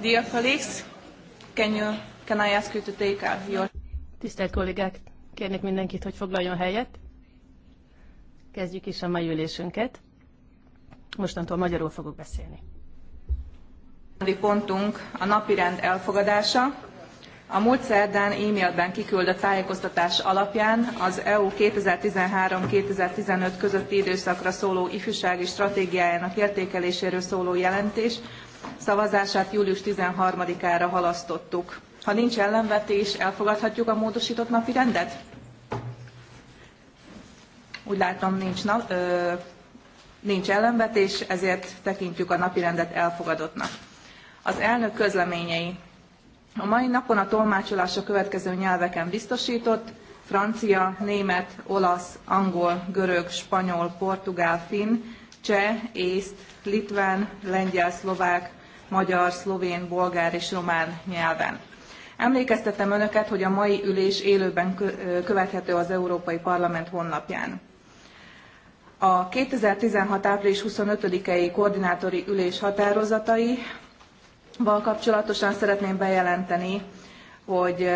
Dear colleagues, can, you, can I ask you to take out uh, your... Tisztelt kollégák, kérnék mindenkit, hogy foglaljon helyet. Kezdjük is a mai ülésünket. Mostantól magyarul fogok beszélni. A pontunk a napirend elfogadása. A múlt szerdán e-mailben kiküldött tájékoztatás alapján az EU 2013-2015 közötti időszakra szóló ifjúsági stratégiájának értékeléséről szóló jelentés szavazását július 13-ára halasztottuk. Ha nincs ellenvetés, elfogadhatjuk a módosított napirendet? Úgy látom, nincs, na, ö, nincs ellenvetés, ezért tekintjük a napirendet elfogadottnak. Az elnök közleményei. A mai napon a tolmácsolás a következő nyelveken biztosított, francia, német, olasz, angol, görög, spanyol, portugál, finn, cseh, észt, litván, lengyel, szlovák, magyar, szlovén, bolgár és román nyelven. Emlékeztetem Önöket, hogy a mai ülés élőben követhető az Európai Parlament honlapján. A 2016. április 25-i koordinátori ülés határozatai val kapcsolatosan szeretném bejelenteni, hogy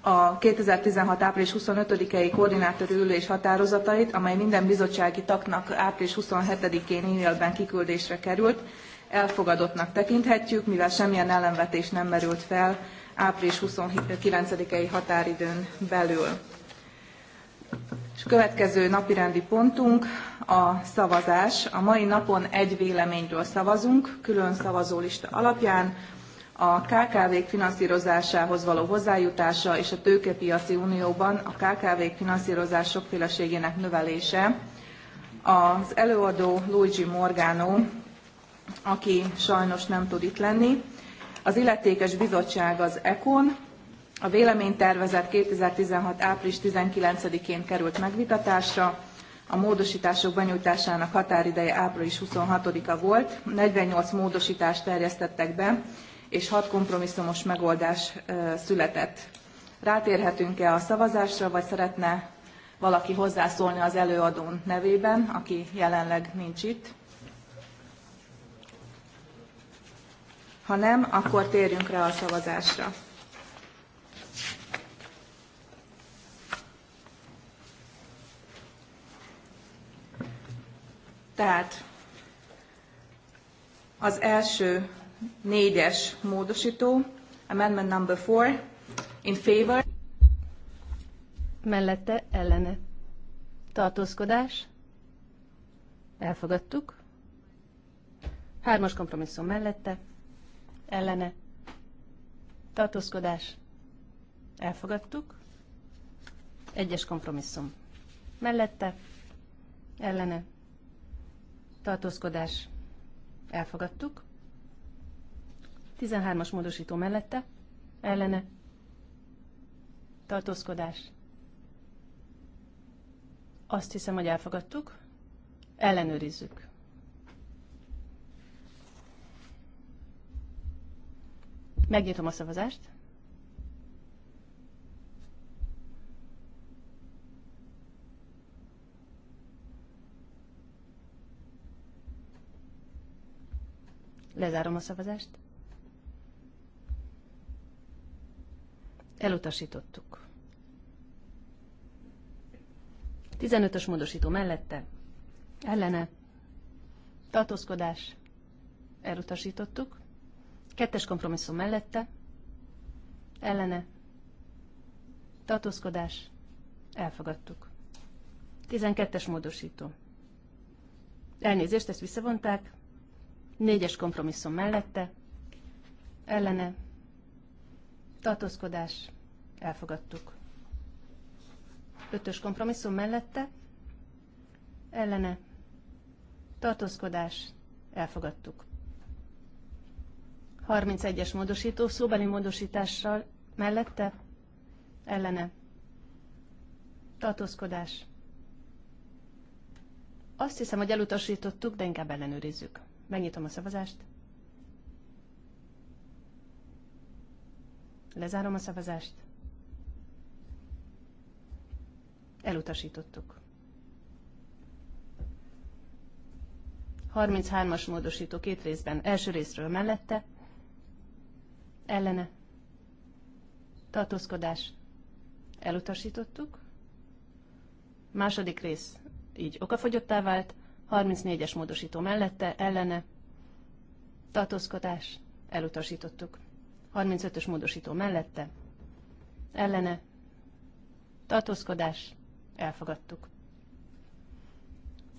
a 2016. április 25-i koordinátori ülés határozatait, amely minden bizottsági tagnak április 27-én e-mailben kiküldésre került, elfogadottnak tekinthetjük, mivel semmilyen ellenvetés nem merült fel április 29-i határidőn belül. Következő napirendi pontunk a szavazás. A mai napon egy véleményről szavazunk, külön szavazólista alapján. A KKV-k finanszírozásához való hozzájutása és a tőkepiaci unióban a KKV-k finanszírozás sokféleségének növelése. Az előadó Luigi Morgano, aki sajnos nem tud itt lenni. Az illetékes bizottság az ECON, a véleménytervezet 2016. április 19-én került megvitatásra, a módosítások benyújtásának határideje április 26-a volt, 48 módosítást terjesztettek be, és 6 kompromisszumos megoldás született. Rátérhetünk-e a szavazásra, vagy szeretne valaki hozzászólni az előadón nevében, aki jelenleg nincs itt? Ha nem, akkor térjünk rá a szavazásra. Tehát az első négyes módosító, amendment number four, in favor. Mellette ellene. Tartózkodás. Elfogadtuk. Hármas kompromisszum mellette. Ellene. Tartózkodás. Elfogadtuk. Egyes kompromisszum. Mellette. Ellene tartózkodás elfogadtuk. 13-as módosító mellette, ellene, tartózkodás. Azt hiszem, hogy elfogadtuk. Ellenőrizzük. Megnyitom a szavazást. Lezárom a szavazást. Elutasítottuk. 15-ös módosító mellette, ellene, tartózkodás, elutasítottuk. Kettes kompromisszum mellette, ellene, tartózkodás, elfogadtuk. 12-es módosító. Elnézést, ezt visszavonták. Négyes kompromisszum mellette, ellene, tartózkodás, elfogadtuk. Ötös kompromisszum mellette, ellene, tartózkodás, elfogadtuk. 31-es módosító szóbeli módosítással mellette, ellene, tartózkodás. Azt hiszem, hogy elutasítottuk, de inkább ellenőrizzük. Megnyitom a szavazást. Lezárom a szavazást. Elutasítottuk. 33-as módosító két részben, első részről mellette, ellene, tartózkodás, elutasítottuk. Második rész így okafogyottá vált, 34-es módosító mellette, ellene, tartózkodás, elutasítottuk. 35-ös módosító mellette, ellene, tartózkodás, elfogadtuk.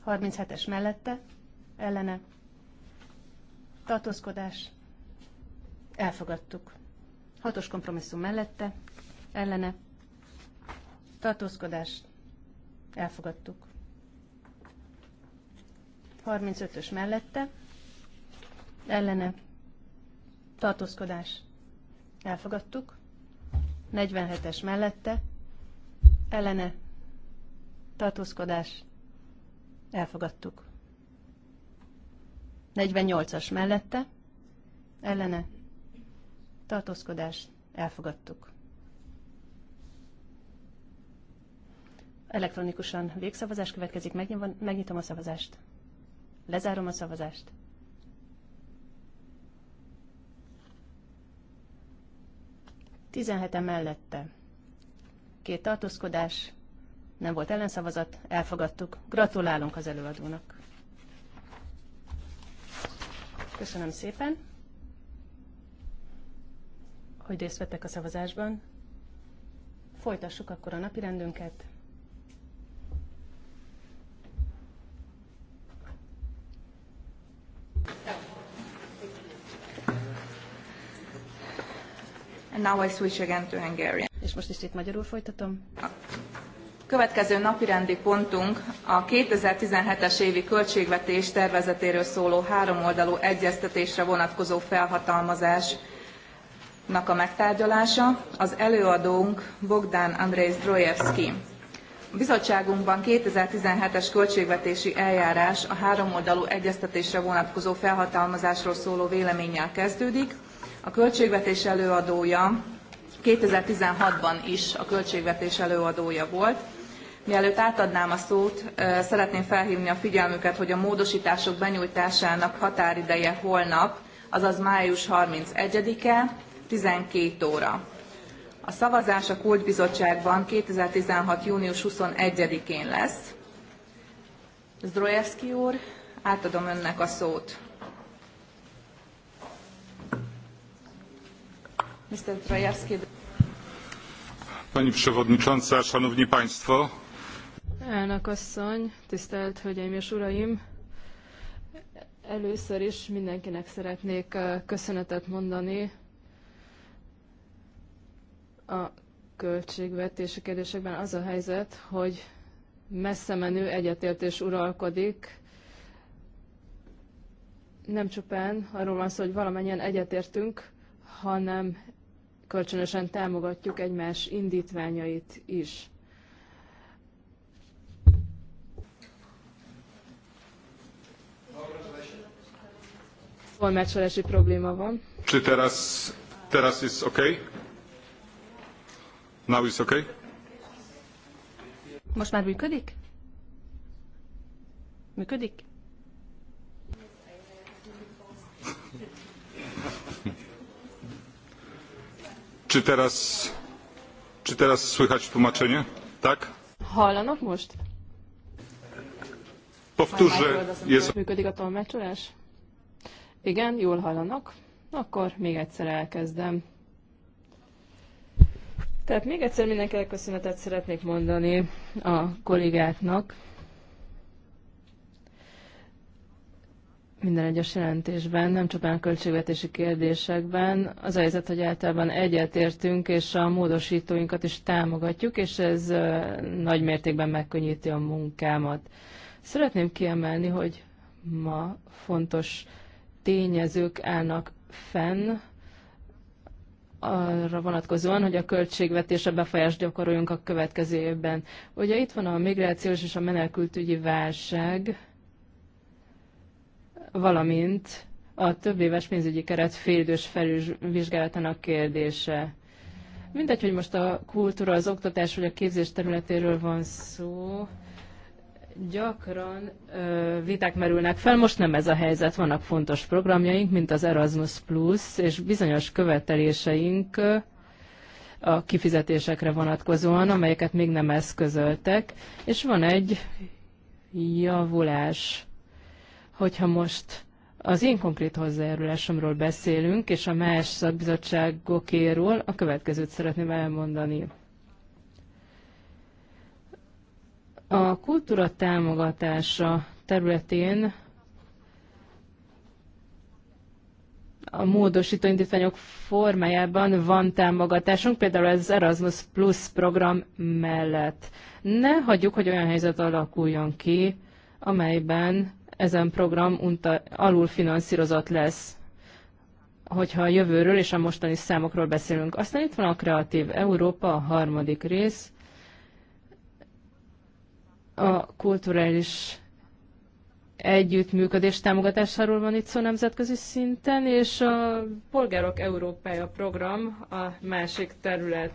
37-es mellette, ellene, tartózkodás, elfogadtuk. 6-os kompromisszum mellette, ellene, tartózkodás, elfogadtuk. 35-ös mellette, ellene tartózkodás elfogadtuk, 47-es mellette, ellene tartózkodás elfogadtuk. 48-as mellette, ellene tartózkodás elfogadtuk. Elektronikusan végszavazás következik, megnyitom a szavazást. Lezárom a szavazást. Tizenhete mellette. Két tartózkodás, nem volt ellenszavazat, elfogadtuk. Gratulálunk az előadónak. Köszönöm szépen, hogy részt vettek a szavazásban. Folytassuk akkor a napirendünket. Now I switch again to Hungarian. És most is itt magyarul folytatom. Következő napirendi pontunk a 2017-es évi költségvetés tervezetéről szóló háromoldalú egyeztetésre vonatkozó felhatalmazás a megtárgyalása. Az előadónk Bogdán Andrész Drojevski. A bizottságunkban 2017-es költségvetési eljárás a háromoldalú egyeztetésre vonatkozó felhatalmazásról szóló véleménnyel kezdődik, a költségvetés előadója 2016-ban is a költségvetés előadója volt. Mielőtt átadnám a szót, szeretném felhívni a figyelmüket, hogy a módosítások benyújtásának határideje holnap, azaz május 31-e, 12 óra. A szavazás a Kultbizottságban 2016. június 21-én lesz. Zdrojewski úr, átadom önnek a szót. Pani Przewodnicząca, Szanowni Państwo. Elnök asszony, tisztelt Hölgyeim és Uraim! Először is mindenkinek szeretnék eh, köszönetet mondani a költségvetési kérdésekben. Az a helyzet, hogy messze menő egyetértés uralkodik. Nem csupán arról van szó, hogy valamennyien egyetértünk, hanem kölcsönösen támogatjuk egymás indítványait is. Tolmácsolási probléma van. Czy teraz, teraz jest ok? Now is ok? Most már működik? Működik? Czy teraz, czy teraz słychać tłumaczenie? Tak? Hallanak most? Powtórzę. Jest... Működik a tolmácsolás? Igen, jól hallanak. Akkor még egyszer elkezdem. Tehát még egyszer mindenkinek köszönetet szeretnék mondani a kollégáknak, minden egyes jelentésben, nem csupán a költségvetési kérdésekben. Az a helyzet, hogy általában egyetértünk, és a módosítóinkat is támogatjuk, és ez nagy mértékben megkönnyíti a munkámat. Szeretném kiemelni, hogy ma fontos tényezők állnak fenn, arra vonatkozóan, hogy a költségvetésre befolyást gyakoroljunk a következő évben. Ugye itt van a migrációs és a menekültügyi válság, valamint a több éves pénzügyi keret félidős felülvizsgálatának kérdése. Mindegy, hogy most a kultúra, az oktatás vagy a képzés területéről van szó, gyakran ö, viták merülnek fel. Most nem ez a helyzet, vannak fontos programjaink, mint az Erasmus Plus, és bizonyos követeléseink a kifizetésekre vonatkozóan, amelyeket még nem eszközöltek, és van egy javulás hogyha most az én konkrét hozzájárulásomról beszélünk, és a más szakbizottságokéről a következőt szeretném elmondani. A kultúra támogatása területén a módosító indítványok formájában van támogatásunk, például az Erasmus Plus program mellett. Ne hagyjuk, hogy olyan helyzet alakuljon ki, amelyben ezen program unta, alul finanszírozott lesz, hogyha a jövőről és a mostani számokról beszélünk. Aztán itt van a Kreatív Európa, a harmadik rész, a kulturális együttműködés támogatásáról van itt szó nemzetközi szinten, és a Polgárok Európája program a másik terület.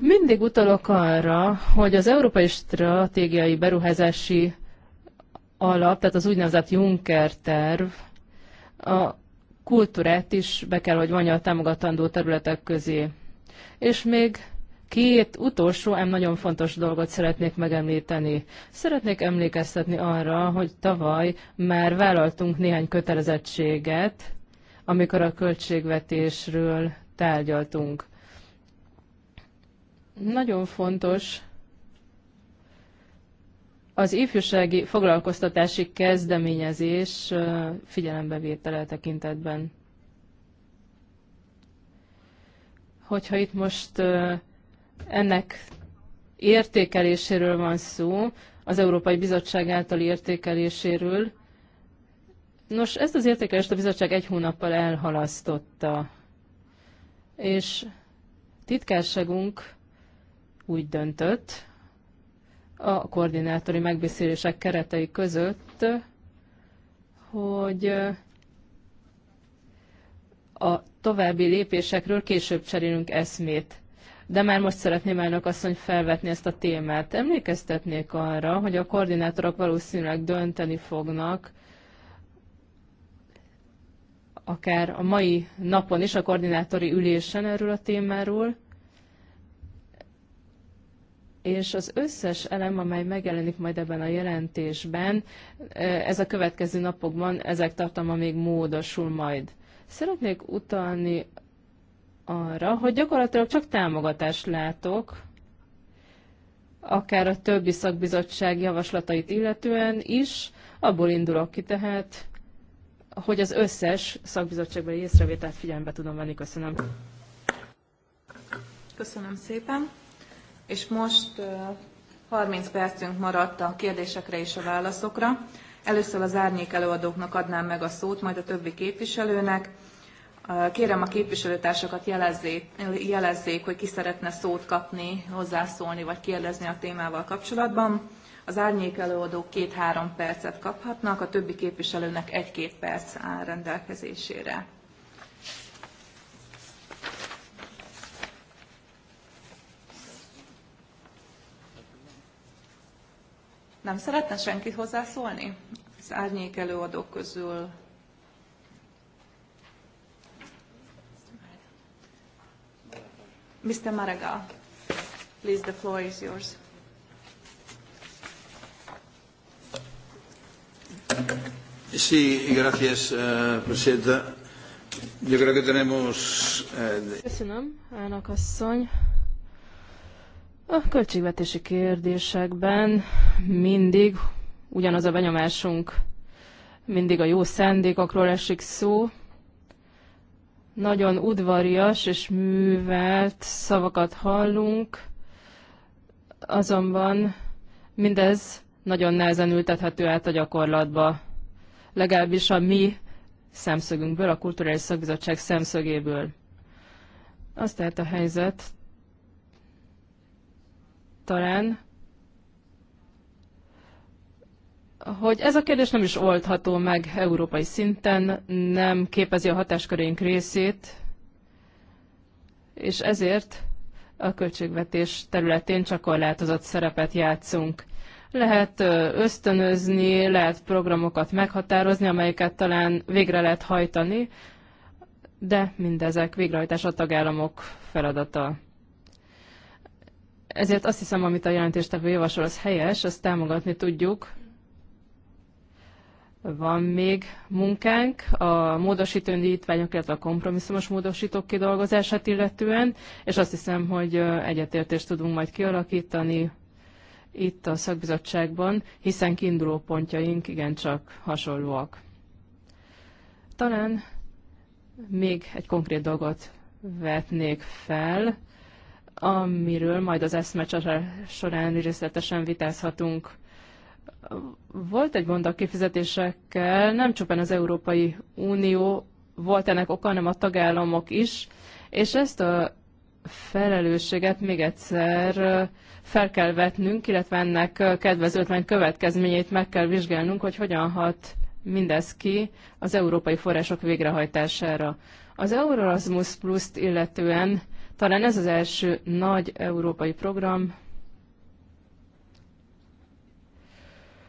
Mindig utalok arra, hogy az Európai Stratégiai Beruházási alap, tehát az úgynevezett Juncker terv a kultúrát is be kell, hogy vonja a támogatandó területek közé. És még két utolsó, ám nagyon fontos dolgot szeretnék megemlíteni. Szeretnék emlékeztetni arra, hogy tavaly már vállaltunk néhány kötelezettséget, amikor a költségvetésről tárgyaltunk. Nagyon fontos, az ifjúsági foglalkoztatási kezdeményezés figyelembevétele tekintetben. Hogyha itt most ennek értékeléséről van szó, az Európai Bizottság által értékeléséről, nos, ezt az értékelést a bizottság egy hónappal elhalasztotta, és titkárságunk úgy döntött, a koordinátori megbeszélések keretei között, hogy a további lépésekről később cserélünk eszmét. De már most szeretném elnök asszony felvetni ezt a témát. Emlékeztetnék arra, hogy a koordinátorok valószínűleg dönteni fognak, akár a mai napon is a koordinátori ülésen erről a témáról, és az összes elem, amely megjelenik majd ebben a jelentésben, e, ez a következő napokban, ezek tartalma még módosul majd. Szeretnék utalni arra, hogy gyakorlatilag csak támogatást látok, akár a többi szakbizottság javaslatait illetően is, abból indulok ki tehát, hogy az összes szakbizottságbeli észrevételt figyelembe tudom venni. Köszönöm. Köszönöm szépen és most 30 percünk maradt a kérdésekre és a válaszokra. Először az árnyék előadóknak adnám meg a szót, majd a többi képviselőnek. Kérem a képviselőtársakat jelezzék, jelezzék, hogy ki szeretne szót kapni, hozzászólni vagy kérdezni a témával kapcsolatban. Az árnyék előadók két-három percet kaphatnak, a többi képviselőnek egy-két perc áll rendelkezésére. Nem szeretne senki hozzászólni? Az árnyék előadók közül. Mr. Maraga, please, the floor is yours. Sí, gracias, uh, Presidenta. Yo creo que tenemos... Uh... Köszönöm, elnök asszony. A költségvetési kérdésekben mindig ugyanaz a benyomásunk, mindig a jó szándékokról esik szó. Nagyon udvarias és művelt szavakat hallunk, azonban mindez nagyon nehezen ültethető át a gyakorlatba. Legalábbis a mi szemszögünkből, a Kulturális Szakbizottság szemszögéből. Azt tehát a helyzet, talán, hogy ez a kérdés nem is oldható meg európai szinten, nem képezi a hatáskörénk részét, és ezért a költségvetés területén csak korlátozott szerepet játszunk. Lehet ösztönözni, lehet programokat meghatározni, amelyeket talán végre lehet hajtani, de mindezek végrehajtás a tagállamok feladata. Ezért azt hiszem, amit a jelentéstevő javasol, az helyes, azt támogatni tudjuk. Van még munkánk a módosító indítványok, illetve a kompromisszumos módosítók kidolgozását illetően, és azt hiszem, hogy egyetértést tudunk majd kialakítani itt a szakbizottságban, hiszen kiinduló pontjaink igencsak hasonlóak. Talán még egy konkrét dolgot vetnék fel amiről majd az eszmecsere során részletesen vitázhatunk. Volt egy gond a kifizetésekkel, nem csupán az Európai Unió volt ennek oka, hanem a tagállamok is, és ezt a felelősséget még egyszer fel kell vetnünk, illetve ennek kedvezőtlen következményeit meg kell vizsgálnunk, hogy hogyan hat mindez ki az európai források végrehajtására. Az Eurorasmus Plus-t illetően talán ez az első nagy európai program,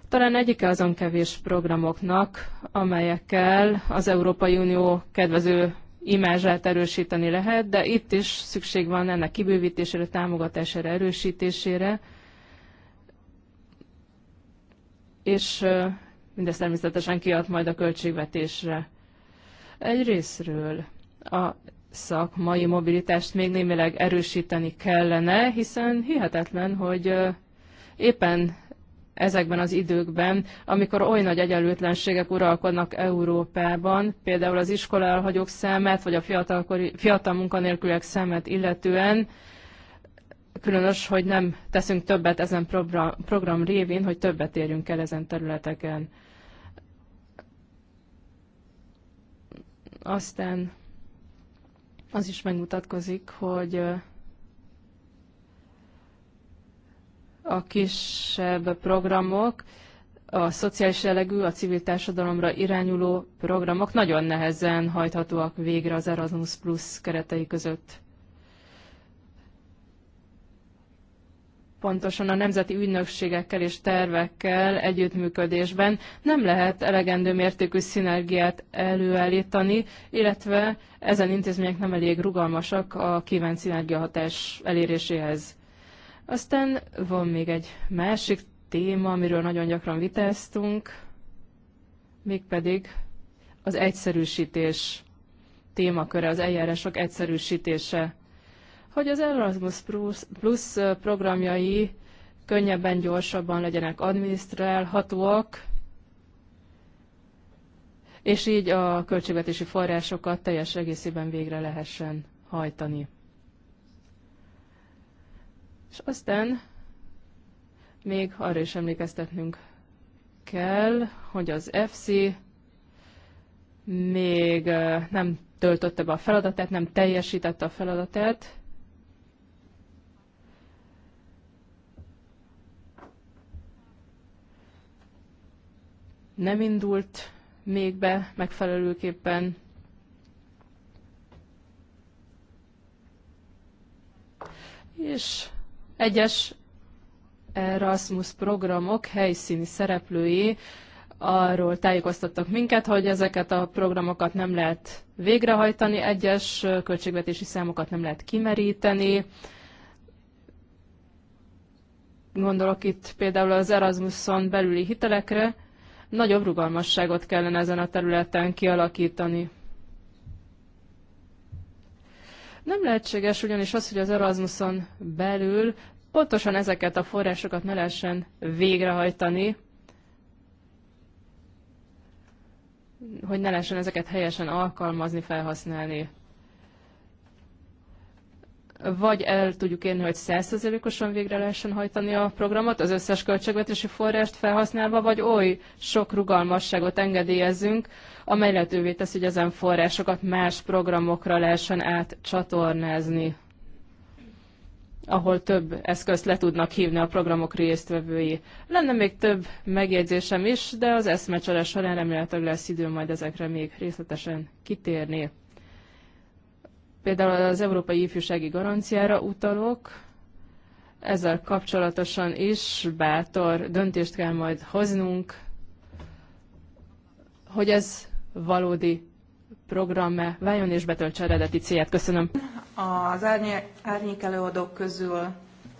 Talán egyike azon kevés programoknak, amelyekkel az Európai Unió kedvező imázsát erősíteni lehet, de itt is szükség van ennek kibővítésére, támogatására, erősítésére. És mindez természetesen kiad majd a költségvetésre. Egy részről a szakmai mobilitást még némileg erősíteni kellene, hiszen hihetetlen, hogy éppen ezekben az időkben, amikor oly nagy egyenlőtlenségek uralkodnak Európában, például az iskola elhagyók számát, vagy a fiatalkori, fiatal munkanélküliek számát illetően, különös, hogy nem teszünk többet ezen program, program révén, hogy többet érjünk el ezen területeken. Aztán az is megmutatkozik, hogy a kisebb programok, a szociális jellegű, a civil társadalomra irányuló programok nagyon nehezen hajthatóak végre az Erasmus Plus keretei között. pontosan a nemzeti ügynökségekkel és tervekkel együttműködésben nem lehet elegendő mértékű szinergiát előállítani, illetve ezen intézmények nem elég rugalmasak a kívánt szinergiahatás eléréséhez. Aztán van még egy másik téma, amiről nagyon gyakran vitáztunk, mégpedig az egyszerűsítés témaköre, az eljárások egyszerűsítése hogy az Erasmus Plus programjai könnyebben, gyorsabban legyenek adminisztrálhatóak, és így a költségvetési forrásokat teljes egészében végre lehessen hajtani. És aztán még arra is emlékeztetnünk kell, hogy az FC még eh, nem töltötte be a feladatát, nem teljesítette a feladatát, nem indult még be megfelelőképpen. És egyes Erasmus programok helyszíni szereplői arról tájékoztattak minket, hogy ezeket a programokat nem lehet végrehajtani, egyes költségvetési számokat nem lehet kimeríteni. Gondolok itt például az Erasmuson belüli hitelekre, Nagyobb rugalmasságot kellene ezen a területen kialakítani. Nem lehetséges ugyanis az, hogy az Erasmuson belül pontosan ezeket a forrásokat ne lehessen végrehajtani, hogy ne lehessen ezeket helyesen alkalmazni, felhasználni vagy el tudjuk érni, hogy 100%-osan végre lehessen hajtani a programot, az összes költségvetési forrást felhasználva, vagy oly sok rugalmasságot engedélyezünk, amely lehetővé tesz, hogy ezen forrásokat más programokra lehessen átcsatornázni, ahol több eszközt le tudnak hívni a programok résztvevői. Lenne még több megjegyzésem is, de az eszmecsere során remélhetőleg lesz idő majd ezekre még részletesen kitérni. Például az Európai Ifjúsági Garanciára utalok, ezzel kapcsolatosan is bátor döntést kell majd hoznunk, hogy ez valódi programme váljon és betöltse eredeti célját. Köszönöm. Az árny árnyék előadók közül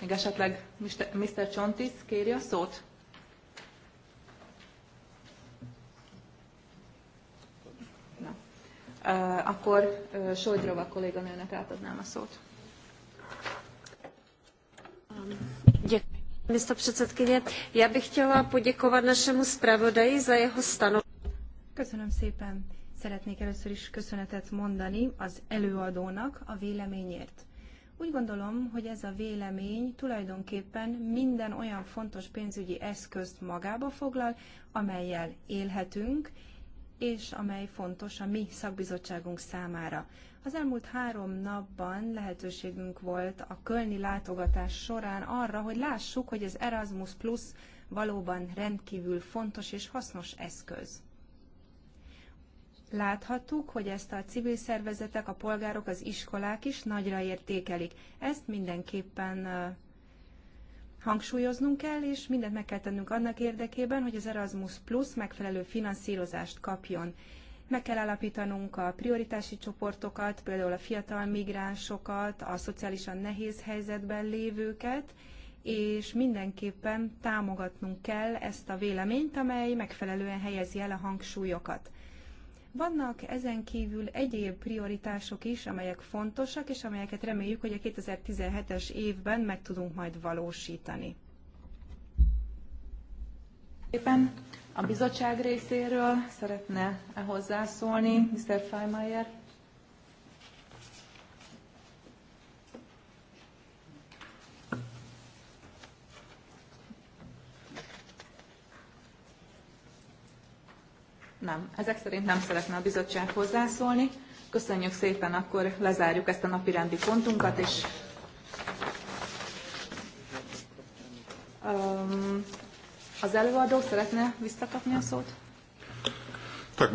még esetleg Mr. Mr. Csontis kéri a szót? Eh, akkor eh, Sojdrova kolléganőnek átadnám a szót. Mr. Um, předsedkyně, já bych chtěla poděkovat našemu zpravodaji za jeho stanovisko. Köszönöm szépen. Szeretnék először is köszönetet mondani az előadónak a véleményért. Úgy gondolom, hogy ez a vélemény tulajdonképpen minden olyan fontos pénzügyi eszközt magába foglal, amelyel élhetünk, és amely fontos a mi szakbizottságunk számára. Az elmúlt három napban lehetőségünk volt a kölni látogatás során arra, hogy lássuk, hogy az Erasmus Plus valóban rendkívül fontos és hasznos eszköz. Láthattuk, hogy ezt a civil szervezetek, a polgárok, az iskolák is nagyra értékelik. Ezt mindenképpen hangsúlyoznunk kell, és mindent meg kell tennünk annak érdekében, hogy az Erasmus Plus megfelelő finanszírozást kapjon. Meg kell állapítanunk a prioritási csoportokat, például a fiatal migránsokat, a szociálisan nehéz helyzetben lévőket, és mindenképpen támogatnunk kell ezt a véleményt, amely megfelelően helyezi el a hangsúlyokat. Vannak ezen kívül egyéb prioritások is, amelyek fontosak, és amelyeket reméljük, hogy a 2017-es évben meg tudunk majd valósítani. Éppen a bizottság részéről szeretne -e hozzászólni Mr. Feimeyer? Nem. Ezek szerint nem szeretne a bizottság hozzászólni. Köszönjük szépen, akkor lezárjuk ezt a napirendi pontunkat, és um, az előadó szeretne visszakapni a szót? Tak.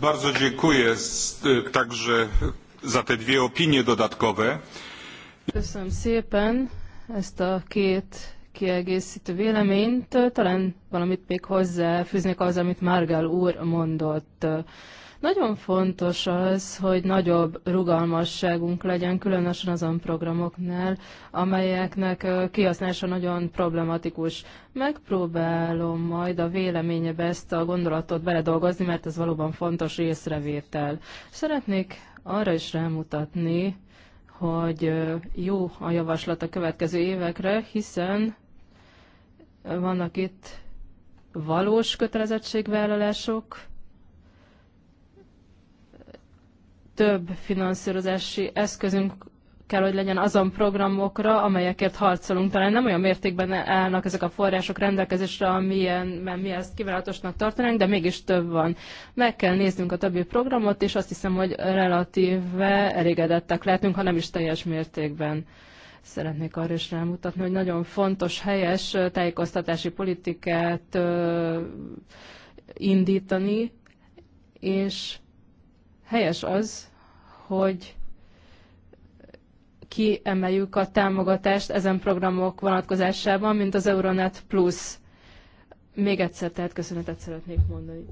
Bardzo dziękuję e, także za te dwie opinie dodatkowe. Köszönöm szépen ezt a két kiegészítő véleményt, talán valamit még hozzáfűznék az, amit Margál úr mondott. Nagyon fontos az, hogy nagyobb rugalmasságunk legyen, különösen azon programoknál, amelyeknek kihasználása nagyon problematikus. Megpróbálom majd a véleményebe ezt a gondolatot beledolgozni, mert ez valóban fontos észrevétel. Szeretnék arra is rámutatni, hogy jó a javaslat a következő évekre, hiszen vannak itt valós kötelezettségvállalások, több finanszírozási eszközünk kell, hogy legyen azon programokra, amelyekért harcolunk. Talán nem olyan mértékben állnak ezek a források rendelkezésre, amilyen, mert mi ezt kívánatosnak tartanánk, de mégis több van. Meg kell néznünk a többi programot, és azt hiszem, hogy relatíve elégedettek lehetünk, ha nem is teljes mértékben. Szeretnék arra is rámutatni, hogy nagyon fontos, helyes tájékoztatási politikát indítani, és helyes az, hogy kiemeljük a támogatást ezen programok vonatkozásában, mint az Euronet Plus. Még egyszer tehát köszönetet szeretnék mondani.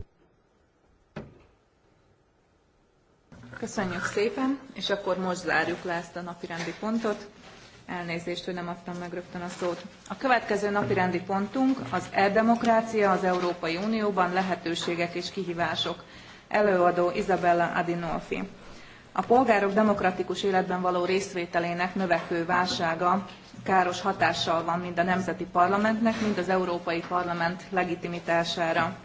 Köszönjük szépen, és akkor most zárjuk le ezt a napirendi pontot. Elnézést, hogy nem adtam meg rögtön a szót. A következő napirendi pontunk az E-demokrácia az Európai Unióban lehetőségek és kihívások. Előadó Isabella Adinolfi. A polgárok demokratikus életben való részvételének növekvő válsága káros hatással van mind a nemzeti parlamentnek, mind az Európai Parlament legitimitására.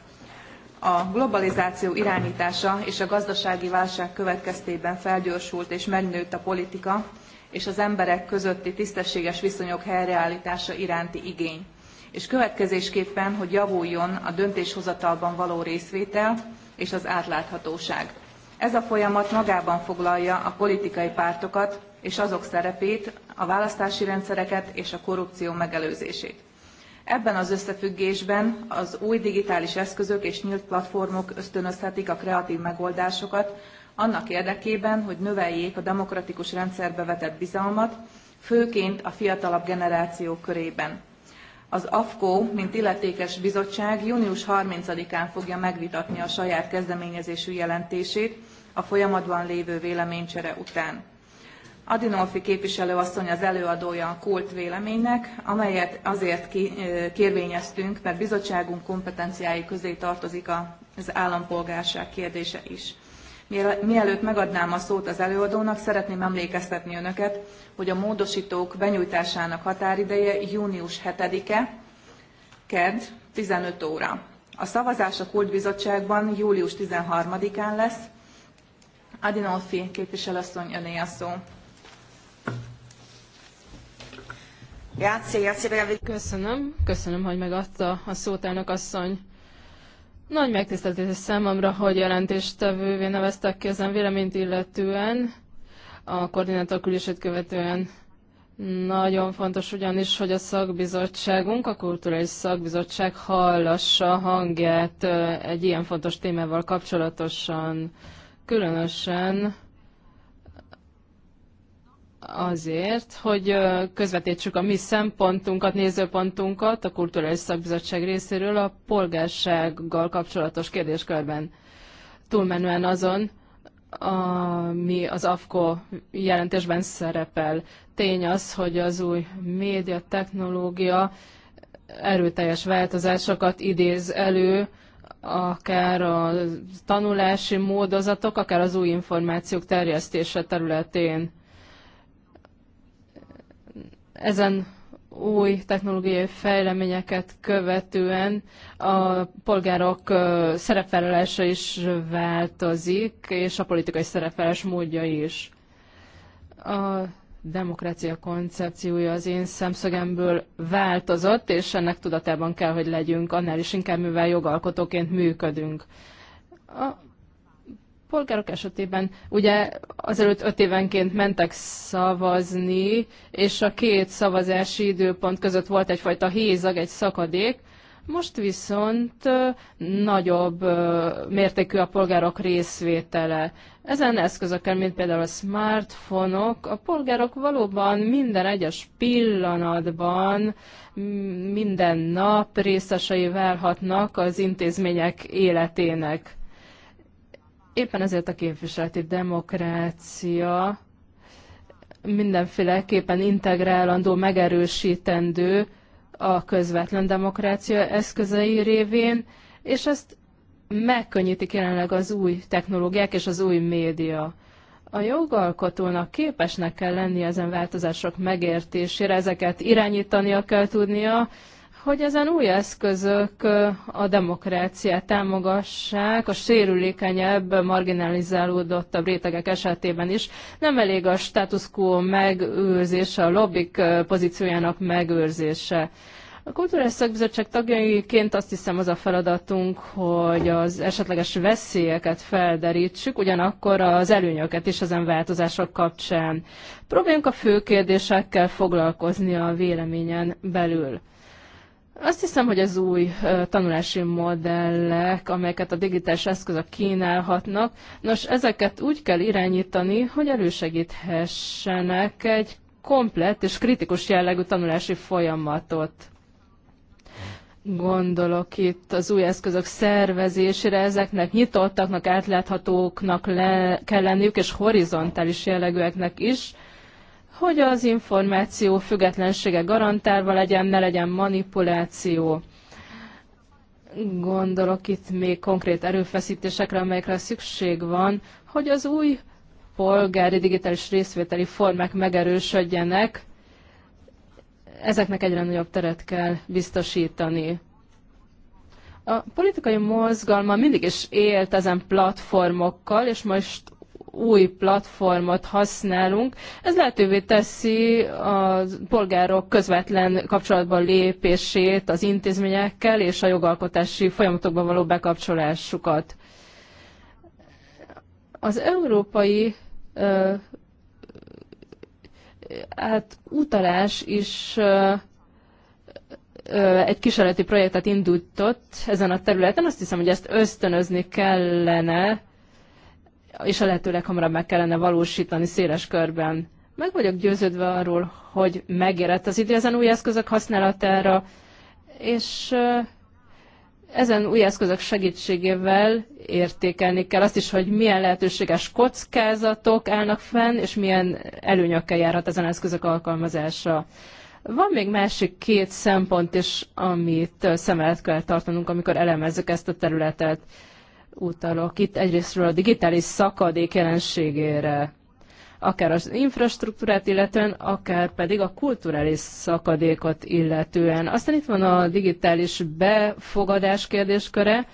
A globalizáció irányítása és a gazdasági válság következtében felgyorsult és megnőtt a politika és az emberek közötti tisztességes viszonyok helyreállítása iránti igény. És következésképpen, hogy javuljon a döntéshozatalban való részvétel és az átláthatóság. Ez a folyamat magában foglalja a politikai pártokat és azok szerepét, a választási rendszereket és a korrupció megelőzését. Ebben az összefüggésben az új digitális eszközök és nyílt platformok ösztönözhetik a kreatív megoldásokat annak érdekében, hogy növeljék a demokratikus rendszerbe vetett bizalmat, főként a fiatalabb generáció körében. Az AFKO, mint illetékes bizottság június 30-án fogja megvitatni a saját kezdeményezésű jelentését, a folyamatban lévő véleménycsere után. Adinolfi asszony az előadója a kult véleménynek, amelyet azért kérvényeztünk, mert bizottságunk kompetenciái közé tartozik az állampolgárság kérdése is. Mielőtt megadnám a szót az előadónak, szeretném emlékeztetni önöket, hogy a módosítók benyújtásának határideje június 7-e, KED 15 óra. A szavazás a kultbizottságban július 13-án lesz, Adinolfi képviselőasszony, öné a szó. Köszönöm, köszönöm, hogy megadta a szót, elnök asszony. Nagy megtiszteltetés számomra, hogy jelentéstevővé neveztek ki ezen véleményt illetően, a koordinátor külését követően nagyon fontos ugyanis, hogy a szakbizottságunk, a kulturális szakbizottság hallassa hangját egy ilyen fontos témával kapcsolatosan különösen azért, hogy közvetítsük a mi szempontunkat, nézőpontunkat a Kulturális Szakbizottság részéről a polgársággal kapcsolatos kérdéskörben. Túlmenően azon, ami az AFKO jelentésben szerepel. Tény az, hogy az új média technológia erőteljes változásokat idéz elő, akár a tanulási módozatok, akár az új információk terjesztése területén. Ezen új technológiai fejleményeket követően a polgárok szerepvállalása is változik, és a politikai szerepvállalás módja is. A demokrácia koncepciója az én szemszögemből változott, és ennek tudatában kell, hogy legyünk, annál is inkább, mivel jogalkotóként működünk. A polgárok esetében ugye azelőtt öt évenként mentek szavazni, és a két szavazási időpont között volt egyfajta hézag, egy szakadék, most viszont nagyobb mértékű a polgárok részvétele. Ezen eszközökkel, mint például a smartfonok, a polgárok valóban minden egyes pillanatban, minden nap részesei válhatnak az intézmények életének. Éppen ezért a képviseleti demokrácia mindenféleképpen integrálandó, megerősítendő, a közvetlen demokrácia eszközei révén, és ezt megkönnyítik jelenleg az új technológiák és az új média. A jogalkotónak képesnek kell lenni ezen változások megértésére, ezeket irányítania kell tudnia, hogy ezen új eszközök a demokráciát támogassák, a sérülékenyebb, marginalizálódottabb rétegek esetében is. Nem elég a status quo megőrzése, a lobbik pozíciójának megőrzése. A Kulturális Szakbizottság tagjaiként azt hiszem az a feladatunk, hogy az esetleges veszélyeket felderítsük, ugyanakkor az előnyöket is ezen változások kapcsán. Próbáljunk a fő kérdésekkel foglalkozni a véleményen belül. Azt hiszem, hogy az új tanulási modellek, amelyeket a digitális eszközök kínálhatnak, nos, ezeket úgy kell irányítani, hogy elősegíthessenek egy komplett és kritikus jellegű tanulási folyamatot. Gondolok itt az új eszközök szervezésére, ezeknek nyitottaknak, átláthatóknak le kell lenniük, és horizontális jellegűeknek is, hogy az információ függetlensége garantálva legyen, ne legyen manipuláció. Gondolok itt még konkrét erőfeszítésekre, amelyekre szükség van, hogy az új polgári digitális részvételi formák megerősödjenek, ezeknek egyre nagyobb teret kell biztosítani. A politikai mozgalma mindig is élt ezen platformokkal, és most új platformot használunk. Ez lehetővé teszi a polgárok közvetlen kapcsolatban lépését az intézményekkel és a jogalkotási folyamatokban való bekapcsolásukat. Az európai uh, hát utalás is uh, egy kísérleti projektet indultott. ezen a területen. Azt hiszem, hogy ezt ösztönözni kellene, és a lehető leghamarabb meg kellene valósítani széles körben. Meg vagyok győződve arról, hogy megérett az idő ezen új eszközök használatára, és ezen új eszközök segítségével értékelni kell azt is, hogy milyen lehetőséges kockázatok állnak fenn, és milyen előnyökkel járhat ezen eszközök alkalmazása. Van még másik két szempont is, amit szem előtt kell tartanunk, amikor elemezzük ezt a területet utalok itt egyrésztről a digitális szakadék jelenségére, akár az infrastruktúrát illetően, akár pedig a kulturális szakadékot illetően. Aztán itt van a digitális befogadás kérdésköre,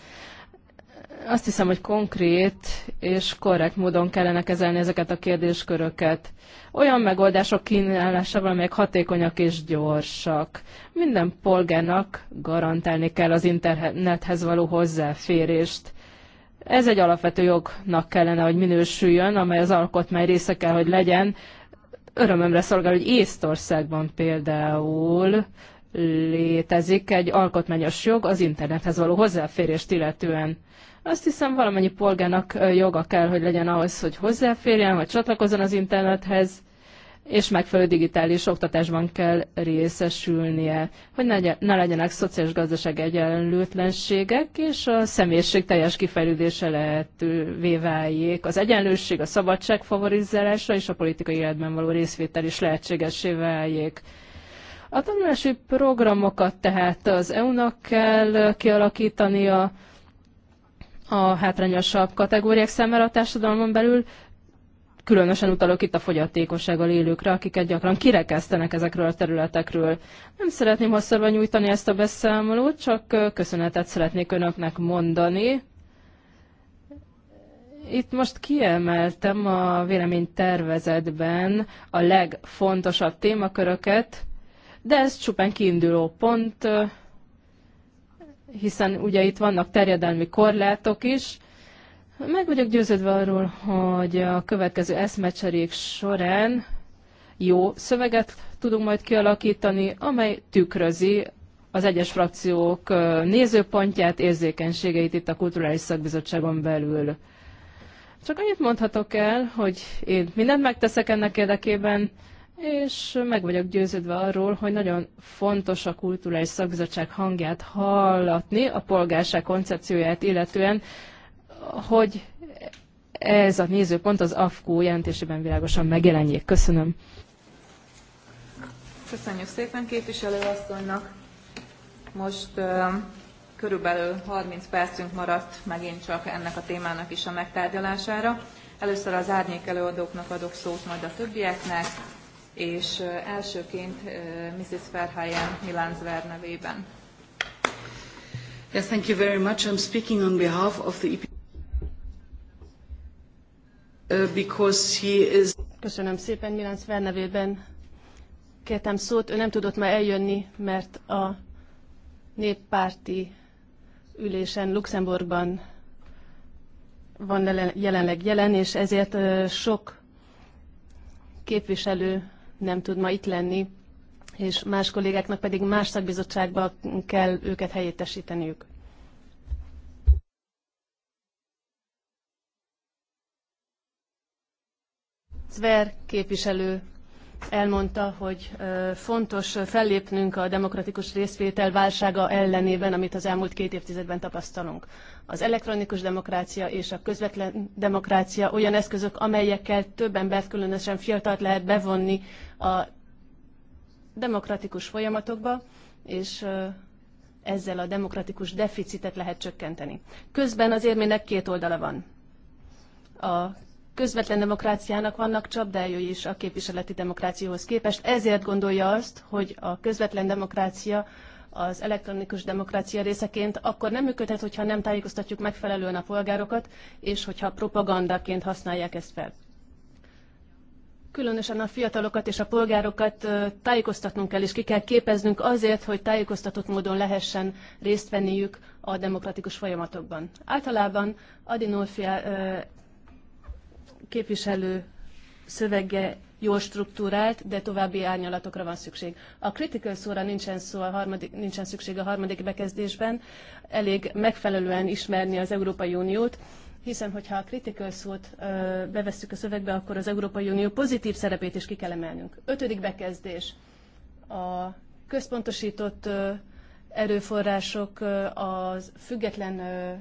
azt hiszem, hogy konkrét és korrekt módon kellene kezelni ezeket a kérdésköröket. Olyan megoldások kínálásával, amelyek hatékonyak és gyorsak. Minden polgárnak garantálni kell az internethez való hozzáférést. Ez egy alapvető jognak kellene, hogy minősüljön, amely az alkotmány része kell, hogy legyen. Örömömre szolgál, hogy Észtországban például létezik egy alkotmányos jog az internethez való hozzáférést illetően. Azt hiszem valamennyi polgárnak joga kell, hogy legyen ahhoz, hogy hozzáférjen, vagy csatlakozzon az internethez, és megfelelő digitális oktatásban kell részesülnie, hogy ne legyenek szociális gazdaság egyenlőtlenségek, és a személyiség teljes kifejlődése lehetővé váljék. Az egyenlőség, a szabadság favorizálása és a politikai életben való részvétel is lehetségessé váljék. A tanulási programokat tehát az EU-nak kell kialakítania, a hátrányosabb kategóriák számára a társadalmon belül, különösen utalok itt a fogyatékossággal élőkre, akiket gyakran kirekesztenek ezekről a területekről. Nem szeretném hosszabb nyújtani ezt a beszámolót, csak köszönetet szeretnék önöknek mondani. Itt most kiemeltem a véleménytervezetben a legfontosabb témaköröket, de ez csupán kiinduló pont, hiszen ugye itt vannak terjedelmi korlátok is, meg vagyok győződve arról, hogy a következő eszmecserék során jó szöveget tudunk majd kialakítani, amely tükrözi az egyes frakciók nézőpontját, érzékenységeit itt a Kulturális Szakbizottságon belül. Csak annyit mondhatok el, hogy én mindent megteszek ennek érdekében, és meg vagyok győződve arról, hogy nagyon fontos a kulturális szakbizottság hangját hallatni, a polgárság koncepcióját illetően, hogy ez a nézőpont az AFKU jelentésében világosan megjelenjék. Köszönöm. Köszönjük szépen képviselőasszonynak. Most uh, körülbelül 30 percünk maradt megint csak ennek a témának is a megtárgyalására. Először az árnyék előadóknak adok szót, majd a többieknek, és uh, elsőként uh, Mrs. Verheyen Milánzver nevében. Yes, thank you very much. I'm speaking on behalf of the EP. Uh, because he is... Köszönöm szépen, Milánc Vernevében kértem szót. Ő nem tudott már eljönni, mert a néppárti ülésen Luxemburgban van jelenleg jelen, és ezért uh, sok képviselő nem tud ma itt lenni, és más kollégáknak pedig más szakbizottságba kell őket helyettesíteniük. Zver képviselő elmondta, hogy fontos fellépnünk a demokratikus részvétel válsága ellenében, amit az elmúlt két évtizedben tapasztalunk. Az elektronikus demokrácia és a közvetlen demokrácia olyan eszközök, amelyekkel több embert, különösen fiatalt lehet bevonni a demokratikus folyamatokba, és ezzel a demokratikus deficitet lehet csökkenteni. Közben az érmének két oldala van. A közvetlen demokráciának vannak csapdájai is a képviseleti demokrációhoz képest, ezért gondolja azt, hogy a közvetlen demokrácia az elektronikus demokrácia részeként, akkor nem működhet, hogyha nem tájékoztatjuk megfelelően a polgárokat, és hogyha propagandaként használják ezt fel. Különösen a fiatalokat és a polgárokat tájékoztatnunk kell, és ki kell képeznünk azért, hogy tájékoztatott módon lehessen részt venniük a demokratikus folyamatokban. Általában Adinolfi képviselő szövege jól struktúrált, de további árnyalatokra van szükség. A critical szóra nincsen, szó a harmadik, nincsen szükség a harmadik bekezdésben, elég megfelelően ismerni az Európai Uniót, hiszen hogyha a critical szót ö, bevesszük a szövegbe, akkor az Európai Unió pozitív szerepét is ki kell emelnünk. Ötödik bekezdés. A központosított ö, erőforrások ö, az független ö,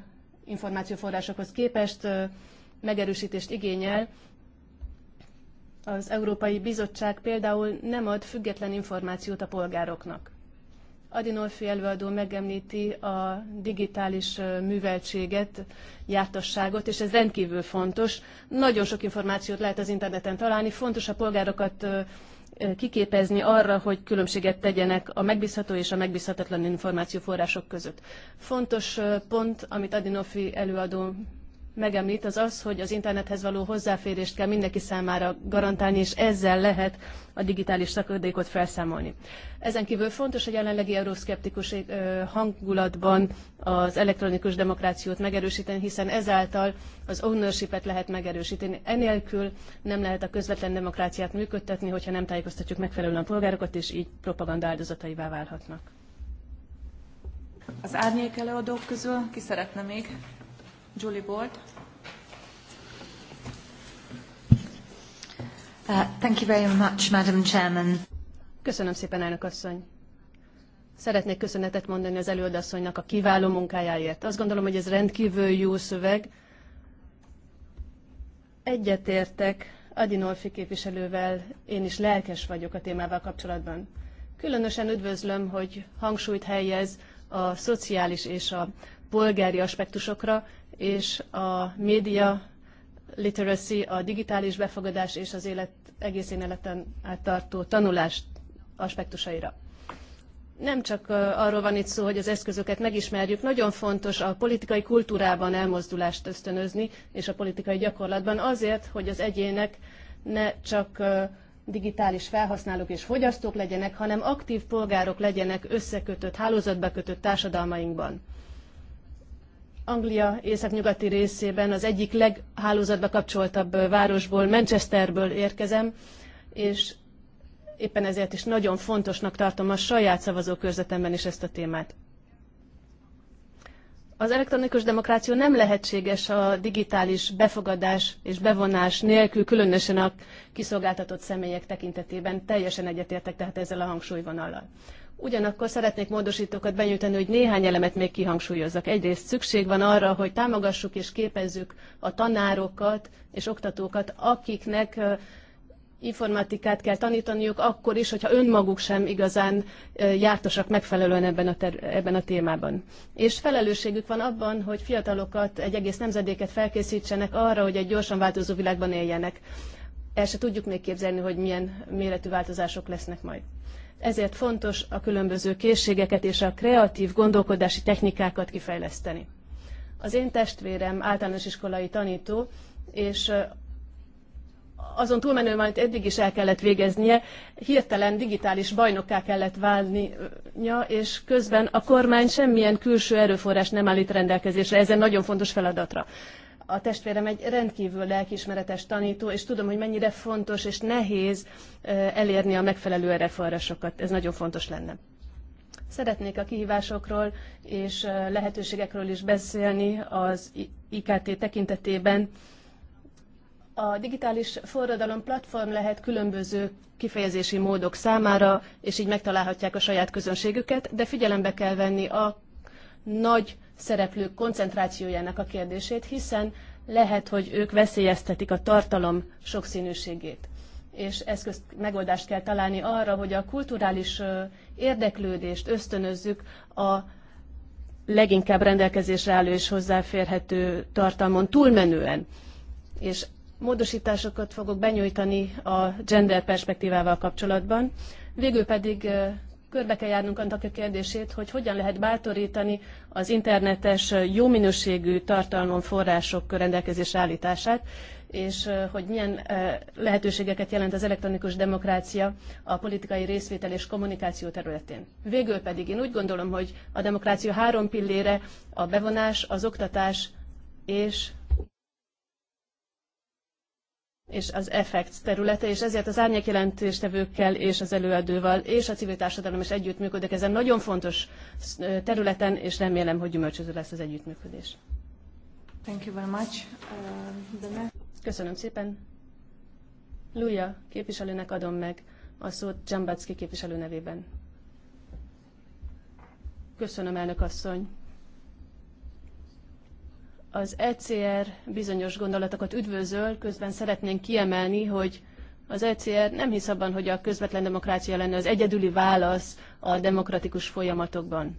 információforrásokhoz képest ö, megerősítést igényel. Az Európai Bizottság például nem ad független információt a polgároknak. Adinolfi előadó megemlíti a digitális műveltséget, jártasságot, és ez rendkívül fontos. Nagyon sok információt lehet az interneten találni, fontos a polgárokat kiképezni arra, hogy különbséget tegyenek a megbízható és a megbízhatatlan információforrások között. Fontos pont, amit Adinofi előadó megemlít, az az, hogy az internethez való hozzáférést kell mindenki számára garantálni, és ezzel lehet a digitális szakadékot felszámolni. Ezen kívül fontos a jelenlegi euroszkeptikus hangulatban az elektronikus demokrációt megerősíteni, hiszen ezáltal az ownership lehet megerősíteni. Enélkül nem lehet a közvetlen demokráciát működtetni, hogyha nem tájékoztatjuk megfelelően a polgárokat, és így propaganda áldozataivá válhatnak. Az árnyék előadók közül ki szeretne még Julie Board. Uh, thank you very much, Madam Chairman. Köszönöm szépen, elnök asszony. Szeretnék köszönetet mondani az előadasszonynak a kiváló munkájáért. Azt gondolom, hogy ez rendkívül jó szöveg. Egyetértek Adinolfi képviselővel, én is lelkes vagyok a témával kapcsolatban. Különösen üdvözlöm, hogy hangsúlyt helyez a szociális és a polgári aspektusokra, és a média literacy, a digitális befogadás és az élet, egész életen át tartó tanulás aspektusaira. Nem csak arról van itt szó, hogy az eszközöket megismerjük, nagyon fontos a politikai kultúrában elmozdulást ösztönözni, és a politikai gyakorlatban azért, hogy az egyének ne csak digitális felhasználók és fogyasztók legyenek, hanem aktív polgárok legyenek összekötött, hálózatba kötött társadalmainkban. Anglia északnyugati részében, az egyik leghálózatba kapcsoltabb városból, Manchesterből érkezem, és éppen ezért is nagyon fontosnak tartom a saját szavazókörzetemben is ezt a témát. Az elektronikus demokráció nem lehetséges a digitális befogadás és bevonás nélkül, különösen a kiszolgáltatott személyek tekintetében. Teljesen egyetértek tehát ezzel a hangsúlyvonallal. Ugyanakkor szeretnék módosítókat benyújtani, hogy néhány elemet még kihangsúlyozzak. Egyrészt szükség van arra, hogy támogassuk és képezzük a tanárokat és oktatókat, akiknek informatikát kell tanítaniuk, akkor is, hogyha önmaguk sem igazán jártosak megfelelően ebben a, ter- ebben a témában. És felelősségük van abban, hogy fiatalokat, egy egész nemzedéket felkészítsenek arra, hogy egy gyorsan változó világban éljenek. El se tudjuk még képzelni, hogy milyen méretű változások lesznek majd ezért fontos a különböző készségeket és a kreatív gondolkodási technikákat kifejleszteni. Az én testvérem általános iskolai tanító, és azon túlmenő, amit eddig is el kellett végeznie, hirtelen digitális bajnokká kellett válnia, és közben a kormány semmilyen külső erőforrás nem állít rendelkezésre ezen nagyon fontos feladatra. A testvérem egy rendkívül lelkiismeretes tanító, és tudom, hogy mennyire fontos és nehéz elérni a megfelelő erreforrásokat. Ez nagyon fontos lenne. Szeretnék a kihívásokról és lehetőségekről is beszélni az IKT tekintetében. A digitális forradalom platform lehet különböző kifejezési módok számára, és így megtalálhatják a saját közönségüket, de figyelembe kell venni a nagy szereplők koncentrációjának a kérdését, hiszen lehet, hogy ők veszélyeztetik a tartalom sokszínűségét. És eszközt, megoldást kell találni arra, hogy a kulturális érdeklődést ösztönözzük a leginkább rendelkezésre álló és hozzáférhető tartalmon túlmenően. És módosításokat fogok benyújtani a gender perspektívával kapcsolatban. Végül pedig körbe kell járnunk annak a kérdését, hogy hogyan lehet bátorítani az internetes jó minőségű tartalmon források rendelkezés állítását, és hogy milyen lehetőségeket jelent az elektronikus demokrácia a politikai részvétel és kommunikáció területén. Végül pedig én úgy gondolom, hogy a demokrácia három pillére a bevonás, az oktatás és és az effekt területe, és ezért az árnyékjelentéstevőkkel és az előadóval és a civil társadalom is együttműködik ezen nagyon fontos területen, és remélem, hogy gyümölcsöző lesz az együttműködés. Thank you very much. Uh, the... Köszönöm szépen. Luja képviselőnek adom meg a szót Dzsambacki képviselő nevében. Köszönöm, elnök asszony. Az ECR bizonyos gondolatokat üdvözöl, közben szeretnénk kiemelni, hogy az ECR nem hisz abban, hogy a közvetlen demokrácia lenne az egyedüli válasz a demokratikus folyamatokban.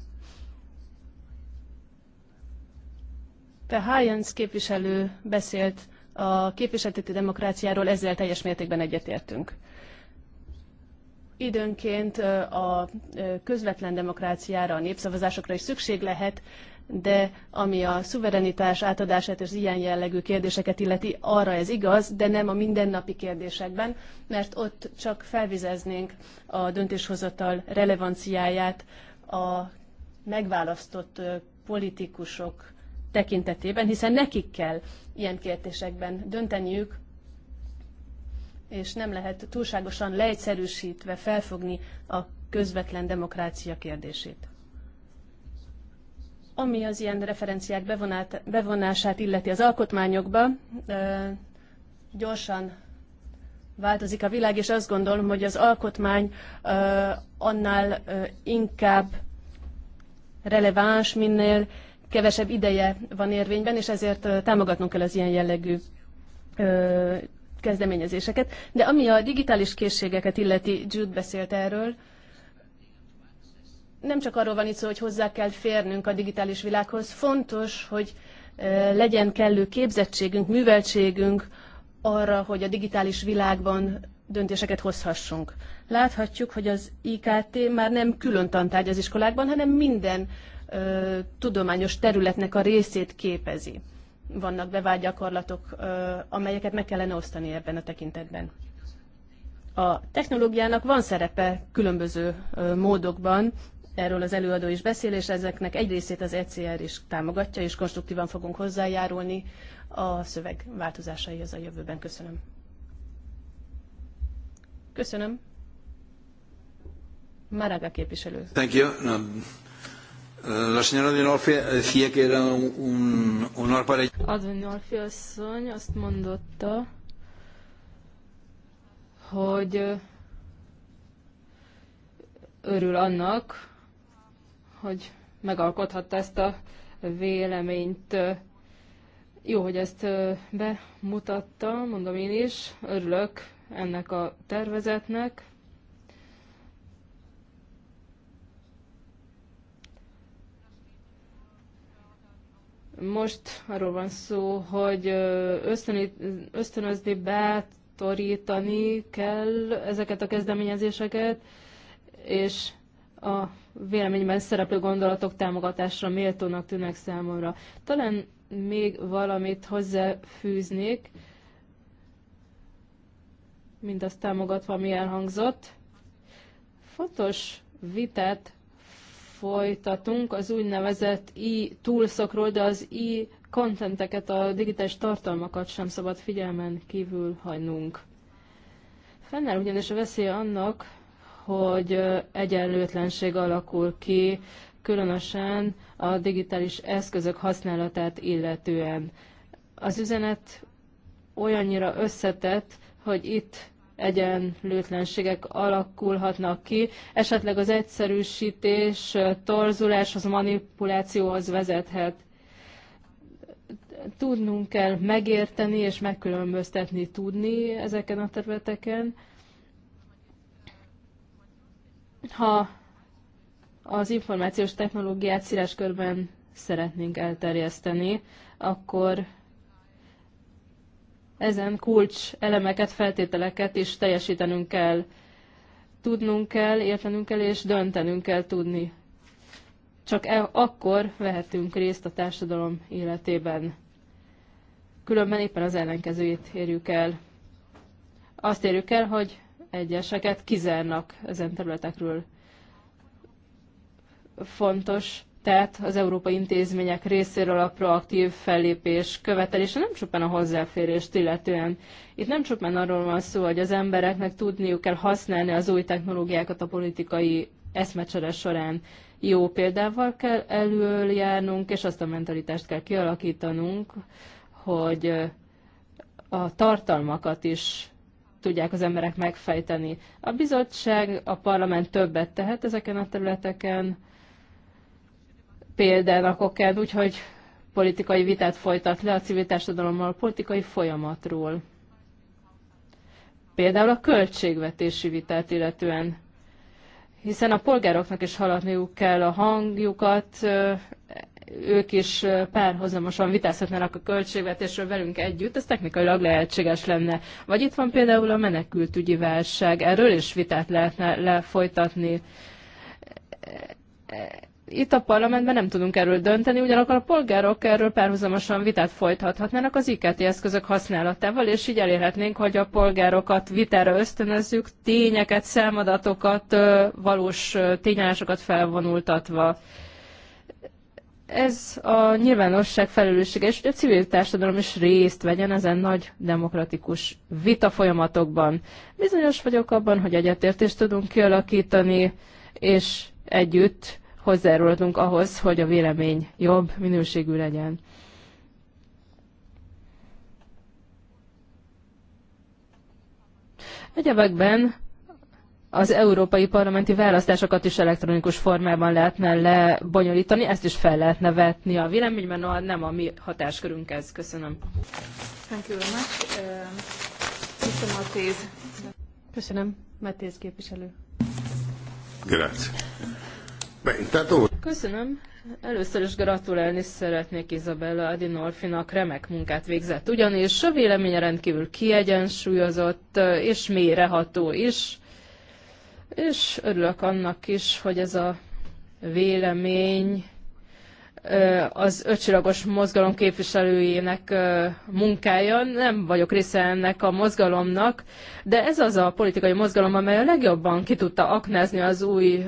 Te Hyens képviselő beszélt a képviselteti demokráciáról, ezzel teljes mértékben egyetértünk. Időnként a közvetlen demokráciára, a népszavazásokra is szükség lehet, de ami a szuverenitás átadását és ilyen jellegű kérdéseket illeti, arra ez igaz, de nem a mindennapi kérdésekben, mert ott csak felvizeznénk a döntéshozatal relevanciáját a megválasztott politikusok tekintetében, hiszen nekik kell ilyen kérdésekben dönteniük, és nem lehet túlságosan leegyszerűsítve felfogni a közvetlen demokrácia kérdését. Ami az ilyen referenciák bevonát, bevonását illeti az alkotmányokba, gyorsan változik a világ, és azt gondolom, hogy az alkotmány annál inkább releváns, minél kevesebb ideje van érvényben, és ezért támogatnunk kell az ilyen jellegű kezdeményezéseket. De ami a digitális készségeket illeti, Jude beszélt erről, nem csak arról van itt szó, hogy hozzá kell férnünk a digitális világhoz, fontos, hogy legyen kellő képzettségünk, műveltségünk arra, hogy a digitális világban döntéseket hozhassunk. Láthatjuk, hogy az IKT már nem külön tantárgy az iskolákban, hanem minden ö, tudományos területnek a részét képezi. Vannak bevált gyakorlatok, ö, amelyeket meg kellene osztani ebben a tekintetben. A technológiának van szerepe különböző ö, módokban, erről az előadó is beszél, és ezeknek egy részét az ECR is támogatja, és konstruktívan fogunk hozzájárulni a szöveg változásaihoz a jövőben. Köszönöm. Köszönöm. Maraga képviselő. Thank you. No. La señora Dinolfi decía que era un honor para ella. A Dinolfi asszony azt mondotta, hogy örül annak, hogy megalkothatta ezt a véleményt. Jó, hogy ezt bemutatta, mondom én is, örülök ennek a tervezetnek. Most arról van szó, hogy ösztönözni, bátorítani kell ezeket a kezdeményezéseket, és a véleményben szereplő gondolatok támogatásra méltónak tűnnek számomra. Talán még valamit hozzáfűznék, mindazt támogatva, ami elhangzott. Fontos vitát folytatunk az úgynevezett e-toolsokról, de az e kontenteket, a digitális tartalmakat sem szabad figyelmen kívül hagynunk. Fennáll ugyanis a veszélye annak, hogy egyenlőtlenség alakul ki, különösen a digitális eszközök használatát illetően. Az üzenet olyannyira összetett, hogy itt egyenlőtlenségek alakulhatnak ki. Esetleg az egyszerűsítés torzuláshoz, manipulációhoz vezethet. Tudnunk kell megérteni és megkülönböztetni tudni ezeken a területeken. Ha az információs technológiát széles körben szeretnénk elterjeszteni, akkor ezen kulcs elemeket, feltételeket is teljesítenünk kell, tudnunk kell, értenünk kell és döntenünk kell tudni. Csak e- akkor vehetünk részt a társadalom életében. Különben éppen az ellenkezőjét érjük el. Azt érjük el, hogy egyeseket kizárnak ezen területekről. Fontos tehát az európai intézmények részéről a proaktív fellépés követelése nem csupán a hozzáférést illetően. Itt nem csupán arról van szó, hogy az embereknek tudniuk kell használni az új technológiákat a politikai eszmecsere során. Jó példával kell előjárnunk, és azt a mentalitást kell kialakítanunk, hogy a tartalmakat is tudják az emberek megfejteni. A bizottság, a parlament többet tehet ezeken a területeken, példának okán, úgyhogy politikai vitát folytat le a civil társadalommal, a politikai folyamatról. Például a költségvetési vitát illetően hiszen a polgároknak is haladniuk kell a hangjukat ők is párhuzamosan vitázhatnának a költségvetésről velünk együtt, ez technikailag lehetséges lenne. Vagy itt van például a menekültügyi válság, erről is vitát lehetne lefolytatni. Itt a parlamentben nem tudunk erről dönteni, ugyanakkor a polgárok erről párhuzamosan vitát folytathatnának az IKT eszközök használatával, és így elérhetnénk, hogy a polgárokat vitára ösztönözzük, tényeket, számadatokat, valós tényállásokat felvonultatva ez a nyilvánosság felelőssége, és hogy a civil társadalom is részt vegyen ezen nagy demokratikus vita folyamatokban. Bizonyos vagyok abban, hogy egyetértést tudunk kialakítani, és együtt hozzárulhatunk ahhoz, hogy a vélemény jobb minőségű legyen. Egyebekben az európai parlamenti választásokat is elektronikus formában lehetne lebonyolítani, ezt is fel lehetne vetni a véleményben, no, nem a mi hatáskörünk ez. Köszönöm. Thank you very much. Um, Köszönöm, Matéz. Köszönöm, képviselő. Grazie. Köszönöm. Először is gratulálni szeretnék Izabella Adinolfinak remek munkát végzett, ugyanis a véleménye rendkívül kiegyensúlyozott és mélyreható is és örülök annak is, hogy ez a vélemény az öcsilagos mozgalom képviselőjének munkája. Nem vagyok része ennek a mozgalomnak, de ez az a politikai mozgalom, amely a legjobban ki tudta aknázni az új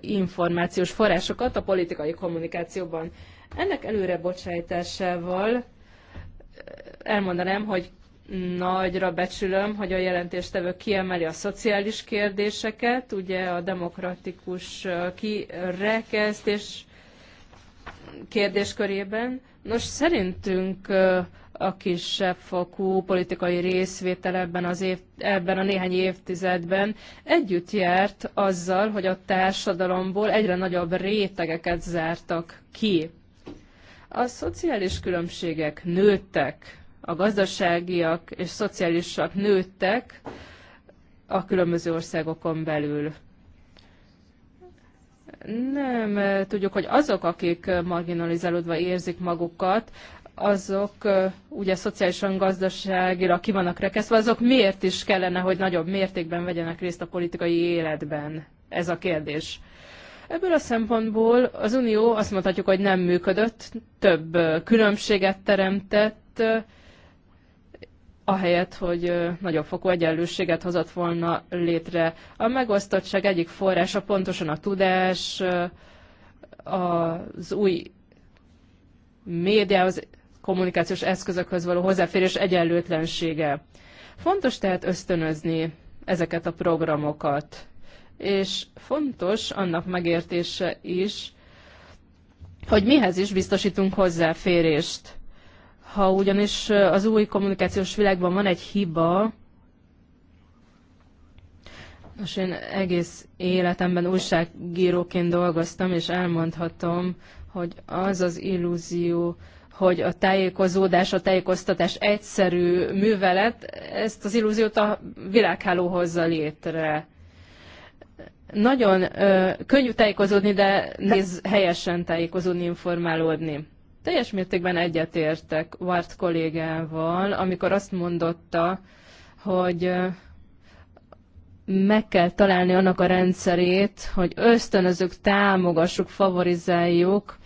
információs forrásokat a politikai kommunikációban. Ennek előre elmondanám, hogy Nagyra becsülöm, hogy a jelentéstevő kiemeli a szociális kérdéseket, ugye a demokratikus kirekesztés kérdéskörében. Nos, szerintünk a kisebb fokú politikai részvétel ebben, az év, ebben a néhány évtizedben együtt járt azzal, hogy a társadalomból egyre nagyobb rétegeket zártak ki. A szociális különbségek nőttek a gazdaságiak és szociálisak nőttek a különböző országokon belül. Nem tudjuk, hogy azok, akik marginalizálódva érzik magukat, azok ugye szociálisan, gazdaságira ki vannak rekesztve, azok miért is kellene, hogy nagyobb mértékben vegyenek részt a politikai életben? Ez a kérdés. Ebből a szempontból az Unió azt mondhatjuk, hogy nem működött, több különbséget teremtett, ahelyett, hogy nagyobb fokú egyenlőséget hozott volna létre. A megosztottság egyik forrása pontosan a tudás, az új médiához, kommunikációs eszközökhöz való hozzáférés egyenlőtlensége. Fontos tehát ösztönözni ezeket a programokat, és fontos annak megértése is, hogy mihez is biztosítunk hozzáférést ha ugyanis az új kommunikációs világban van egy hiba, most én egész életemben újságíróként dolgoztam, és elmondhatom, hogy az az illúzió, hogy a tájékozódás, a tájékoztatás egyszerű művelet, ezt az illúziót a világháló hozza létre. Nagyon ö, könnyű tájékozódni, de néz helyesen tájékozódni, informálódni. Teljes mértékben egyetértek Ward kollégával, amikor azt mondotta, hogy meg kell találni annak a rendszerét, hogy ösztönözzük, támogassuk, favorizáljuk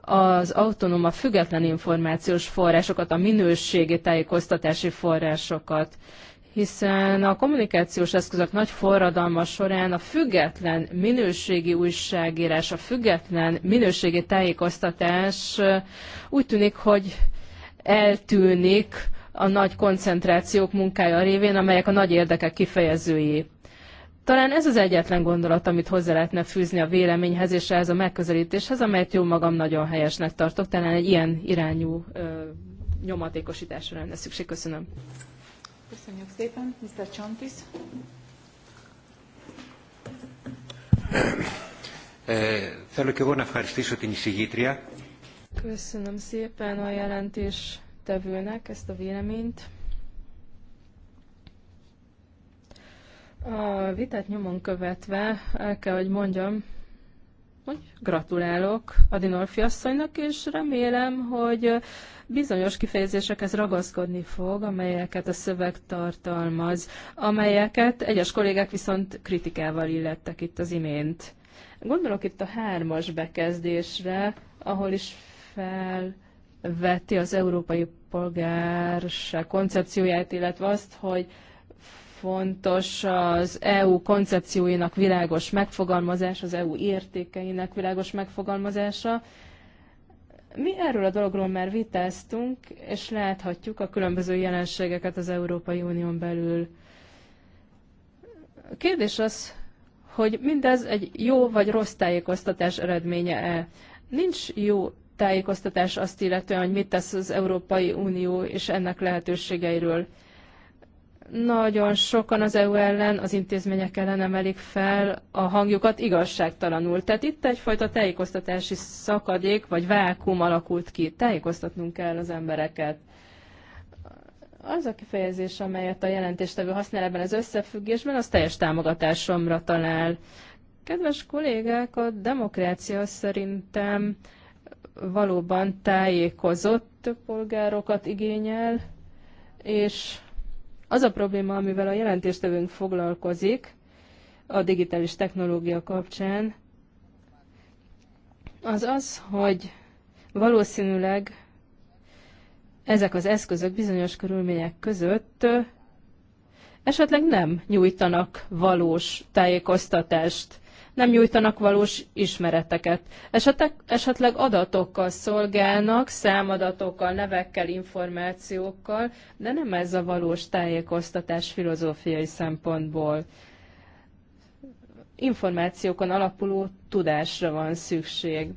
az autonóma független információs forrásokat, a minőségi tájékoztatási forrásokat hiszen a kommunikációs eszközök nagy forradalma során a független minőségi újságírás, a független minőségi tájékoztatás úgy tűnik, hogy eltűnik a nagy koncentrációk munkája révén, amelyek a nagy érdekek kifejezői. Talán ez az egyetlen gondolat, amit hozzá lehetne fűzni a véleményhez és ehhez a megközelítéshez, amelyet jó magam nagyon helyesnek tartok. Talán egy ilyen irányú ö, nyomatékosításra lenne szükség. Köszönöm. Köszönjük szépen. Mr. Csontis. Θέλω και εγώ να ευχαριστήσω την εισηγήτρια. Köszönöm szépen a jelentés tevőnek ezt a véleményt. A vitát nyomon követve el kell, hogy mondjam, hogy gratulálok Adinolfi asszonynak, és remélem, hogy bizonyos kifejezésekhez ragaszkodni fog, amelyeket a szöveg tartalmaz, amelyeket egyes kollégák viszont kritikával illettek itt az imént. Gondolok itt a hármas bekezdésre, ahol is felveti az európai polgárság koncepcióját, illetve azt, hogy fontos az EU koncepcióinak világos megfogalmazása, az EU értékeinek világos megfogalmazása. Mi erről a dologról már vitáztunk, és láthatjuk a különböző jelenségeket az Európai Unión belül. A kérdés az, hogy mindez egy jó vagy rossz tájékoztatás eredménye-e. Nincs jó tájékoztatás azt illetően, hogy mit tesz az Európai Unió és ennek lehetőségeiről nagyon sokan az EU ellen, az intézmények ellen emelik fel a hangjukat igazságtalanul. Tehát itt egyfajta tájékoztatási szakadék vagy vákum alakult ki. Tájékoztatnunk kell az embereket. Az a kifejezés, amelyet a jelentéstevő használ ebben az összefüggésben, az teljes támogatásomra talál. Kedves kollégák, a demokrácia szerintem valóban tájékozott polgárokat igényel, és az a probléma, amivel a jelentéstevőnk foglalkozik a digitális technológia kapcsán, az az, hogy valószínűleg ezek az eszközök bizonyos körülmények között esetleg nem nyújtanak valós tájékoztatást nem nyújtanak valós ismereteket. Esetek, esetleg adatokkal szolgálnak, számadatokkal, nevekkel, információkkal, de nem ez a valós tájékoztatás filozófiai szempontból. Információkon alapuló tudásra van szükség.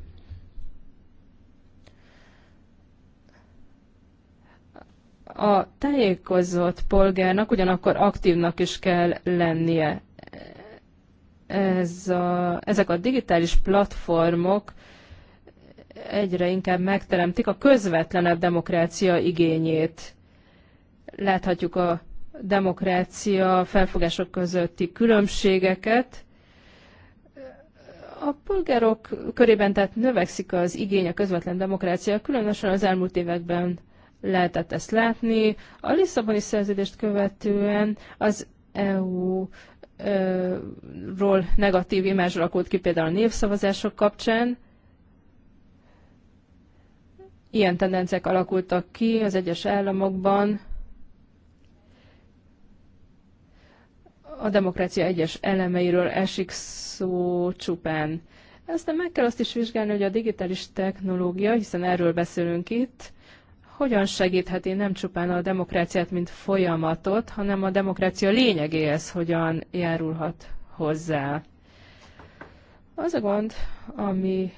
a tájékozott polgárnak ugyanakkor aktívnak is kell lennie ez a, ezek a digitális platformok egyre inkább megteremtik a közvetlenebb demokrácia igényét. Láthatjuk a demokrácia felfogások közötti különbségeket. A polgárok körében tehát növekszik az igény a közvetlen demokrácia, különösen az elmúlt években lehetett ezt látni. A Lisszaboni szerződést követően az EU ról negatív imázs alakult ki például a névszavazások kapcsán. Ilyen tendenciák alakultak ki az egyes államokban. A demokrácia egyes elemeiről esik szó csupán. Aztán meg kell azt is vizsgálni, hogy a digitális technológia, hiszen erről beszélünk itt, hogyan segítheti nem csupán a demokráciát, mint folyamatot, hanem a demokrácia lényegéhez hogyan járulhat hozzá. Az a gond, ami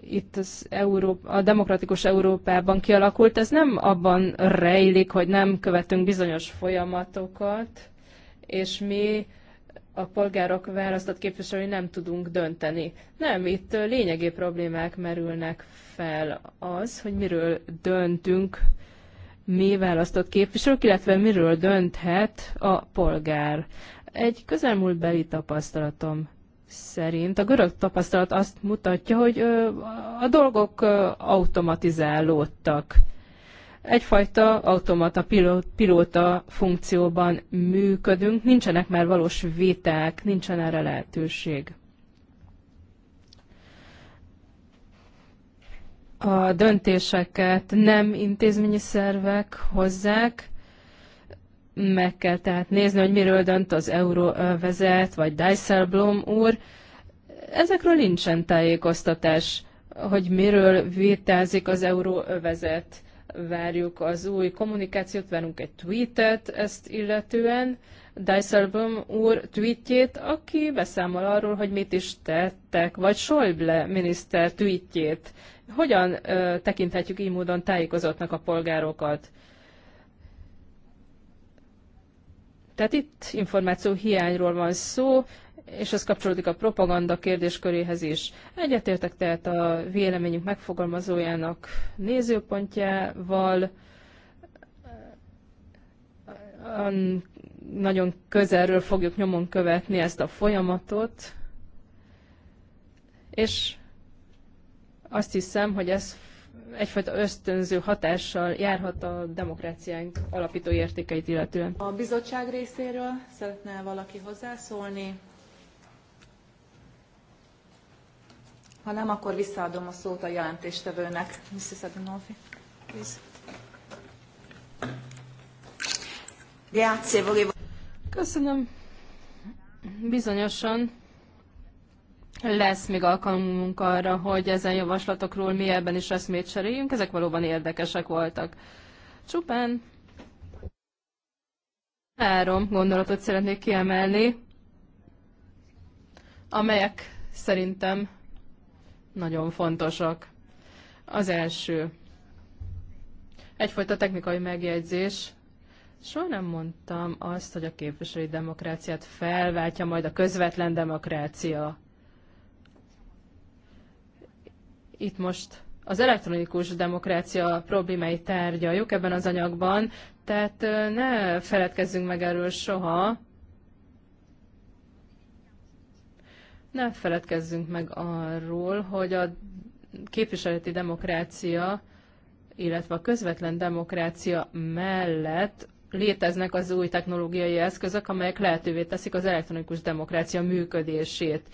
itt az Európa, a demokratikus Európában kialakult, ez nem abban rejlik, hogy nem követünk bizonyos folyamatokat, és mi a polgárok választott képviselői nem tudunk dönteni. Nem, itt lényegi problémák merülnek fel az, hogy miről döntünk mi választott képviselők, illetve miről dönthet a polgár. Egy közelmúltbeli tapasztalatom szerint a görög tapasztalat azt mutatja, hogy a dolgok automatizálódtak egyfajta automata pilóta funkcióban működünk, nincsenek már valós viták, nincsen erre lehetőség. A döntéseket nem intézményi szervek hozzák, meg kell tehát nézni, hogy miről dönt az euróvezet, vagy Dijsselblom úr. Ezekről nincsen tájékoztatás, hogy miről vétázik az euróvezet várjuk az új kommunikációt, várunk egy tweetet ezt illetően, Dijsselbloem úr tweetjét, aki beszámol arról, hogy mit is tettek, vagy Schäuble miniszter tweetjét. Hogyan ö, tekinthetjük így módon tájékozottnak a polgárokat? Tehát itt információ hiányról van szó, és ez kapcsolódik a propaganda kérdésköréhez is. Egyetértek tehát a véleményünk megfogalmazójának nézőpontjával, nagyon közelről fogjuk nyomon követni ezt a folyamatot, és azt hiszem, hogy ez egyfajta ösztönző hatással járhat a demokráciánk alapító értékeit illetően. A bizottság részéről szeretne valaki hozzászólni? Ha nem, akkor visszaadom a szót a jelentéstevőnek. Mrs. Adinolfi, Köszönöm. Bizonyosan lesz még alkalmunk arra, hogy ezen javaslatokról mi ebben is eszmét cseréljünk. Ezek valóban érdekesek voltak. Csupán három gondolatot szeretnék kiemelni, amelyek szerintem nagyon fontosak. Az első, egyfajta technikai megjegyzés. Soha nem mondtam azt, hogy a képviselői demokráciát felváltja majd a közvetlen demokrácia. Itt most az elektronikus demokrácia problémáit tárgyaljuk ebben az anyagban, tehát ne feledkezzünk meg erről soha, Ne feledkezzünk meg arról, hogy a képviseleti demokrácia, illetve a közvetlen demokrácia mellett léteznek az új technológiai eszközök, amelyek lehetővé teszik az elektronikus demokrácia működését.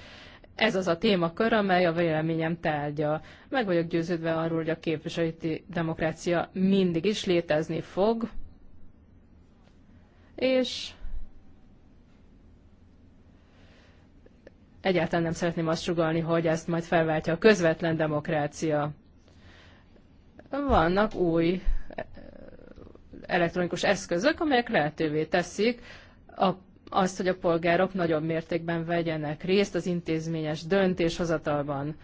Ez az a témakör, amely a véleményem tárgya. Meg vagyok győződve arról, hogy a képviseleti demokrácia mindig is létezni fog, és Egyáltalán nem szeretném azt sugalni, hogy ezt majd felváltja a közvetlen demokrácia. Vannak új e, elektronikus eszközök, amelyek lehetővé teszik a azt, hogy a polgárok nagyobb mértékben vegyenek részt az intézményes döntéshozatalban.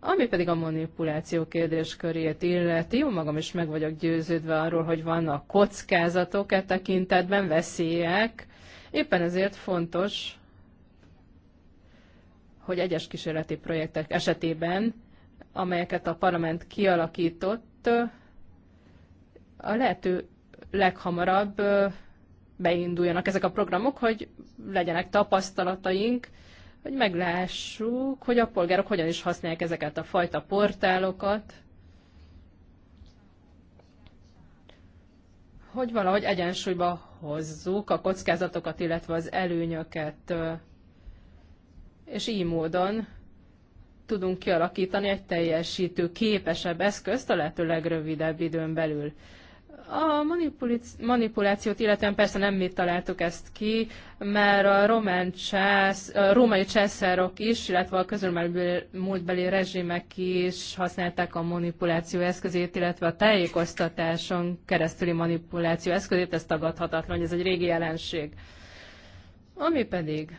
Ami pedig a manipuláció kérdéskörét illeti, jó magam is meg vagyok győződve arról, hogy vannak kockázatok e tekintetben, veszélyek. Éppen ezért fontos, hogy egyes kísérleti projektek esetében, amelyeket a parlament kialakított, a lehető leghamarabb beinduljanak ezek a programok, hogy legyenek tapasztalataink, hogy meglássuk, hogy a polgárok hogyan is használják ezeket a fajta portálokat, hogy valahogy egyensúlyba hozzuk a kockázatokat, illetve az előnyöket és így módon tudunk kialakítani egy teljesítő, képesebb eszközt a lehető legrövidebb időn belül. A manipulációt illetően persze nem mi találtuk ezt ki, mert a, román csász, a római császárok is, illetve a közölmúltbeli rezsimek is használták a manipuláció eszközét, illetve a tájékoztatáson keresztüli manipuláció eszközét, ez tagadhatatlan, hogy ez egy régi jelenség. Ami pedig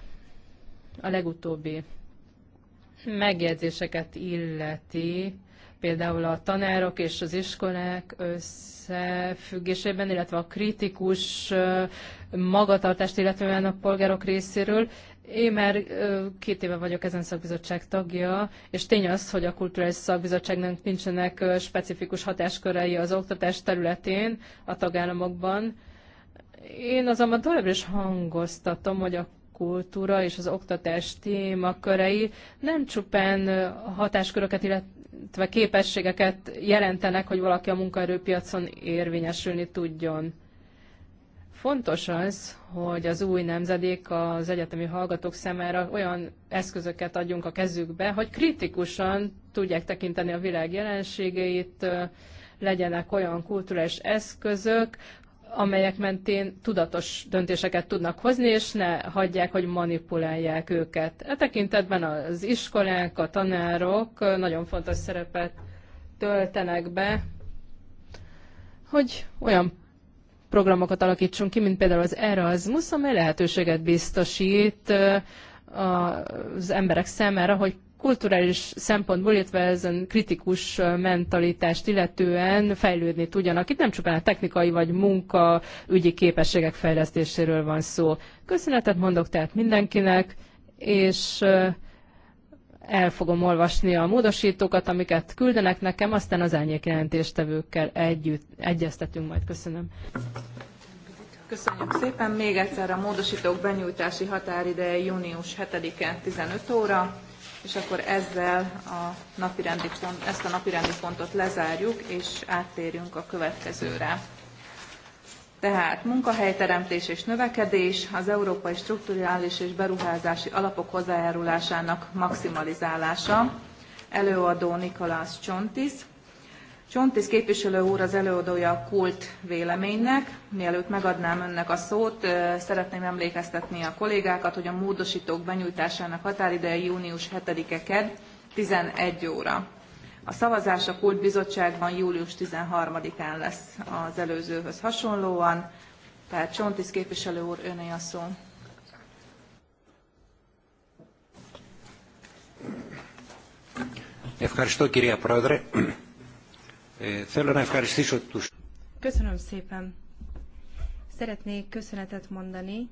a legutóbbi megjegyzéseket illeti, például a tanárok és az iskolák összefüggésében, illetve a kritikus magatartást, illetően a polgárok részéről. Én már két éve vagyok ezen szakbizottság tagja, és tény az, hogy a kulturális szakbizottságnak nincsenek specifikus hatáskörei az oktatás területén a tagállamokban. Én azonban továbbra is hangoztatom, hogy a kultúra és az oktatás témakörei nem csupán hatásköröket, illetve képességeket jelentenek, hogy valaki a munkaerőpiacon érvényesülni tudjon. Fontos az, hogy az új nemzedék az egyetemi hallgatók számára olyan eszközöket adjunk a kezükbe, hogy kritikusan tudják tekinteni a világ jelenségeit, legyenek olyan kulturális eszközök, amelyek mentén tudatos döntéseket tudnak hozni, és ne hagyják, hogy manipulálják őket. E tekintetben az iskolák, a tanárok nagyon fontos szerepet töltenek be, hogy olyan programokat alakítsunk ki, mint például az Erasmus, amely lehetőséget biztosít az emberek számára, hogy kulturális szempontból, illetve ezen kritikus mentalitást illetően fejlődni tudjanak. Itt nem csupán a technikai vagy munka ügyi képességek fejlesztéséről van szó. Köszönetet mondok tehát mindenkinek, és el fogom olvasni a módosítókat, amiket küldenek nekem, aztán az jelentéstevőkkel együtt egyeztetünk majd. Köszönöm. Köszönjük szépen. Még egyszer a módosítók benyújtási határideje június 7-e 15 óra és akkor ezzel a napirendi pont, ezt a napirendi pontot lezárjuk, és áttérünk a következőre. Tehát munkahelyteremtés és növekedés, az európai strukturális és beruházási alapok hozzájárulásának maximalizálása, előadó Nikolás Csontis, Csontis képviselő úr az előadója a kult véleménynek. Mielőtt megadnám önnek a szót, szeretném emlékeztetni a kollégákat, hogy a módosítók benyújtásának határideje június 7-e ked 11 óra. A szavazás a kult bizottságban július 13-án lesz az előzőhöz hasonlóan. Tehát Csontis képviselő úr, öné a szó. Ευχαριστώ κυρία Köszönöm szépen. Szeretnék köszönetet mondani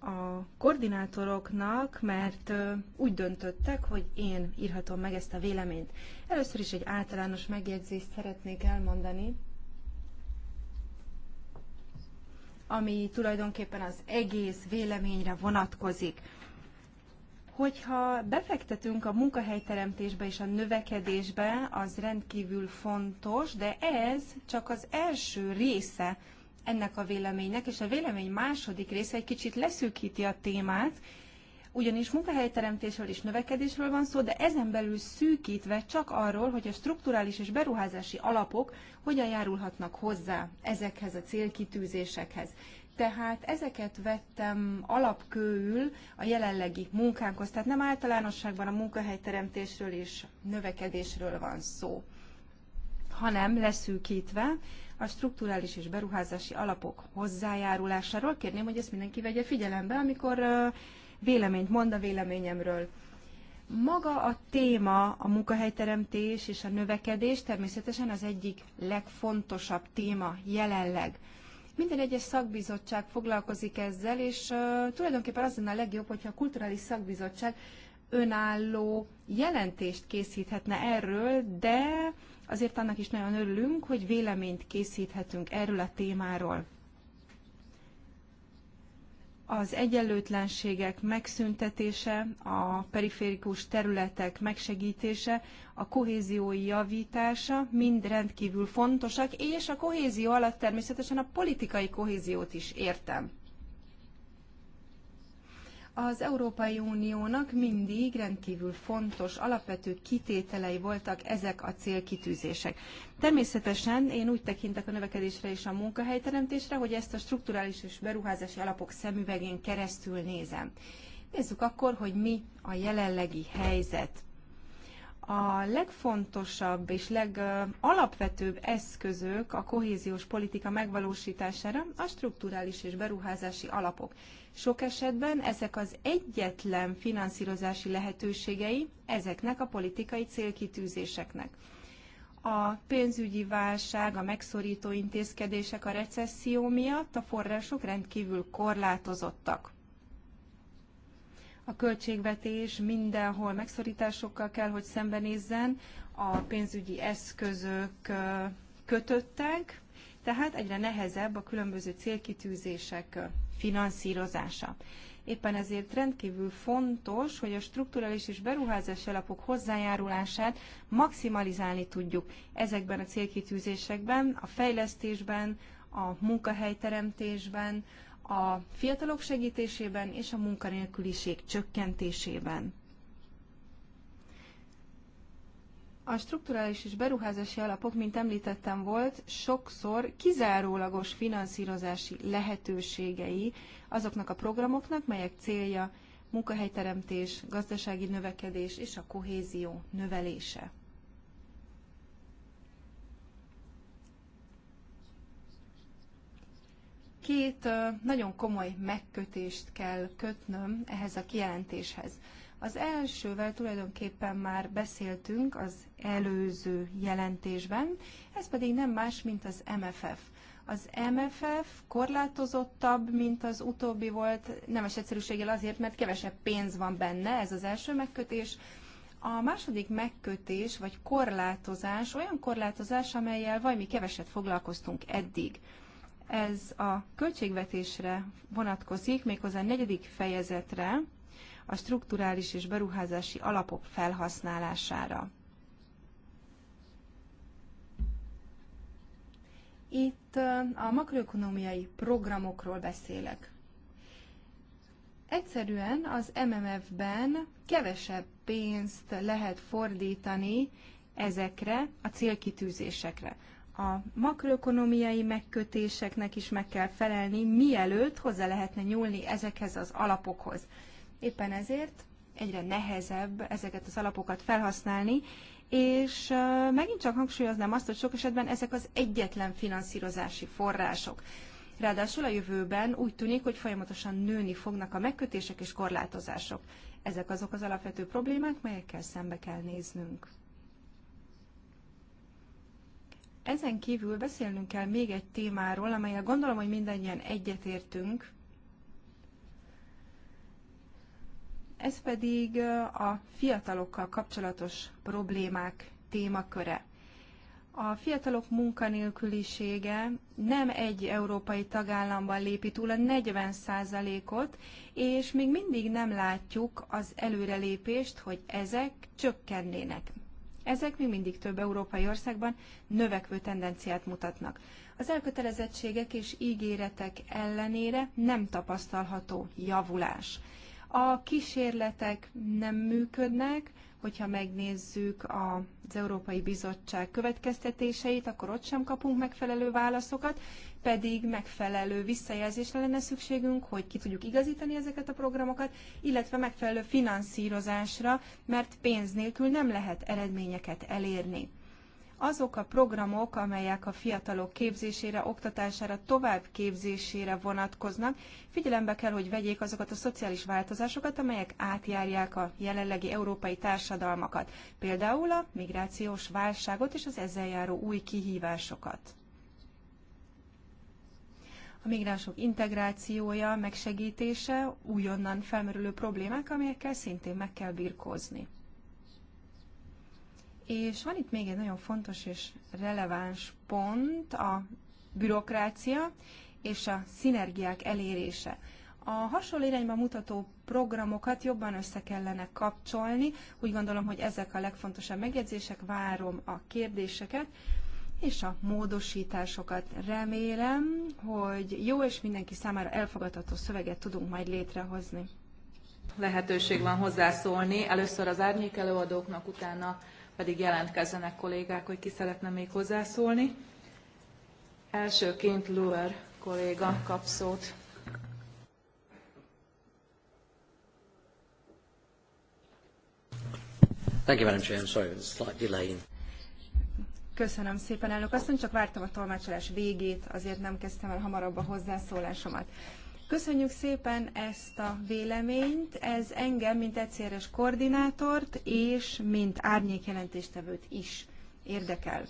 a koordinátoroknak, mert úgy döntöttek, hogy én írhatom meg ezt a véleményt. Először is egy általános megjegyzést szeretnék elmondani, ami tulajdonképpen az egész véleményre vonatkozik. Hogyha befektetünk a munkahelyteremtésbe és a növekedésbe, az rendkívül fontos, de ez csak az első része ennek a véleménynek, és a vélemény második része egy kicsit leszűkíti a témát, ugyanis munkahelyteremtésről és növekedésről van szó, de ezen belül szűkítve csak arról, hogy a strukturális és beruházási alapok hogyan járulhatnak hozzá ezekhez a célkitűzésekhez. Tehát ezeket vettem alapkőül a jelenlegi munkánkhoz, tehát nem általánosságban a munkahelyteremtésről és növekedésről van szó, hanem leszűkítve a strukturális és beruházási alapok hozzájárulásáról. Kérném, hogy ezt mindenki vegye figyelembe, amikor véleményt mond a véleményemről. Maga a téma, a munkahelyteremtés és a növekedés természetesen az egyik legfontosabb téma jelenleg minden egyes szakbizottság foglalkozik ezzel, és uh, tulajdonképpen az lenne a legjobb, hogyha a kulturális szakbizottság önálló jelentést készíthetne erről, de azért annak is nagyon örülünk, hogy véleményt készíthetünk erről a témáról az egyenlőtlenségek megszüntetése, a periférikus területek megsegítése, a kohéziói javítása mind rendkívül fontosak, és a kohézió alatt természetesen a politikai kohéziót is értem. Az Európai Uniónak mindig rendkívül fontos, alapvető kitételei voltak ezek a célkitűzések. Természetesen én úgy tekintek a növekedésre és a munkahelyteremtésre, hogy ezt a strukturális és beruházási alapok szemüvegén keresztül nézem. Nézzük akkor, hogy mi a jelenlegi helyzet a legfontosabb és legalapvetőbb eszközök a kohéziós politika megvalósítására a strukturális és beruházási alapok. Sok esetben ezek az egyetlen finanszírozási lehetőségei ezeknek a politikai célkitűzéseknek. A pénzügyi válság, a megszorító intézkedések a recesszió miatt a források rendkívül korlátozottak a költségvetés mindenhol megszorításokkal kell, hogy szembenézzen, a pénzügyi eszközök kötöttek, tehát egyre nehezebb a különböző célkitűzések finanszírozása. Éppen ezért rendkívül fontos, hogy a strukturális és beruházási alapok hozzájárulását maximalizálni tudjuk ezekben a célkitűzésekben, a fejlesztésben, a munkahelyteremtésben, a fiatalok segítésében és a munkanélküliség csökkentésében. A strukturális és beruházási alapok, mint említettem volt, sokszor kizárólagos finanszírozási lehetőségei azoknak a programoknak, melyek célja munkahelyteremtés, gazdasági növekedés és a kohézió növelése. két nagyon komoly megkötést kell kötnöm ehhez a kijelentéshez. Az elsővel tulajdonképpen már beszéltünk az előző jelentésben, ez pedig nem más, mint az MFF. Az MFF korlátozottabb, mint az utóbbi volt, nemes egyszerűséggel azért, mert kevesebb pénz van benne, ez az első megkötés. A második megkötés, vagy korlátozás olyan korlátozás, amelyel valami keveset foglalkoztunk eddig. Ez a költségvetésre vonatkozik, méghozzá a negyedik fejezetre, a strukturális és beruházási alapok felhasználására. Itt a makroökonomiai programokról beszélek. Egyszerűen az MMF-ben kevesebb pénzt lehet fordítani ezekre a célkitűzésekre a makroökonomiai megkötéseknek is meg kell felelni, mielőtt hozzá lehetne nyúlni ezekhez az alapokhoz. Éppen ezért egyre nehezebb ezeket az alapokat felhasználni, és megint csak hangsúlyoznám azt, hogy sok esetben ezek az egyetlen finanszírozási források. Ráadásul a jövőben úgy tűnik, hogy folyamatosan nőni fognak a megkötések és korlátozások. Ezek azok az alapvető problémák, melyekkel szembe kell néznünk. Ezen kívül beszélnünk kell még egy témáról, amelyel gondolom, hogy mindannyian egyetértünk. Ez pedig a fiatalokkal kapcsolatos problémák témaköre. A fiatalok munkanélkülisége nem egy európai tagállamban lépi túl a 40 ot és még mindig nem látjuk az előrelépést, hogy ezek csökkennének. Ezek még mindig több európai országban növekvő tendenciát mutatnak. Az elkötelezettségek és ígéretek ellenére nem tapasztalható javulás. A kísérletek nem működnek, Hogyha megnézzük az Európai Bizottság következtetéseit, akkor ott sem kapunk megfelelő válaszokat, pedig megfelelő visszajelzésre lenne szükségünk, hogy ki tudjuk igazítani ezeket a programokat, illetve megfelelő finanszírozásra, mert pénz nélkül nem lehet eredményeket elérni azok a programok, amelyek a fiatalok képzésére, oktatására, továbbképzésére vonatkoznak, figyelembe kell, hogy vegyék azokat a szociális változásokat, amelyek átjárják a jelenlegi európai társadalmakat, például a migrációs válságot és az ezzel járó új kihívásokat a migránsok integrációja, megsegítése, újonnan felmerülő problémák, amelyekkel szintén meg kell birkózni. És van itt még egy nagyon fontos és releváns pont, a bürokrácia és a szinergiák elérése. A hasonló irányba mutató programokat jobban össze kellene kapcsolni. Úgy gondolom, hogy ezek a legfontosabb megjegyzések. Várom a kérdéseket és a módosításokat. Remélem, hogy jó és mindenki számára elfogadható szöveget tudunk majd létrehozni. Lehetőség van hozzászólni. Először az árnyék előadóknak, utána pedig jelentkezzenek kollégák, hogy ki szeretne még hozzászólni. Elsőként Luer kolléga kap szót. Thank you, Madam Chair. I'm sorry, there's a slight delay in Köszönöm szépen, elnök asszony, csak vártam a tolmácsolás végét, azért nem kezdtem el hamarabb a hozzászólásomat. Köszönjük szépen ezt a véleményt, ez engem, mint egyszeres koordinátort és mint árnyékjelentéstevőt is érdekel.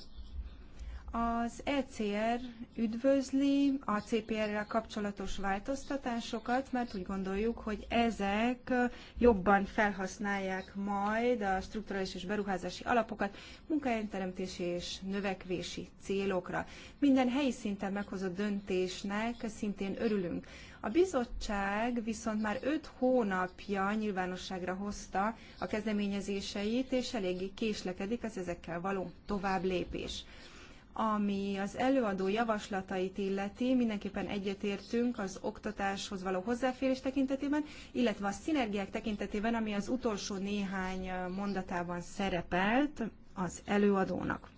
Az ECR üdvözli a CPR-rel kapcsolatos változtatásokat, mert úgy gondoljuk, hogy ezek jobban felhasználják majd a strukturális és beruházási alapokat munkahelyteremtési és növekvési célokra. Minden helyi szinten meghozott döntésnek szintén örülünk. A bizottság viszont már öt hónapja nyilvánosságra hozta a kezdeményezéseit, és eléggé késlekedik az ezekkel való tovább lépés. Ami az előadó javaslatait illeti, mindenképpen egyetértünk az oktatáshoz való hozzáférés tekintetében, illetve a szinergiák tekintetében, ami az utolsó néhány mondatában szerepelt az előadónak.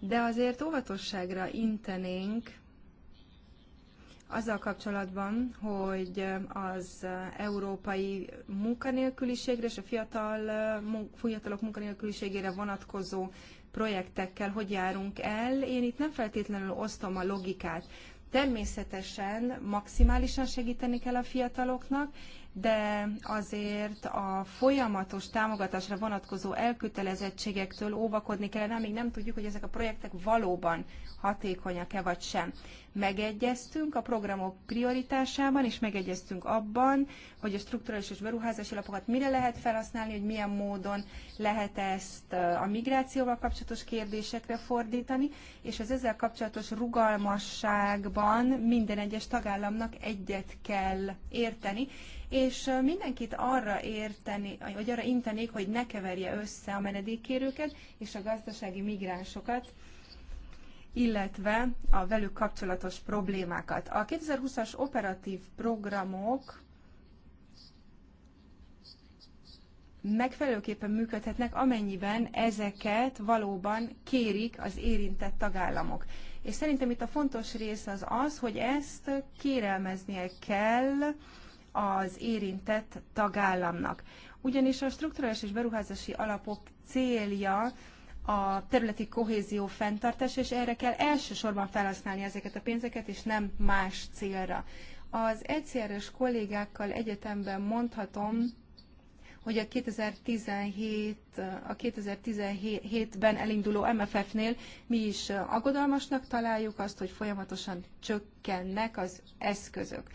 de azért óvatosságra intenénk azzal kapcsolatban, hogy az európai munkanélküliségre és a fiatal, fiatalok munkanélküliségére vonatkozó projektekkel hogy járunk el. Én itt nem feltétlenül osztom a logikát. Természetesen maximálisan segíteni kell a fiataloknak, de azért a folyamatos támogatásra vonatkozó elkötelezettségektől óvakodni kellene, amíg nem tudjuk, hogy ezek a projektek valóban hatékonyak-e vagy sem. Megegyeztünk a programok prioritásában, és megegyeztünk abban, hogy a strukturális és beruházási lapokat mire lehet felhasználni, hogy milyen módon lehet ezt eh, a migrációval kapcsolatos kérdésekre fordítani, és az ezzel kapcsolatos rugalmasságban minden egyes tagállamnak egyet kell érteni, és mindenkit arra érteni, vagy arra intenék, hogy ne keverje össze a menedékkérőket és a gazdasági migránsokat, illetve a velük kapcsolatos problémákat. A 2020-as operatív programok megfelelőképpen működhetnek, amennyiben ezeket valóban kérik az érintett tagállamok. És szerintem itt a fontos rész az az, hogy ezt kérelmeznie kell az érintett tagállamnak. Ugyanis a strukturális és beruházási alapok célja a területi kohézió fenntartása, és erre kell elsősorban felhasználni ezeket a pénzeket, és nem más célra. Az egyszeres kollégákkal egyetemben mondhatom, hogy a 2017, a 2017-ben elinduló MFF-nél mi is aggodalmasnak találjuk azt, hogy folyamatosan csökkennek az eszközök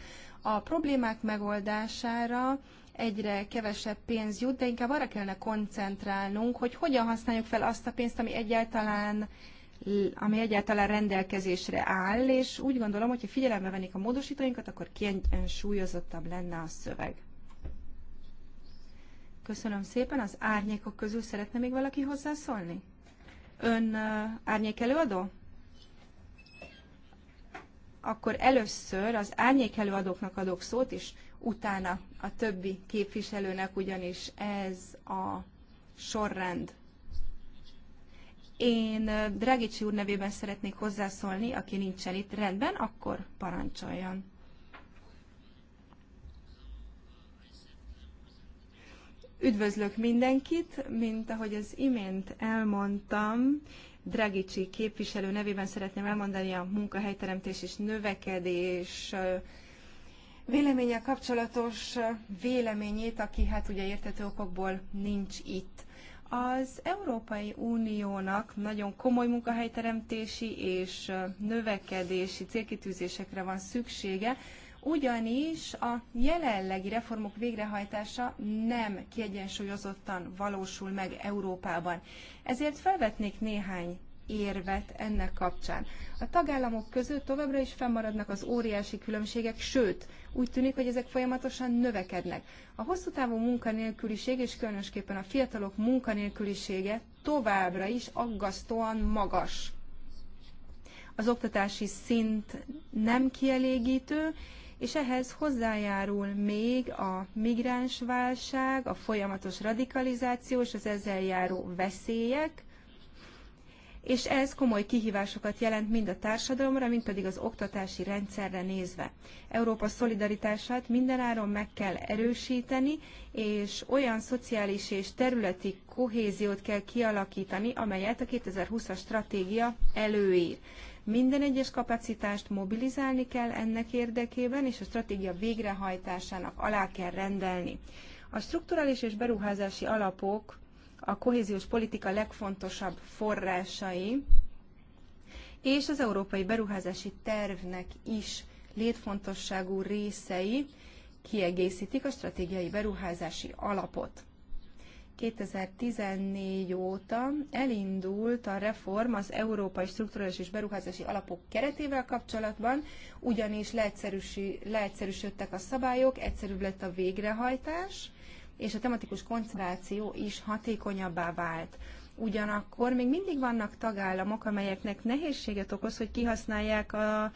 a problémák megoldására egyre kevesebb pénz jut, de inkább arra kellene koncentrálnunk, hogy hogyan használjuk fel azt a pénzt, ami egyáltalán ami egyáltalán rendelkezésre áll, és úgy gondolom, hogy ha figyelembe vennék a módosítóinkat, akkor kiensúlyozottabb lenne a szöveg. Köszönöm szépen. Az árnyékok közül szeretne még valaki hozzászólni? Ön uh, árnyék előadó? akkor először az árnyékelőadóknak adok szót, és utána a többi képviselőnek ugyanis ez a sorrend. Én eh, Dragicsi úr nevében szeretnék hozzászólni, aki nincsen itt. Rendben, akkor parancsoljon. Üdvözlök mindenkit, mint ahogy az imént elmondtam, Dragicsi képviselő nevében szeretném elmondani a munkahelyteremtés és növekedés véleménye kapcsolatos véleményét, aki hát ugye értető okokból nincs itt. Az Európai Uniónak nagyon komoly munkahelyteremtési és növekedési célkitűzésekre van szüksége, ugyanis a jelenlegi reformok végrehajtása nem kiegyensúlyozottan valósul meg Európában. Ezért felvetnék néhány érvet ennek kapcsán. A tagállamok között továbbra is fennmaradnak az óriási különbségek, sőt, úgy tűnik, hogy ezek folyamatosan növekednek. A hosszú távú munkanélküliség és különösképpen a fiatalok munkanélkülisége továbbra is aggasztóan magas. Az oktatási szint nem kielégítő, és ehhez hozzájárul még a migránsválság, a folyamatos radikalizáció és az ezzel járó veszélyek, és ez komoly kihívásokat jelent mind a társadalomra, mind pedig az oktatási rendszerre nézve. Európa szolidaritását mindenáron meg kell erősíteni, és olyan szociális és területi kohéziót kell kialakítani, amelyet a 2020-as stratégia előír. Minden egyes kapacitást mobilizálni kell ennek érdekében, és a stratégia végrehajtásának alá kell rendelni. A strukturális és beruházási alapok a kohéziós politika legfontosabb forrásai, és az európai beruházási tervnek is létfontosságú részei kiegészítik a stratégiai beruházási alapot. 2014 óta elindult a reform az Európai Strukturális és Beruházási Alapok keretével kapcsolatban, ugyanis leegyszerűsödtek a szabályok, egyszerűbb lett a végrehajtás, és a tematikus koncentráció is hatékonyabbá vált. Ugyanakkor még mindig vannak tagállamok, amelyeknek nehézséget okoz, hogy kihasználják a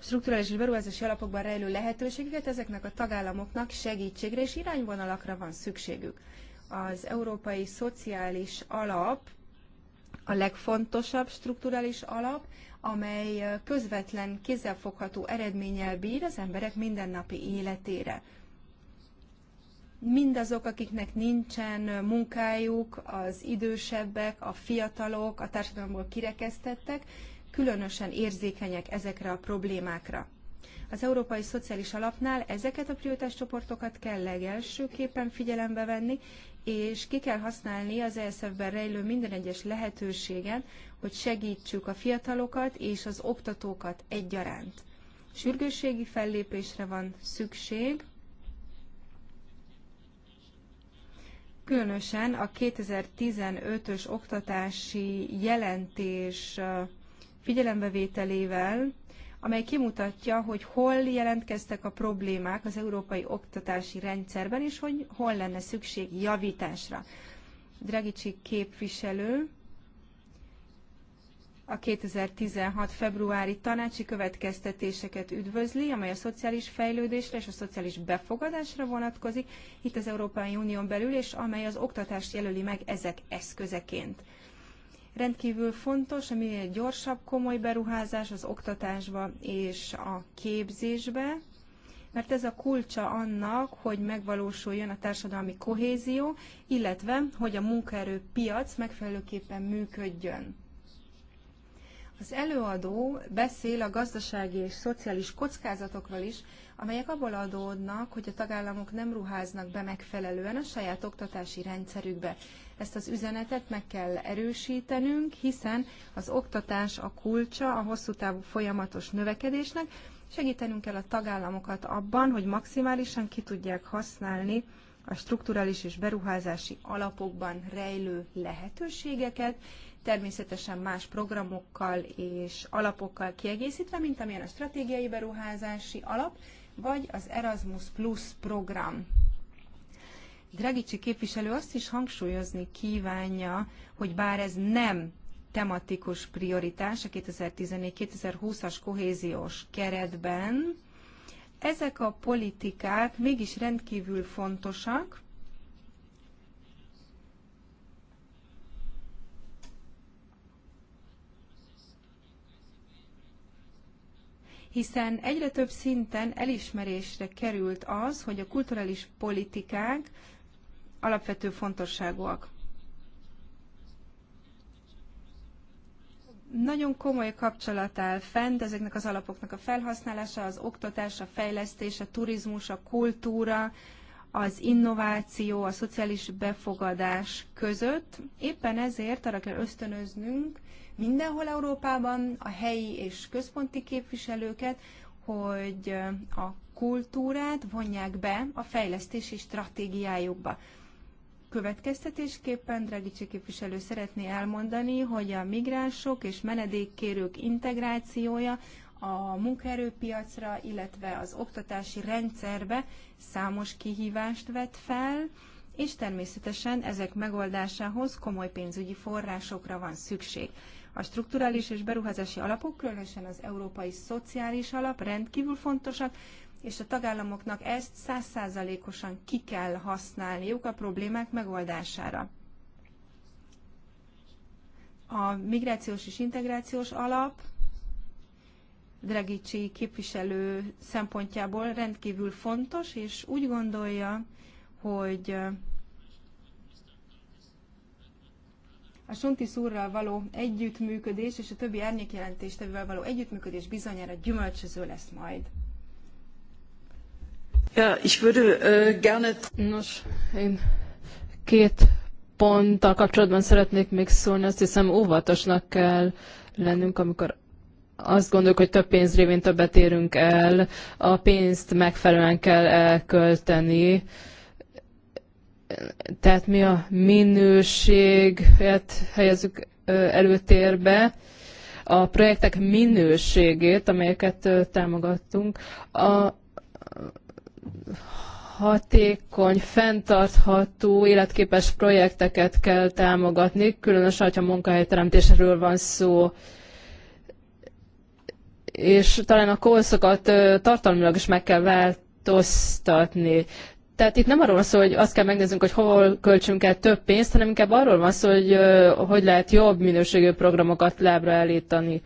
strukturális és beruházási alapokban rejlő lehetőségeket, ezeknek a tagállamoknak segítségre és irányvonalakra van szükségük az Európai Szociális Alap a legfontosabb strukturális alap, amely közvetlen kézzelfogható eredménnyel bír az emberek mindennapi életére. Mindazok, akiknek nincsen munkájuk, az idősebbek, a fiatalok, a társadalomból kirekesztettek, különösen érzékenyek ezekre a problémákra. Az Európai Szociális Alapnál ezeket a csoportokat kell legelsőképpen figyelembe venni, és ki kell használni az ESF-ben rejlő minden egyes lehetőséget, hogy segítsük a fiatalokat és az oktatókat egyaránt. Sürgősségi fellépésre van szükség, különösen a 2015-ös oktatási jelentés figyelembevételével, amely kimutatja, hogy hol jelentkeztek a problémák az európai oktatási rendszerben, és hogy hol lenne szükség javításra. Dragicsi képviselő a 2016. februári tanácsi következtetéseket üdvözli, amely a szociális fejlődésre és a szociális befogadásra vonatkozik itt az Európai Unión belül, és amely az oktatást jelöli meg ezek eszközeként. Rendkívül fontos ami egy gyorsabb, komoly beruházás az oktatásba és a képzésbe, mert ez a kulcsa annak, hogy megvalósuljon a társadalmi kohézió, illetve hogy a munkaerőpiac megfelelőképpen működjön. Az előadó beszél a gazdasági és szociális kockázatokról is, amelyek abból adódnak, hogy a tagállamok nem ruháznak be megfelelően a saját oktatási rendszerükbe. Ezt az üzenetet meg kell erősítenünk, hiszen az oktatás a kulcsa a hosszú távú folyamatos növekedésnek, segítenünk kell a tagállamokat abban, hogy maximálisan ki tudják használni a strukturális és beruházási alapokban rejlő lehetőségeket, természetesen más programokkal és alapokkal kiegészítve, mint amilyen a stratégiai beruházási alap, vagy az Erasmus Plus program. Dragicsi képviselő azt is hangsúlyozni kívánja, hogy bár ez nem tematikus prioritás a 2014-2020-as kohéziós keretben, ezek a politikák mégis rendkívül fontosak, hiszen egyre több szinten elismerésre került az, hogy a kulturális politikák alapvető fontosságúak. Nagyon komoly kapcsolat áll fent ezeknek az alapoknak a felhasználása, az oktatás, a fejlesztés, a turizmus, a kultúra, az innováció, a szociális befogadás között. Éppen ezért arra kell ösztönöznünk mindenhol Európában a helyi és központi képviselőket, hogy a kultúrát vonják be a fejlesztési stratégiájukba. Következtetésképpen Dragicsi képviselő szeretné elmondani, hogy a migránsok és menedékkérők integrációja a munkaerőpiacra, illetve az oktatási rendszerbe számos kihívást vet fel, és természetesen ezek megoldásához komoly pénzügyi forrásokra van szükség. A strukturális és beruházási alapok, különösen az Európai Szociális Alap rendkívül fontosak, és a tagállamoknak ezt százszázalékosan ki kell használniuk a problémák megoldására. A migrációs és integrációs alap Dragicsi képviselő szempontjából rendkívül fontos, és úgy gondolja, hogy A Sunti szúrral való együttműködés és a többi árnyékjelentéstevővel való együttműködés bizonyára gyümölcsöző lesz majd. Ja, ich würde uh, gerne... Nos, én két ponttal kapcsolatban szeretnék még szólni. Azt hiszem óvatosnak kell lennünk, amikor azt gondoljuk, hogy több pénz révén többet érünk el, a pénzt megfelelően kell elkölteni. Uh, tehát mi a minőséget helyezzük előtérbe, a projektek minőségét, amelyeket támogattunk, a hatékony, fenntartható, életképes projekteket kell támogatni, különösen, ha munkahelyteremtésről van szó és talán a korszokat tartalmilag is meg kell változtatni. Tehát itt nem arról szó, hogy azt kell megnéznünk, hogy hol költsünk el több pénzt, hanem inkább arról van szó, hogy hogy lehet jobb minőségű programokat lábra állítani.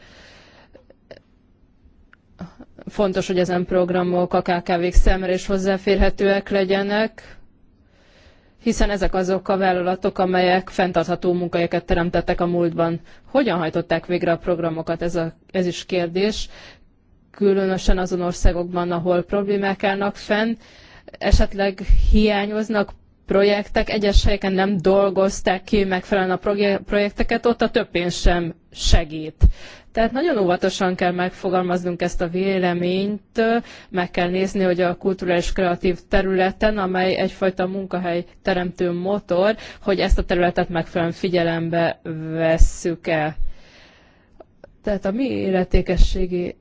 Fontos, hogy ezen programok a KKV-k számára is hozzáférhetőek legyenek, hiszen ezek azok a vállalatok, amelyek fenntartható munkahelyeket teremtettek a múltban. Hogyan hajtották végre a programokat, ez, a, ez is kérdés, különösen azon országokban, ahol problémák állnak fenn, esetleg hiányoznak projektek, egyes helyeken nem dolgozták ki megfelelően a projekteket, ott a több pénz sem segít. Tehát nagyon óvatosan kell megfogalmaznunk ezt a véleményt, meg kell nézni, hogy a kulturális kreatív területen, amely egyfajta munkahely teremtő motor, hogy ezt a területet megfelelően figyelembe vesszük-e. Tehát a mi életékességi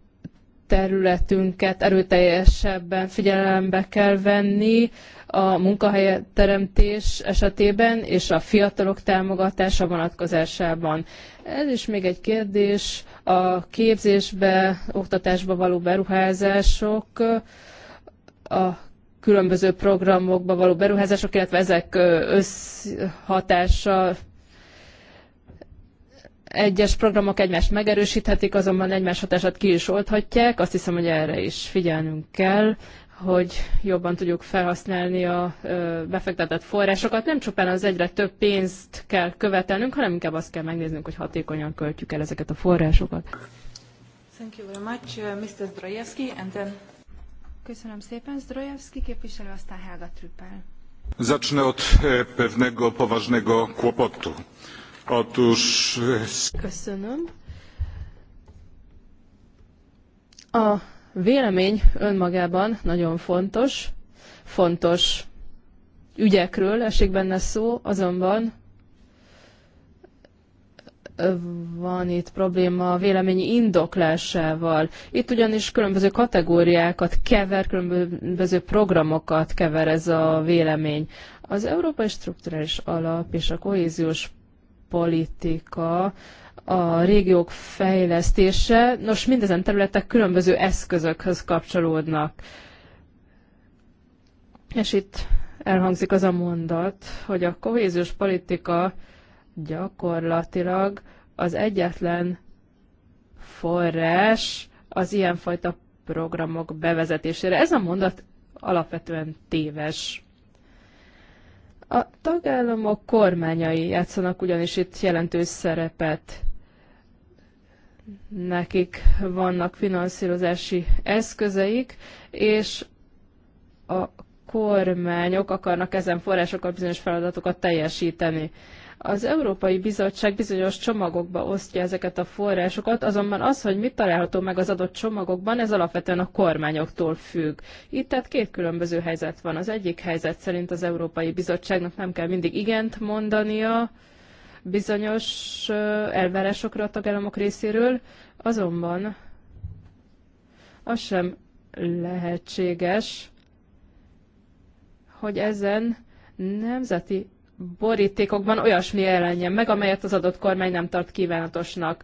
területünket erőteljesebben figyelembe kell venni a munkahelyteremtés esetében és a fiatalok támogatása vonatkozásában. Ez is még egy kérdés, a képzésbe, oktatásba való beruházások, a különböző programokba való beruházások, illetve ezek összhatása egyes programok egymást megerősíthetik, azonban egymás hatását ki is oldhatják. Azt hiszem, hogy erre is figyelnünk kell, hogy jobban tudjuk felhasználni a befektetett forrásokat. Nem csupán az egyre több pénzt kell követelnünk, hanem inkább azt kell megnéznünk, hogy hatékonyan költjük el ezeket a forrásokat. Thank you very much, uh, Mr. Zdrojewski, and then... Köszönöm szépen, Zdrojewski képviselő, aztán Helga Trüppel. Zacznę od e, pewnego poważnego kłopotu Köszönöm. A vélemény önmagában nagyon fontos, fontos ügyekről esik benne szó, azonban van itt probléma a véleményi indoklásával. Itt ugyanis különböző kategóriákat kever, különböző programokat kever ez a vélemény. Az Európai Strukturális Alap és a kohéziós politika, a régiók fejlesztése, nos mindezen területek különböző eszközökhöz kapcsolódnak. És itt elhangzik az a mondat, hogy a kohéziós politika gyakorlatilag az egyetlen forrás az ilyenfajta programok bevezetésére. Ez a mondat alapvetően téves. A tagállamok kormányai játszanak ugyanis itt jelentős szerepet. Nekik vannak finanszírozási eszközeik, és a kormányok akarnak ezen forrásokkal bizonyos feladatokat teljesíteni. Az Európai Bizottság bizonyos csomagokba osztja ezeket a forrásokat, azonban az, hogy mit található meg az adott csomagokban, ez alapvetően a kormányoktól függ. Itt tehát két különböző helyzet van. Az egyik helyzet szerint az Európai Bizottságnak nem kell mindig igent mondania, bizonyos elvárásokra a tagállamok részéről, azonban az sem lehetséges, hogy ezen nemzeti borítékokban olyasmi jelenjen meg, amelyet az adott kormány nem tart kívánatosnak.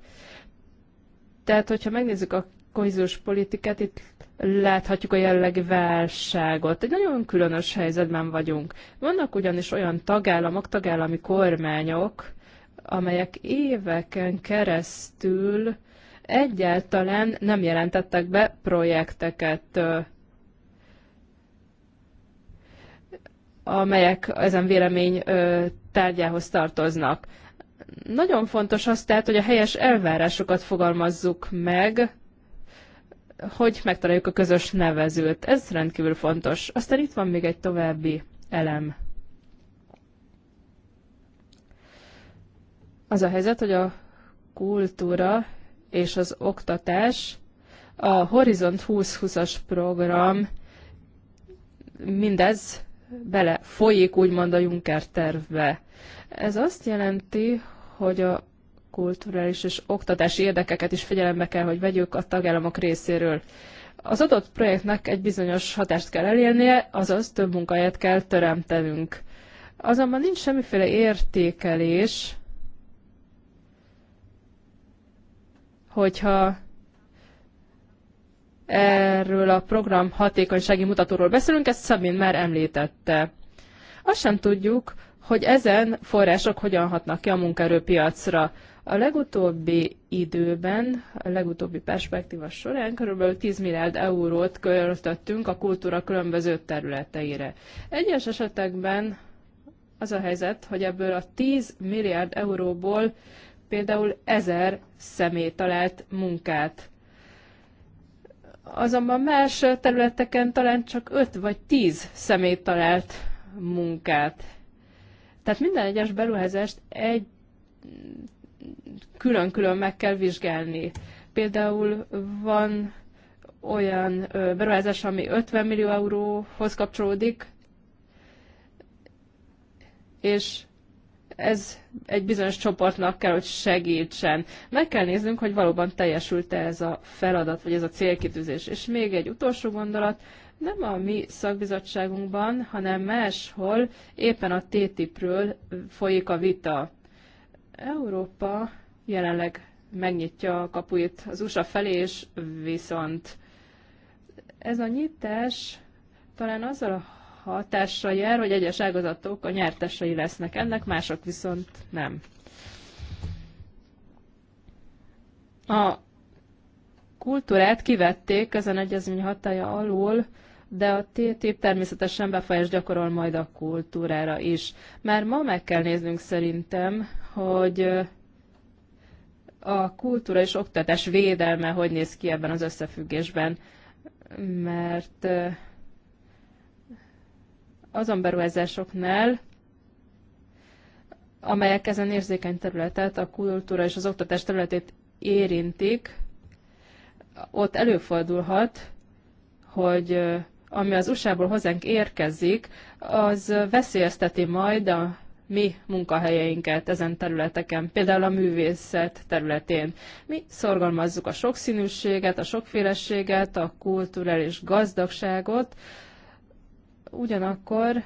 Tehát, hogyha megnézzük a kohéziós politikát, itt láthatjuk a jellegi válságot. Egy nagyon különös helyzetben vagyunk. Vannak ugyanis olyan tagállamok, tagállami kormányok, amelyek éveken keresztül egyáltalán nem jelentettek be projekteket amelyek ezen vélemény tárgyához tartoznak. Nagyon fontos az tehát, hogy a helyes elvárásokat fogalmazzuk meg, hogy megtaláljuk a közös nevezőt. Ez rendkívül fontos. Aztán itt van még egy további elem. Az a helyzet, hogy a kultúra és az oktatás a Horizont 2020-as program mindez bele folyik, úgymond a Juncker tervbe. Ez azt jelenti, hogy a kulturális és oktatási érdekeket is figyelembe kell, hogy vegyük a tagállamok részéről. Az adott projektnek egy bizonyos hatást kell elérnie, azaz több munkahelyet kell teremtenünk. Azonban nincs semmiféle értékelés, hogyha Erről a program hatékonysági mutatóról beszélünk, ezt Szabin már említette. Azt sem tudjuk, hogy ezen források hogyan hatnak ki a munkaerőpiacra. A legutóbbi időben, a legutóbbi perspektíva során kb. 10 milliárd eurót költöttünk a kultúra különböző területeire. Egyes esetekben az a helyzet, hogy ebből a 10 milliárd euróból például 1000 személy talált munkát azonban más területeken talán csak 5 vagy 10 személy talált munkát. Tehát minden egyes beruházást egy külön-külön meg kell vizsgálni. Például van olyan beruházás, ami 50 millió euróhoz kapcsolódik, és ez egy bizonyos csoportnak kell, hogy segítsen. Meg kell néznünk, hogy valóban teljesült-e ez a feladat, vagy ez a célkitűzés. És még egy utolsó gondolat, nem a mi szakbizottságunkban, hanem máshol éppen a TTIP-ről folyik a vita. Európa jelenleg megnyitja a kapuit az USA felé, és viszont ez a nyitás talán azzal a hatással jár, hogy egyes ágazatok a nyertesei lesznek ennek, mások viszont nem. A kultúrát kivették ezen egyezmény hatája alól, de a TTIP természetesen befolyás gyakorol majd a kultúrára is. Már ma meg kell néznünk szerintem, hogy a kultúra és oktatás védelme hogy néz ki ebben az összefüggésben, mert azon beruházásoknál, amelyek ezen érzékeny területet, a kultúra és az oktatás területét érintik, ott előfordulhat, hogy ami az USA-ból hozzánk érkezik, az veszélyezteti majd a mi munkahelyeinket ezen területeken, például a művészet területén. Mi szorgalmazzuk a sokszínűséget, a sokféleséget, a kulturális gazdagságot, ugyanakkor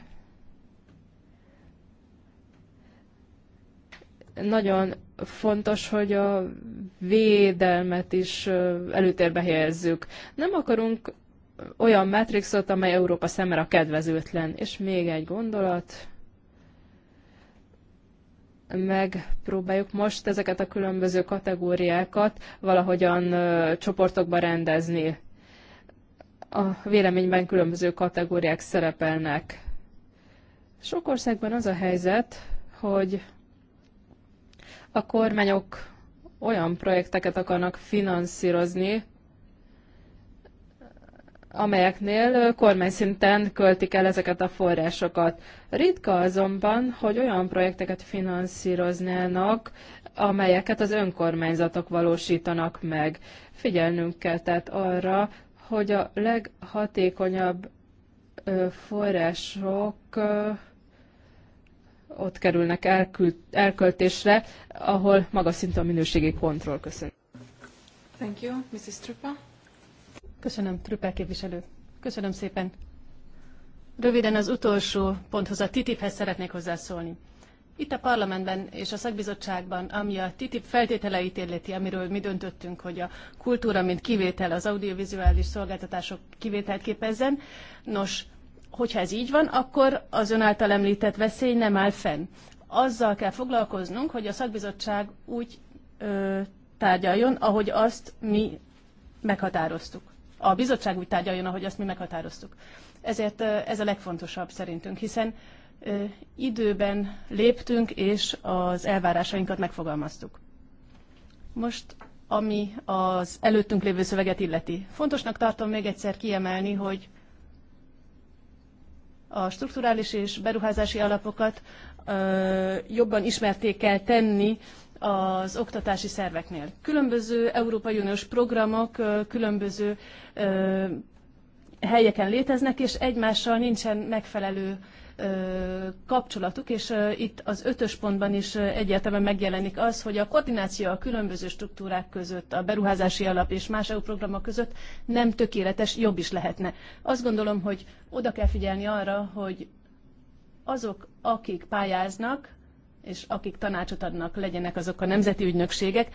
nagyon fontos, hogy a védelmet is előtérbe helyezzük. Nem akarunk olyan matrixot, amely Európa a kedvezőtlen. És még egy gondolat. Megpróbáljuk most ezeket a különböző kategóriákat valahogyan csoportokba rendezni a véleményben különböző kategóriák szerepelnek. Sok országban az a helyzet, hogy a kormányok olyan projekteket akarnak finanszírozni, amelyeknél kormány szinten költik el ezeket a forrásokat. Ritka azonban, hogy olyan projekteket finanszíroznának, amelyeket az önkormányzatok valósítanak meg. Figyelnünk kell tehát arra, hogy a leghatékonyabb források ott kerülnek elköltésre, ahol magas szintű a minőségi kontroll. Köszönöm. Thank you, Mrs. Trupa. Köszönöm, Trüppel képviselő. Köszönöm szépen. Röviden az utolsó ponthoz, a TTIP-hez szeretnék hozzászólni. Itt a parlamentben és a szakbizottságban, ami a TTIP feltételeit illeti, amiről mi döntöttünk, hogy a kultúra, mint kivétel az audiovizuális szolgáltatások kivételt képezzen, nos, hogyha ez így van, akkor az ön által említett veszély nem áll fenn. Azzal kell foglalkoznunk, hogy a szakbizottság úgy ö, tárgyaljon, ahogy azt mi meghatároztuk. A bizottság úgy tárgyaljon, ahogy azt mi meghatároztuk. Ezért ö, ez a legfontosabb szerintünk, hiszen időben léptünk, és az elvárásainkat megfogalmaztuk. Most, ami az előttünk lévő szöveget illeti. Fontosnak tartom még egyszer kiemelni, hogy a strukturális és beruházási alapokat ö, jobban ismerté kell tenni az oktatási szerveknél. Különböző Európai Uniós programok ö, különböző ö, helyeken léteznek, és egymással nincsen megfelelő kapcsolatuk, és itt az ötös pontban is egyértelműen megjelenik az, hogy a koordináció a különböző struktúrák között, a beruházási alap és más EU programok között nem tökéletes, jobb is lehetne. Azt gondolom, hogy oda kell figyelni arra, hogy azok, akik pályáznak, és akik tanácsot adnak, legyenek azok a nemzeti ügynökségek,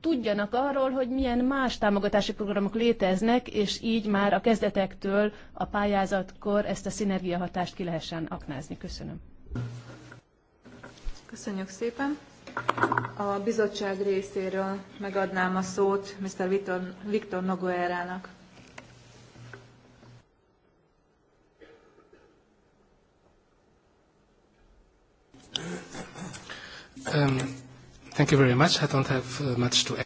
tudjanak arról, hogy milyen más támogatási programok léteznek, és így már a kezdetektől a pályázatkor ezt a szinergiahatást ki lehessen aknázni. Köszönöm. Köszönjük szépen. A bizottság részéről megadnám a szót Mr. Viktor, Viktor Nogoerának. Um. Thank you very much. I don't have uh, much to add.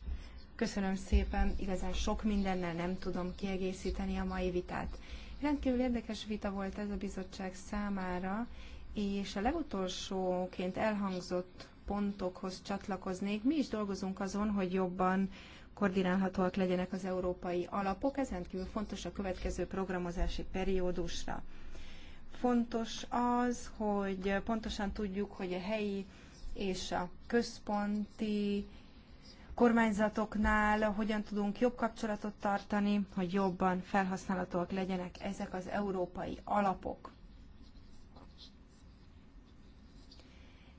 Köszönöm szépen, igazán sok mindennel nem tudom kiegészíteni a mai vitát. Rendkívül érdekes vita volt ez a bizottság számára, és a legutolsóként elhangzott pontokhoz csatlakoznék. Mi is dolgozunk azon, hogy jobban koordinálhatóak legyenek az európai alapok, ez rendkívül fontos a következő programozási periódusra. Fontos az, hogy pontosan tudjuk, hogy a helyi és a központi kormányzatoknál hogyan tudunk jobb kapcsolatot tartani, hogy jobban felhasználhatóak legyenek ezek az európai alapok.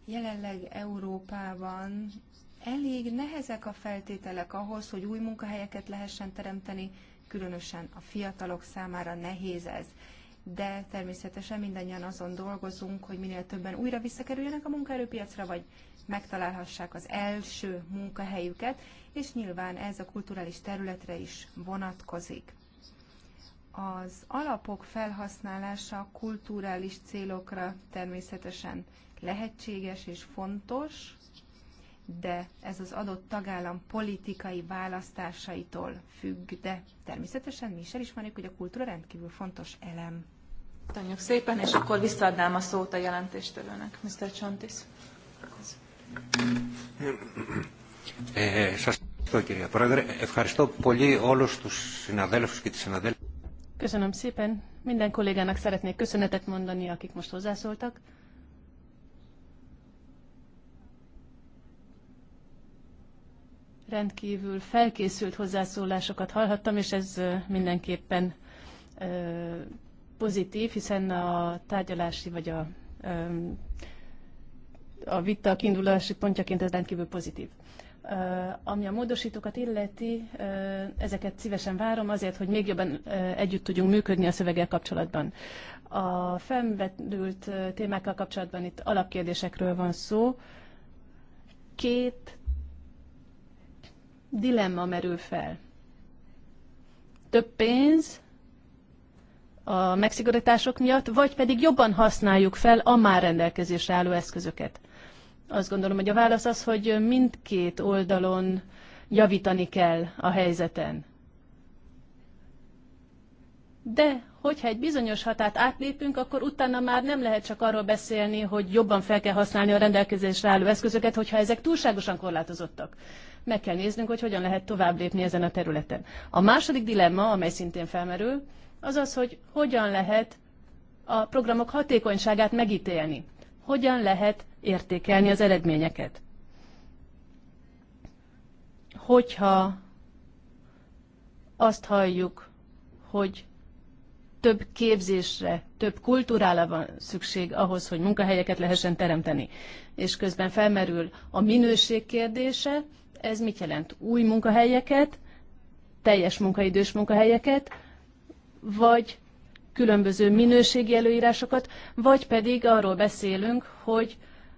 Jelenleg Európában elég nehezek a feltételek ahhoz, hogy új munkahelyeket lehessen teremteni, különösen a fiatalok számára nehéz ez de természetesen mindannyian azon dolgozunk, hogy minél többen újra visszakerüljenek a munkaerőpiacra, vagy megtalálhassák az első munkahelyüket, és nyilván ez a kulturális területre is vonatkozik. Az alapok felhasználása kulturális célokra természetesen lehetséges és fontos, de ez az adott tagállam politikai választásaitól függ, de természetesen mi is elismerjük, hogy a kultúra rendkívül fontos elem. Tanjuk szépen, és akkor visszaadnám a szót a jelentéstevőnek, Mr. Csontis. Köszönöm szépen. Minden kollégának szeretnék köszönetet mondani, akik most hozzászóltak. rendkívül felkészült hozzászólásokat hallhattam, és ez mindenképpen pozitív, hiszen a tárgyalási vagy a, a vita kiindulási pontjaként ez rendkívül pozitív. Ami a módosítókat illeti, ezeket szívesen várom azért, hogy még jobban együtt tudjunk működni a szöveggel kapcsolatban. A felvetült témákkal kapcsolatban itt alapkérdésekről van szó. Két dilemma merül fel. Több pénz a megszigorítások miatt, vagy pedig jobban használjuk fel a már rendelkezésre álló eszközöket. Azt gondolom, hogy a válasz az, hogy mindkét oldalon javítani kell a helyzeten. De hogyha egy bizonyos határt átlépünk, akkor utána már nem lehet csak arról beszélni, hogy jobban fel kell használni a rendelkezésre álló eszközöket, hogyha ezek túlságosan korlátozottak meg kell néznünk, hogy hogyan lehet tovább lépni ezen a területen. A második dilemma, amely szintén felmerül, az az, hogy hogyan lehet a programok hatékonyságát megítélni. Hogyan lehet értékelni az eredményeket. Hogyha azt halljuk, hogy több képzésre, több kultúrára van szükség ahhoz, hogy munkahelyeket lehessen teremteni. És közben felmerül a minőség kérdése, ez mit jelent? Új munkahelyeket, teljes munkaidős munkahelyeket, vagy különböző minőségi előírásokat, vagy pedig arról beszélünk, hogy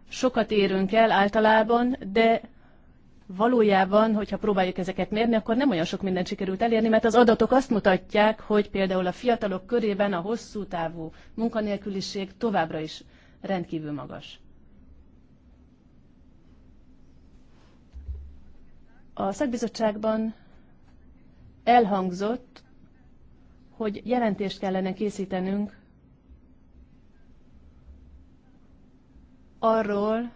sokat érünk el általában, de valójában, hogyha próbáljuk ezeket mérni, akkor nem olyan sok mindent sikerült elérni, mert az adatok azt mutatják, hogy például a fiatalok körében a hosszú távú munkanélküliség továbbra is rendkívül magas. A szakbizottságban elhangzott, hogy jelentést kellene készítenünk arról,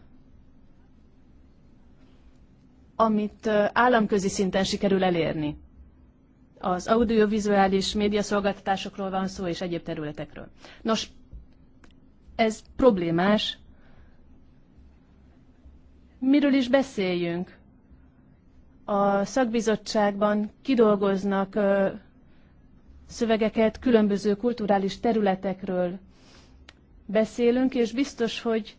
amit államközi szinten sikerül elérni. Az audiovizuális médiaszolgáltatásokról van szó, és egyéb területekről. Nos, ez problémás. Miről is beszéljünk? a szakbizottságban kidolgoznak szövegeket különböző kulturális területekről beszélünk, és biztos, hogy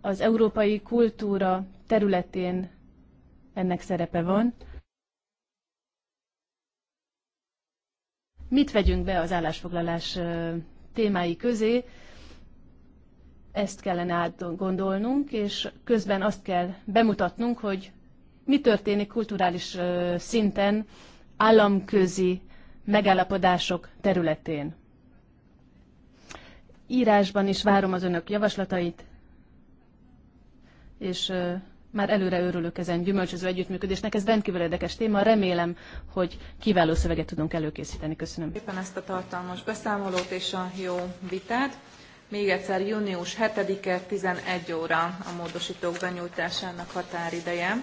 az európai kultúra területén ennek szerepe van. Mit vegyünk be az állásfoglalás témái közé? Ezt kellene átgondolnunk, és közben azt kell bemutatnunk, hogy mi történik kulturális szinten államközi megállapodások területén. Írásban is várom az önök javaslatait, és már előre örülök ezen gyümölcsöző együttműködésnek. Ez rendkívül érdekes téma. Remélem, hogy kiváló szöveget tudunk előkészíteni. Köszönöm. Éppen ezt a tartalmas beszámolót és a jó vitát. Még egyszer június 7-e 11 óra a módosítók benyújtásának határideje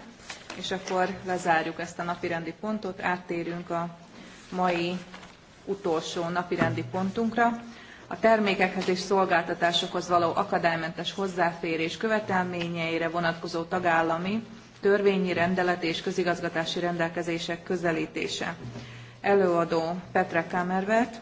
és akkor lezárjuk ezt a napirendi pontot, áttérünk a mai utolsó napirendi pontunkra. A termékekhez és szolgáltatásokhoz való akadálymentes hozzáférés követelményeire vonatkozó tagállami törvényi rendelet és közigazgatási rendelkezések közelítése. Előadó Petra Kamervet,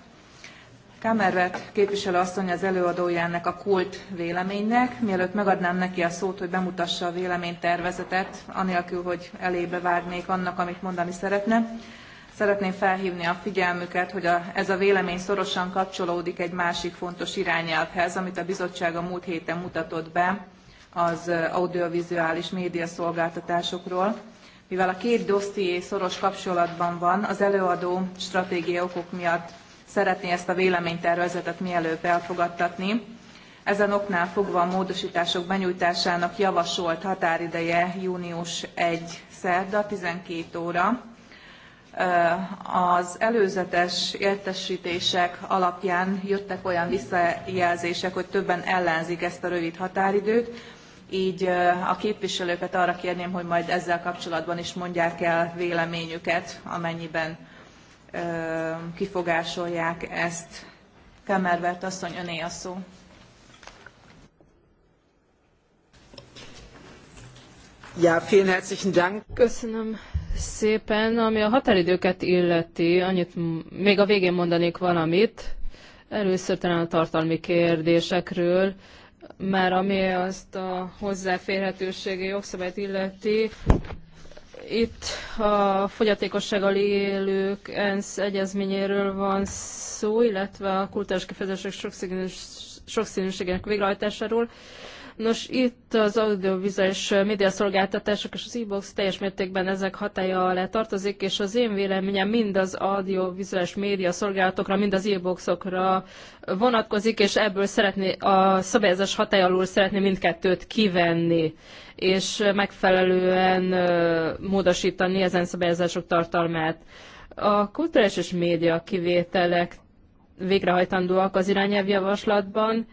Kamervet képviselő asszony az előadója ennek a kult véleménynek. Mielőtt megadnám neki a szót, hogy bemutassa a véleménytervezetet, anélkül, hogy elébe vágnék annak, amit mondani szeretne, szeretném felhívni a figyelmüket, hogy a, ez a vélemény szorosan kapcsolódik egy másik fontos irányelvhez, amit a bizottság a múlt héten mutatott be az audiovizuális média szolgáltatásokról, Mivel a két dosszié szoros kapcsolatban van, az előadó stratégiai okok miatt szeretné ezt a véleménytervezetet mielőbb elfogadtatni. Ezen oknál fogva a módosítások benyújtásának javasolt határideje június 1 szerda 12 óra. Az előzetes értesítések alapján jöttek olyan visszajelzések, hogy többen ellenzik ezt a rövid határidőt, így a képviselőket arra kérném, hogy majd ezzel kapcsolatban is mondják el véleményüket, amennyiben kifogásolják ezt. Kemmervert asszony, öné a szó. Ja, vielen herzlichen Dank. Köszönöm szépen. Ami a határidőket illeti, annyit még a végén mondanék valamit. Először talán a tartalmi kérdésekről már ami azt a hozzáférhetőségi jogszabályt illeti, itt a fogyatékossággal élők ENSZ egyezményéről van szó, illetve a kultúrás kifejezések sokszínűs, sokszínűségének végrehajtásáról. Nos, itt az audiovizuális médiaszolgáltatások és az e-box teljes mértékben ezek hatája alá tartozik, és az én véleményem mind az audiovizuális médiaszolgálatokra, mind az e-boxokra vonatkozik, és ebből szeretné, a szabályozás hatály alól szeretné mindkettőt kivenni és megfelelően módosítani ezen szabályozások tartalmát. A kulturális és média kivételek végrehajtandóak az irányelvjavaslatban,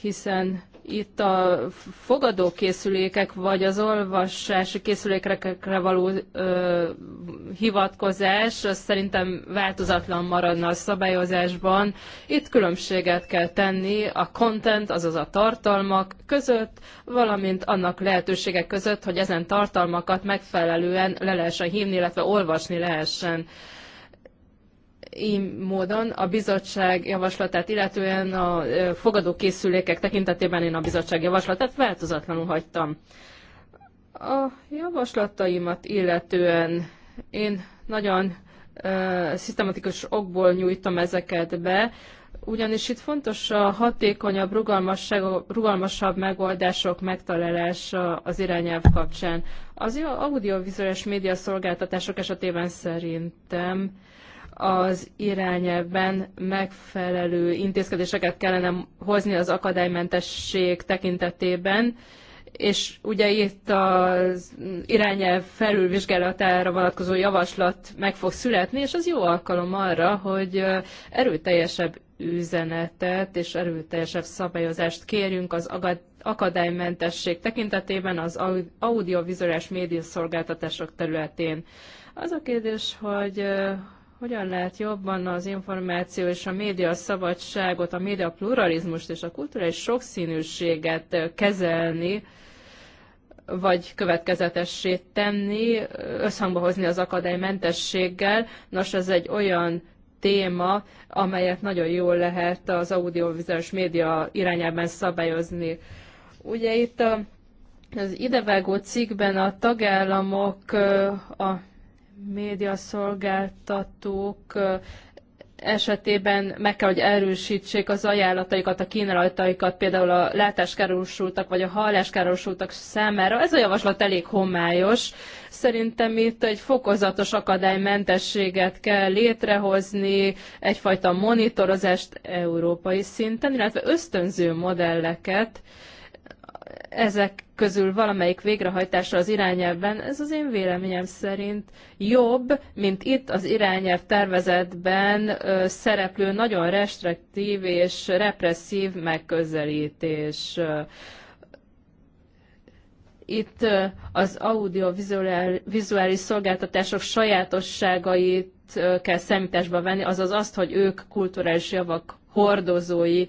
hiszen itt a fogadókészülékek vagy az olvasási készülékekre való ö, hivatkozás az szerintem változatlan maradna a szabályozásban. Itt különbséget kell tenni a content, azaz a tartalmak között, valamint annak lehetőségek között, hogy ezen tartalmakat megfelelően le lehessen hívni, illetve olvasni lehessen. Ö, így módon a bizottság javaslatát, illetően a fogadókészülékek tekintetében én a bizottság javaslatát változatlanul hagytam. A javaslataimat illetően én nagyon uh, szisztematikus okból nyújtom ezeket be, ugyanis itt fontos a hatékonyabb, rugalmasabb megoldások megtalálása az irányelv kapcsán. Az audiovizuális szolgáltatások esetében szerintem uh, az irányelvben megfelelő intézkedéseket kellene hozni az akadálymentesség tekintetében, és ugye itt az irányelv felülvizsgálatára vonatkozó javaslat meg fog születni, és az jó alkalom arra, hogy erőteljesebb üzenetet és erőteljesebb szabályozást kérjünk az akadálymentesség tekintetében az audiovizuális médiaszolgáltatások területén. Az a kérdés, hogy hogyan lehet jobban az információ és a média szabadságot, a média pluralizmust és a kulturális sokszínűséget kezelni, vagy következetessé tenni, összhangba hozni az akadálymentességgel. Nos, ez egy olyan téma, amelyet nagyon jól lehet az audiovizuális média irányában szabályozni. Ugye itt a, az idevágó cikkben a tagállamok a médiaszolgáltatók esetében meg kell, hogy erősítsék az ajánlataikat, a kínálataikat, például a látáskárosultak vagy a halláskárosultak számára. Ez a javaslat elég homályos. Szerintem itt egy fokozatos akadálymentességet kell létrehozni, egyfajta monitorozást európai szinten, illetve ösztönző modelleket, ezek közül valamelyik végrehajtása az irányelvben, ez az én véleményem szerint jobb, mint itt az irányelv tervezetben ö, szereplő nagyon restriktív és represszív megközelítés. Itt ö, az audiovizuális szolgáltatások sajátosságait ö, kell számításba venni, azaz azt, hogy ők kulturális javak hordozói,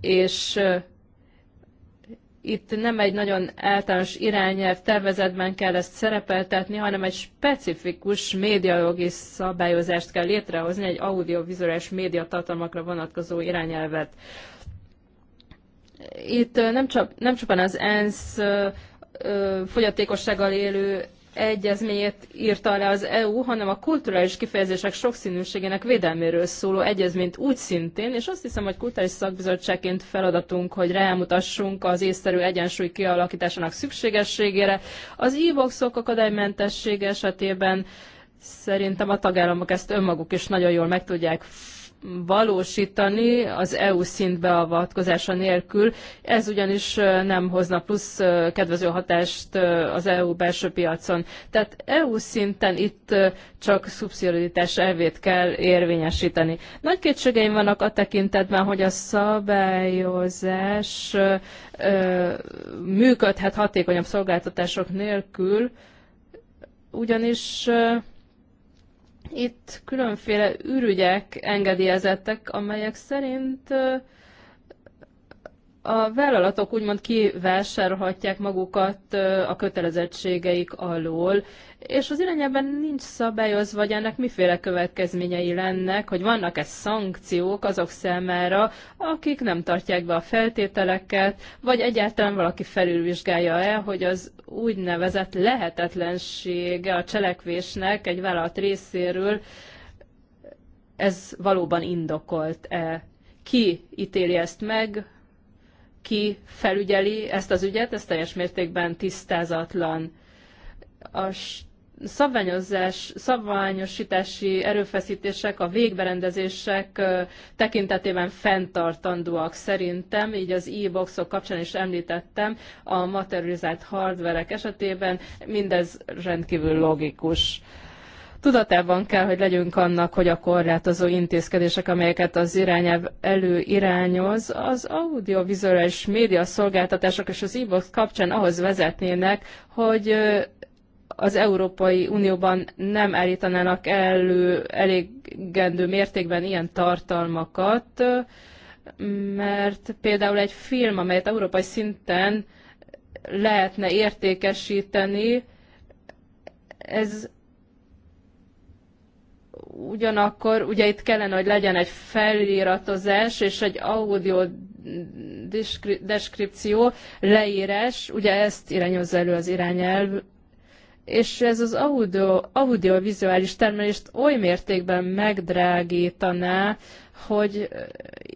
és itt nem egy nagyon általános irányelv tervezetben kell ezt szerepeltetni, hanem egy specifikus médiajogi szabályozást kell létrehozni, egy audiovizuális médiatartalmakra vonatkozó irányelvet. Itt nem, csak, nem csupán az ENSZ fogyatékossággal élő egyezményét írta alá az EU, hanem a kulturális kifejezések sokszínűségének védelméről szóló egyezményt úgy szintén, és azt hiszem, hogy kulturális szakbizottságként feladatunk, hogy rámutassunk az észszerű egyensúly kialakításának szükségességére. Az e akadálymentessége esetében szerintem a tagállamok ezt önmaguk is nagyon jól meg tudják valósítani az EU szint beavatkozása nélkül. Ez ugyanis nem hozna plusz kedvező hatást az EU belső piacon. Tehát EU szinten itt csak szubszidiaritás elvét kell érvényesíteni. Nagy kétségeim vannak a tekintetben, hogy a szabályozás működhet hatékonyabb szolgáltatások nélkül, ugyanis itt különféle ürügyek engedélyezettek, amelyek szerint a vállalatok úgymond kivásárolhatják magukat a kötelezettségeik alól, és az irányában nincs szabályozva, vagy ennek miféle következményei lennek, hogy vannak-e szankciók azok számára, akik nem tartják be a feltételeket, vagy egyáltalán valaki felülvizsgálja el, hogy az úgynevezett lehetetlensége a cselekvésnek egy vállalat részéről, ez valóban indokolt-e ki ítéli ezt meg, ki felügyeli ezt az ügyet, ez teljes mértékben tisztázatlan. A szabványozás, szabványosítási erőfeszítések, a végberendezések tekintetében fenntartandóak szerintem, így az e-boxok kapcsán is említettem, a materializált hardverek esetében mindez rendkívül logikus. Tudatában kell, hogy legyünk annak, hogy a korlátozó intézkedések, amelyeket az irányelv előirányoz, az audiovizuális média szolgáltatások és az e kapcsán ahhoz vezetnének, hogy az Európai Unióban nem állítanának elő elégendő mértékben ilyen tartalmakat, mert például egy film, amelyet európai szinten lehetne értékesíteni, ez Ugyanakkor ugye itt kellene, hogy legyen egy feliratozás és egy audio deskripció, leírás, ugye ezt irányozza elő az irányelv, és ez az audio, audiovizuális termelést oly mértékben megdrágítaná, hogy eh,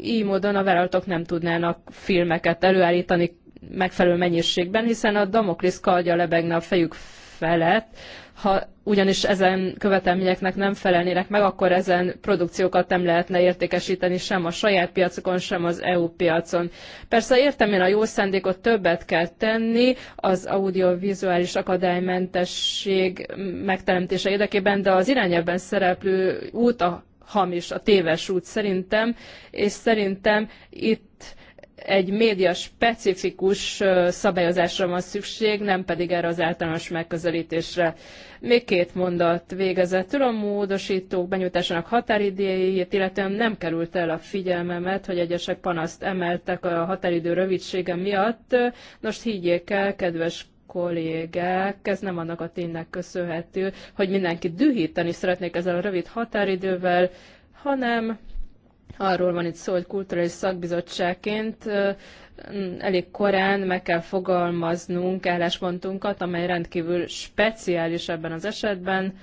így módon a vállalatok nem tudnának filmeket előállítani megfelelő mennyiségben, hiszen a Damoklis kardja lebegne a fejük felett. Ha ugyanis ezen követelményeknek nem felelnének meg, akkor ezen produkciókat nem lehetne értékesíteni sem a saját piacokon, sem az EU piacon. Persze értem én a jó szándékot, többet kell tenni az audiovizuális akadálymentesség megteremtése érdekében, de az irányelben szereplő út a hamis, a téves út szerintem, és szerintem itt egy média specifikus szabályozásra van szükség, nem pedig erre az általános megközelítésre. Még két mondat végezetül a módosítók benyújtásának határidéjét, illetően nem került el a figyelmemet, hogy egyesek panaszt emeltek a határidő rövidsége miatt. Most higgyék el, kedves kollégák, ez nem annak a ténynek köszönhető, hogy mindenki dühíteni szeretnék ezzel a rövid határidővel, hanem Arról van itt szó, hogy kulturális szakbizottságként elég korán meg kell fogalmaznunk álláspontunkat, amely rendkívül speciális ebben az esetben,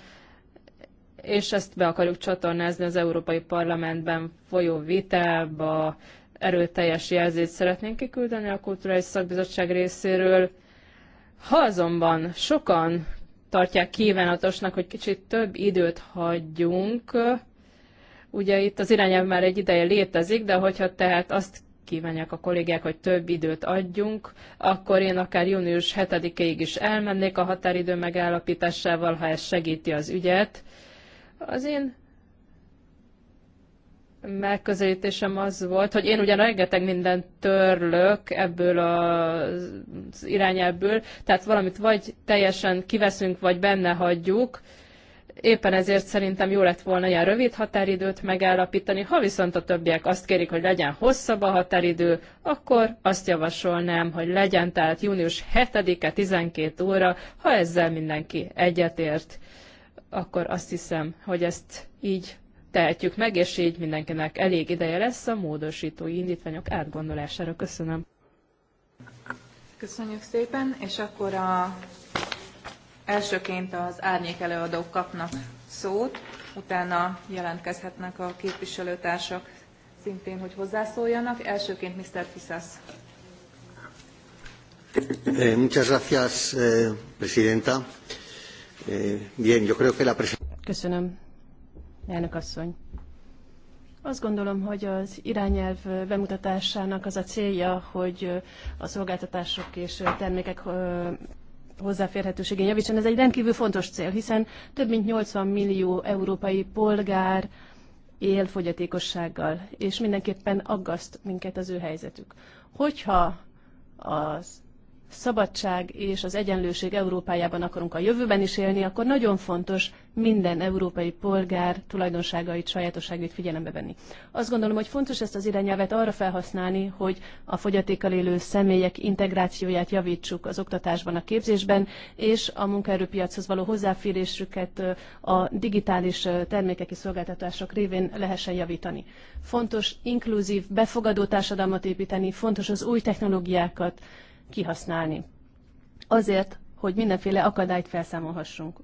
és ezt be akarjuk csatornázni az Európai Parlamentben folyó vitába, erőteljes jelzést szeretnénk kiküldeni a Kulturális Szakbizottság részéről. Ha azonban sokan tartják kívánatosnak, hogy kicsit több időt hagyjunk, Ugye itt az irányelv már egy ideje létezik, de hogyha tehát azt kívánják a kollégák, hogy több időt adjunk, akkor én akár június 7-ig is elmennék a határidő megállapításával, ha ez segíti az ügyet. Az én megközelítésem az volt, hogy én ugyan rengeteg mindent törlök ebből az irányelből, tehát valamit vagy teljesen kiveszünk, vagy benne hagyjuk, Éppen ezért szerintem jó lett volna ilyen rövid határidőt megállapítani. Ha viszont a többiek azt kérik, hogy legyen hosszabb a határidő, akkor azt javasolnám, hogy legyen tehát június 7-e 12 óra, ha ezzel mindenki egyetért, akkor azt hiszem, hogy ezt így tehetjük meg, és így mindenkinek elég ideje lesz a módosítói indítványok átgondolására. Köszönöm. Köszönjük szépen, és akkor a Elsőként az árnyék előadók kapnak szót, utána jelentkezhetnek a képviselőtársak szintén, hogy hozzászóljanak. Elsőként Mr. Fisas. Eh, eh, eh, Köszönöm, elnök asszony. Azt gondolom, hogy az irányelv bemutatásának az a célja, hogy a szolgáltatások és termékek hozzáférhetősége javítson. Ez egy rendkívül fontos cél, hiszen több mint 80 millió európai polgár él fogyatékossággal, és mindenképpen aggaszt minket az ő helyzetük. Hogyha az szabadság és az egyenlőség Európájában akarunk a jövőben is élni, akkor nagyon fontos minden európai polgár tulajdonságait, sajátosságait figyelembe venni. Azt gondolom, hogy fontos ezt az irányelvet arra felhasználni, hogy a fogyatékkal élő személyek integrációját javítsuk az oktatásban, a képzésben, és a munkaerőpiachoz való hozzáférésüket a digitális termékek és szolgáltatások révén lehessen javítani. Fontos inkluzív, befogadó társadalmat építeni, fontos az új technológiákat kihasználni. Azért, hogy mindenféle akadályt felszámolhassunk.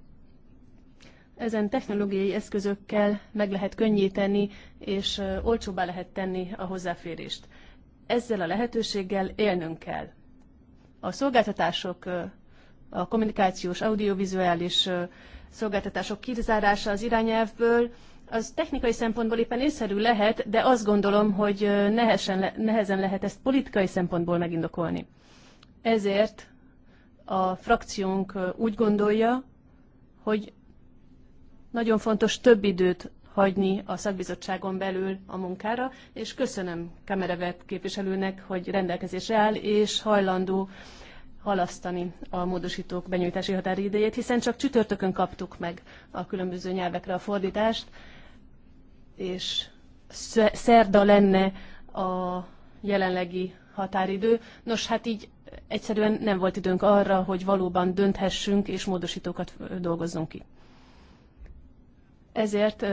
Ezen technológiai eszközökkel meg lehet könnyíteni, és olcsóbbá lehet tenni a hozzáférést. Ezzel a lehetőséggel élnünk kell. A szolgáltatások, a kommunikációs, audiovizuális szolgáltatások kizárása az irányelvből, az technikai szempontból éppen észszerű lehet, de azt gondolom, hogy nehezen, nehezen lehet ezt politikai szempontból megindokolni. Ezért a frakciónk úgy gondolja, hogy nagyon fontos több időt hagyni a szakbizottságon belül a munkára, és köszönöm Kamerevet képviselőnek, hogy rendelkezésre áll, és hajlandó halasztani a módosítók benyújtási határidejét, hiszen csak csütörtökön kaptuk meg a különböző nyelvekre a fordítást, és szerda lenne a jelenlegi határidő. Nos, hát így egyszerűen nem volt időnk arra, hogy valóban dönthessünk és módosítókat dolgozzunk ki. Ezért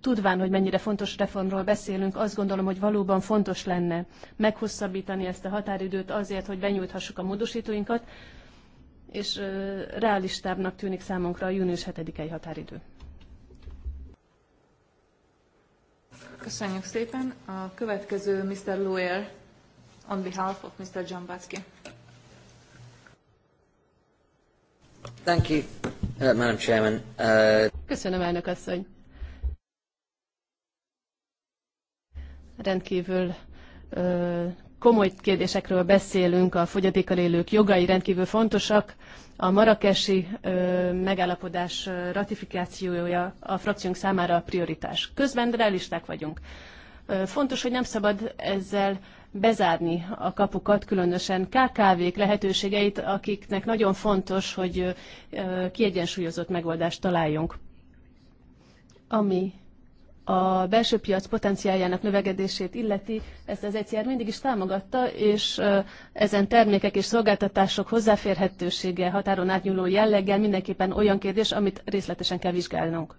tudván, hogy mennyire fontos reformról beszélünk, azt gondolom, hogy valóban fontos lenne meghosszabbítani ezt a határidőt azért, hogy benyújthassuk a módosítóinkat, és realistábbnak tűnik számunkra a június 7-i határidő. Köszönjük szépen. A következő Mr. Lawyer on behalf of Mr. Jambatsky. Thank you, uh, Madam Chairman. Uh... Köszönöm, elnök asszony. Rendkívül uh, komoly kérdésekről beszélünk, a fogyatékkal élők jogai rendkívül fontosak. A marakesi ö, megállapodás ratifikációja a frakciónk számára a prioritás. Közben realisták vagyunk. Ö, fontos, hogy nem szabad ezzel bezárni a kapukat, különösen KKV-k lehetőségeit, akiknek nagyon fontos, hogy kiegyensúlyozott megoldást találjunk. Ami a belső piac potenciáljának növekedését illeti, ezt az egyszer mindig is támogatta, és ezen termékek és szolgáltatások hozzáférhetősége határon átnyúló jelleggel mindenképpen olyan kérdés, amit részletesen kell vizsgálnunk.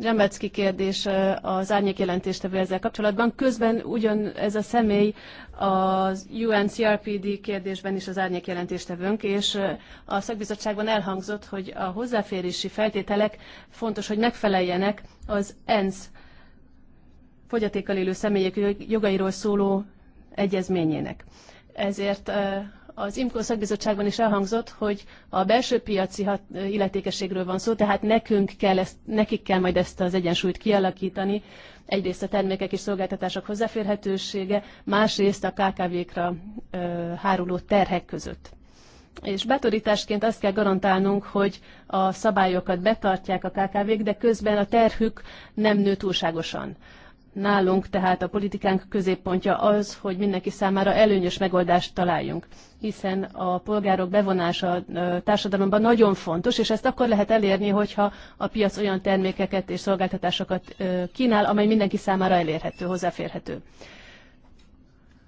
Zsambecki kérdés az árnyék jelentéstevő ezzel kapcsolatban. Közben ugyan ez a személy az UNCRPD kérdésben is az árnyék jelentéstevőnk, és a szakbizottságban elhangzott, hogy a hozzáférési feltételek fontos, hogy megfeleljenek az ENSZ fogyatékkal élő személyek jogairól szóló egyezményének. Ezért az IMCO szakbizottságban is elhangzott, hogy a belső piaci illetékességről van szó, tehát nekünk kell ezt, nekik kell majd ezt az egyensúlyt kialakítani. Egyrészt a termékek és szolgáltatások hozzáférhetősége, másrészt a KKV-kra háruló terhek között. És betorításként azt kell garantálnunk, hogy a szabályokat betartják a KKV-k, de közben a terhük nem nő túlságosan Nálunk tehát a politikánk középpontja az, hogy mindenki számára előnyös megoldást találjunk, hiszen a polgárok bevonása a társadalomban nagyon fontos, és ezt akkor lehet elérni, hogyha a piac olyan termékeket és szolgáltatásokat kínál, amely mindenki számára elérhető, hozzáférhető.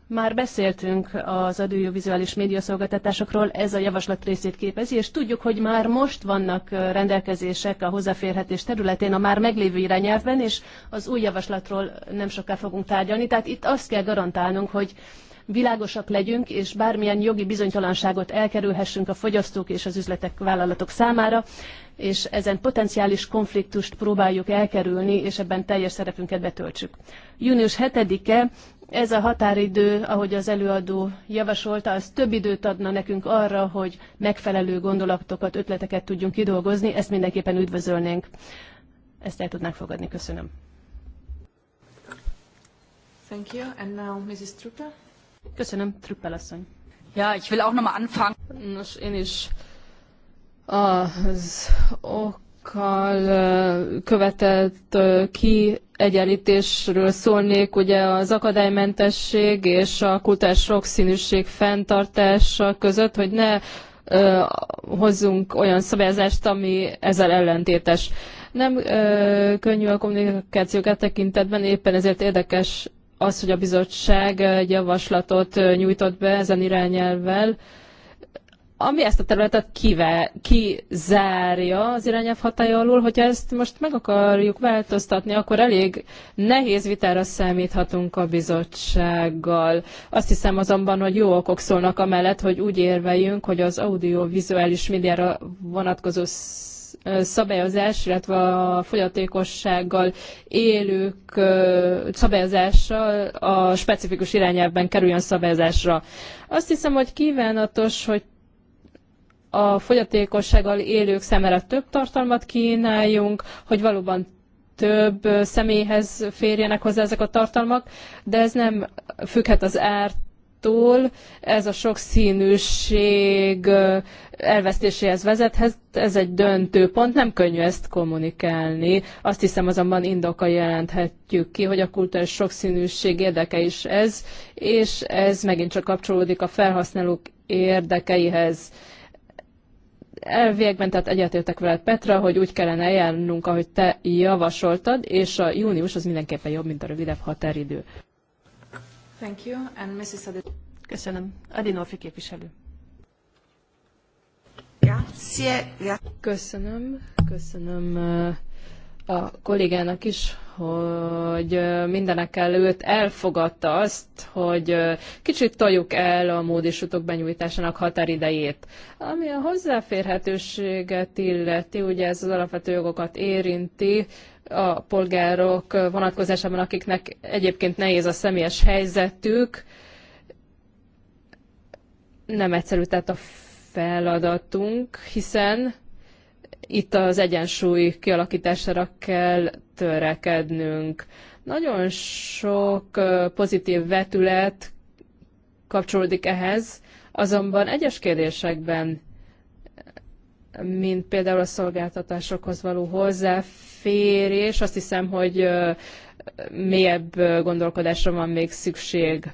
Már beszéltünk az audiovizuális médiaszolgáltatásokról, ez a javaslat részét képezi, és tudjuk, hogy már most vannak rendelkezések a hozzáférhetés területén a már meglévő irányelvben, és az új javaslatról nem soká fogunk tárgyalni. Tehát itt azt kell garantálnunk, hogy világosak legyünk, és bármilyen jogi bizonytalanságot elkerülhessünk a fogyasztók és az üzletek vállalatok számára, és ezen potenciális konfliktust próbáljuk elkerülni, és ebben teljes szerepünket betöltsük. Június 7-e ez a határidő, ahogy az előadó javasolta, az több időt adna nekünk arra, hogy megfelelő gondolatokat, ötleteket tudjunk kidolgozni, ezt mindenképpen üdvözölnénk. Ezt el tudnánk fogadni. Köszönöm. Thank you. And now Mrs. Truppel. Köszönöm, Truppel asszony. Ja, ich will auch nochmal anfangen. Nos, én is az ok bankokkal követett ki egyenlítésről szólnék, ugye az akadálymentesség és a kultúrás sokszínűség fenntartása között, hogy ne ö, hozzunk olyan szabályzást, ami ezzel ellentétes. Nem ö, könnyű a kommunikációkat tekintetben, éppen ezért érdekes az, hogy a bizottság egy javaslatot nyújtott be ezen irányelvvel, ami ezt a területet kive, kizárja az irányelv hatája alól, hogyha ezt most meg akarjuk változtatni, akkor elég nehéz vitára számíthatunk a bizottsággal. Azt hiszem azonban, hogy jó okok szólnak amellett, hogy úgy érveljünk, hogy az audiovizuális médiára vonatkozó szabályozás, illetve a fogyatékossággal élők szabályozása a specifikus irányelvben kerüljön szabályozásra. Azt hiszem, hogy kívánatos, hogy a fogyatékossággal élők szemére több tartalmat kínáljunk, hogy valóban több személyhez férjenek hozzá ezek a tartalmak, de ez nem függhet az ártól, ez a sokszínűség elvesztéséhez vezethet, ez egy döntő pont, nem könnyű ezt kommunikálni. Azt hiszem azonban indoka jelenthetjük ki, hogy a kultúrás sokszínűség érdeke is ez, és ez megint csak kapcsolódik a felhasználók érdekeihez elviekben, tehát egyetértek veled Petra, hogy úgy kellene eljárnunk, ahogy te javasoltad, és a június az mindenképpen jobb, mint a rövidebb határidő. Thank you, and Mrs. Adin. Köszönöm. Adinolfi képviselő. Grazie. Köszönöm, köszönöm a kollégának is, hogy mindenek előtt elfogadta azt, hogy kicsit toljuk el a módisutok benyújtásának határidejét. Ami a hozzáférhetőséget illeti, ugye ez az alapvető jogokat érinti, a polgárok vonatkozásában, akiknek egyébként nehéz a személyes helyzetük, nem egyszerű tehát a feladatunk, hiszen itt az egyensúly kialakítására kell törekednünk. Nagyon sok pozitív vetület kapcsolódik ehhez, azonban egyes kérdésekben, mint például a szolgáltatásokhoz való hozzáférés, azt hiszem, hogy mélyebb gondolkodásra van még szükség.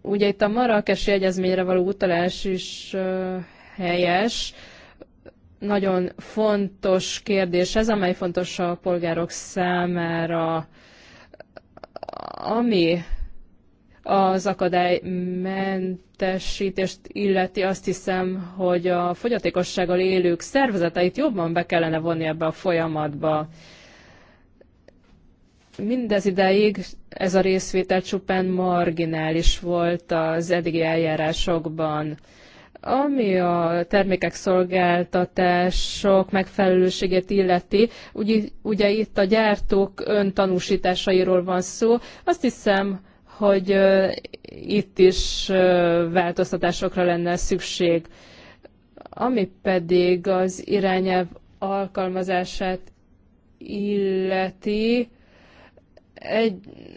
Ugye itt a Marrakesi Egyezményre való utalás is helyes, nagyon fontos kérdés ez, amely fontos a polgárok számára, ami az akadálymentesítést illeti, azt hiszem, hogy a fogyatékossággal élők szervezeteit jobban be kellene vonni ebbe a folyamatba. Mindez ideig ez a részvétel csupán marginális volt az eddigi eljárásokban. Ami a termékek szolgáltatások megfelelőségét illeti, ugye, ugye itt a gyártók öntanúsításairól van szó, azt hiszem, hogy itt is változtatásokra lenne szükség. Ami pedig az irányelv alkalmazását illeti, egy,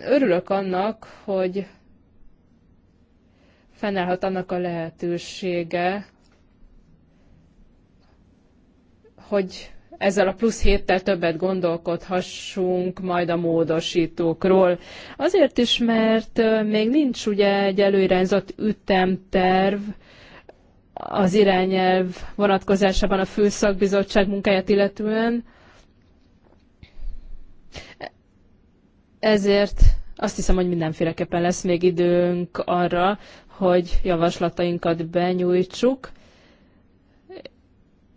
örülök annak, hogy fennállhat annak a lehetősége, hogy ezzel a plusz héttel többet gondolkodhassunk majd a módosítókról. Azért is, mert még nincs ugye egy előirányzott ütemterv az irányelv vonatkozásában a főszakbizottság munkáját illetően. Ezért azt hiszem, hogy mindenféleképpen lesz még időnk arra, hogy javaslatainkat benyújtsuk,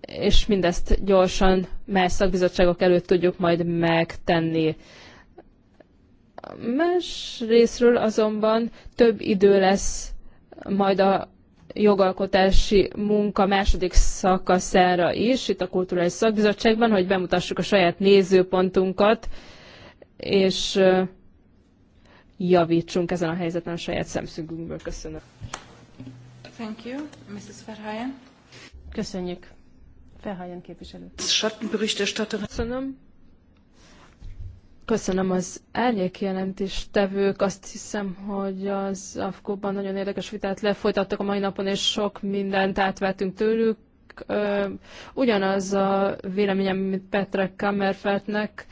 és mindezt gyorsan más szakbizottságok előtt tudjuk majd megtenni. Más részről azonban több idő lesz majd a jogalkotási munka második szakaszára is, itt a Kulturális Szakbizottságban, hogy bemutassuk a saját nézőpontunkat, és javítsunk ezen a helyzeten a saját szemszögünkből. Köszönöm. Thank you. Mrs. Verheyen. Köszönjük. Verheyen képviselő. Köszönöm. Köszönöm az árnyék jelentéstevők. Azt hiszem, hogy az AFKO-ban nagyon érdekes vitát lefolytattak a mai napon, és sok mindent átvettünk tőlük. Ugyanaz a véleményem, mint Petre Kammerfeltnek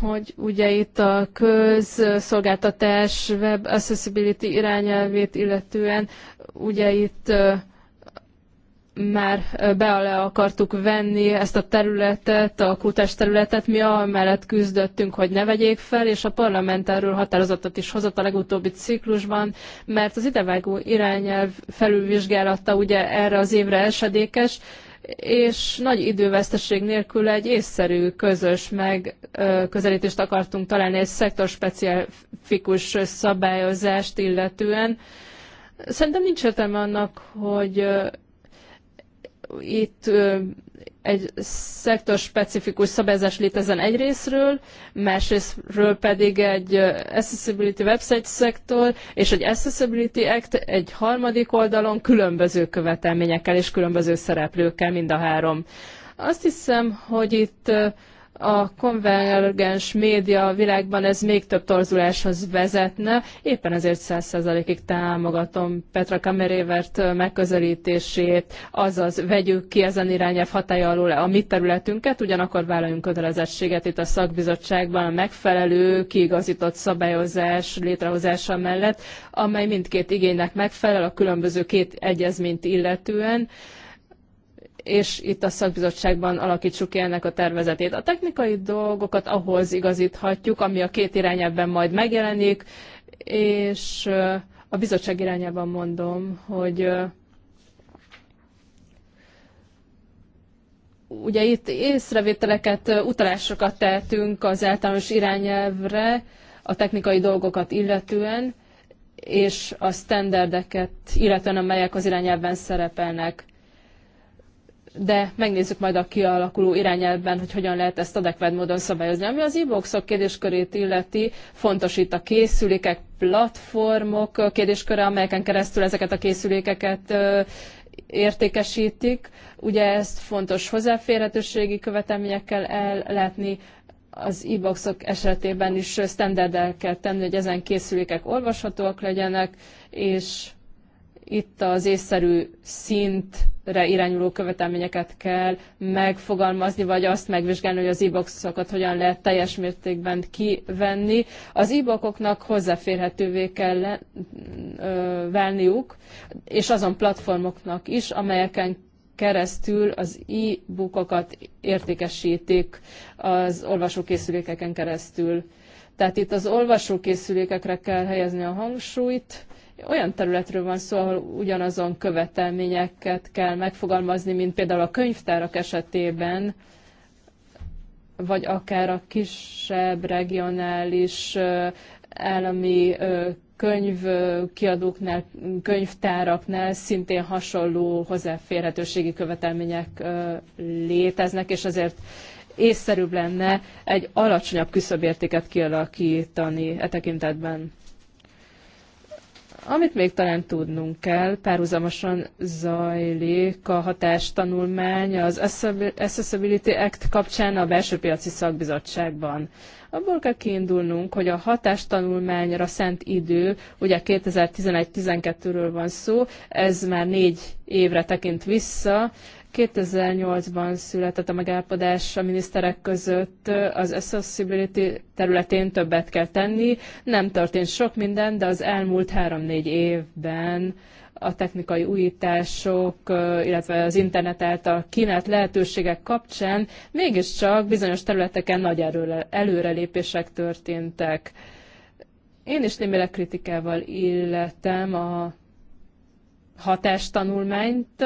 hogy ugye itt a közszolgáltatás web accessibility irányelvét illetően ugye itt már be alá akartuk venni ezt a területet, a kutás területet, mi amellett küzdöttünk, hogy ne vegyék fel, és a parlament erről határozatot is hozott a legutóbbi ciklusban, mert az idevágó irányelv felülvizsgálata ugye erre az évre esedékes, és nagy időveszteség nélkül egy észszerű közös megközelítést akartunk találni egy szektorspecifikus szabályozást illetően. Szerintem nincs értelme annak, hogy itt egy szektorspecifikus szabályozás létezzen egy részről, másrésztről pedig egy Accessibility Website szektor és egy Accessibility Act egy harmadik oldalon különböző követelményekkel és különböző szereplőkkel mind a három. Azt hiszem, hogy itt a konvergens média világban ez még több torzuláshoz vezetne. Éppen ezért 100%-ig támogatom Petra Kamerévert megközelítését, azaz vegyük ki ezen irányelv hatája alól a mi területünket, ugyanakkor vállaljunk kötelezettséget itt a szakbizottságban a megfelelő, kiigazított szabályozás létrehozása mellett, amely mindkét igénynek megfelel a különböző két egyezményt illetően és itt a szakbizottságban alakítsuk ki ennek a tervezetét. A technikai dolgokat ahhoz igazíthatjuk, ami a két irányában majd megjelenik, és a bizottság irányában mondom, hogy ugye itt észrevételeket, utalásokat tehetünk az általános irányelvre, a technikai dolgokat illetően, és a standardeket, illetően amelyek az irányelven szerepelnek de megnézzük majd a kialakuló irányelvben, hogy hogyan lehet ezt adekvát módon szabályozni. Ami az e-boxok kérdéskörét illeti, fontos itt a készülékek, platformok kérdésköre, amelyeken keresztül ezeket a készülékeket értékesítik. Ugye ezt fontos hozzáférhetőségi követelményekkel ellátni, az e-boxok esetében is standardel kell tenni, hogy ezen készülékek olvashatóak legyenek, és itt az észszerű szintre irányuló követelményeket kell megfogalmazni, vagy azt megvizsgálni, hogy az e-boxokat hogyan lehet teljes mértékben kivenni. Az e boxoknak hozzáférhetővé kell le, ö, válniuk, és azon platformoknak is, amelyeken keresztül az e-bookokat értékesítik az olvasókészülékeken keresztül. Tehát itt az olvasókészülékekre kell helyezni a hangsúlyt, olyan területről van szó, ahol ugyanazon követelményeket kell megfogalmazni, mint például a könyvtárak esetében, vagy akár a kisebb regionális állami könyvkiadóknál, könyvtáraknál szintén hasonló hozzáférhetőségi követelmények léteznek, és azért észszerűbb lenne egy alacsonyabb küszöbértéket kialakítani e tekintetben. Amit még talán tudnunk kell, párhuzamosan zajlik a hatástanulmány az Accessibility Act kapcsán a belső piaci szakbizottságban. Abból kell kiindulnunk, hogy a hatástanulmányra szent idő, ugye 2011-12-ről van szó, ez már négy évre tekint vissza, 2008-ban született a megállapodás a miniszterek között, az accessibility területén többet kell tenni. Nem történt sok minden, de az elmúlt három-négy évben a technikai újítások, illetve az internet által kínált lehetőségek kapcsán mégiscsak bizonyos területeken nagy előrelépések történtek. Én is némileg kritikával illetem a hatástanulmányt,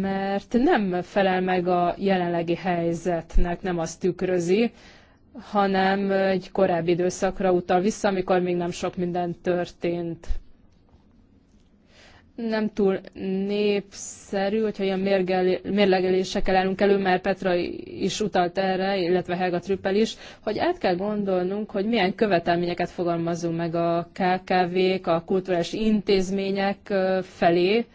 mert nem felel meg a jelenlegi helyzetnek, nem azt tükrözi, hanem egy korábbi időszakra utal vissza, amikor még nem sok minden történt. Nem túl népszerű, hogyha ilyen mérlegelésekkel állunk elő, mert Petra is utalt erre, illetve Helga Trüppel is, hogy át kell gondolnunk, hogy milyen követelményeket fogalmazunk meg a KKV-k, a kulturális intézmények felé,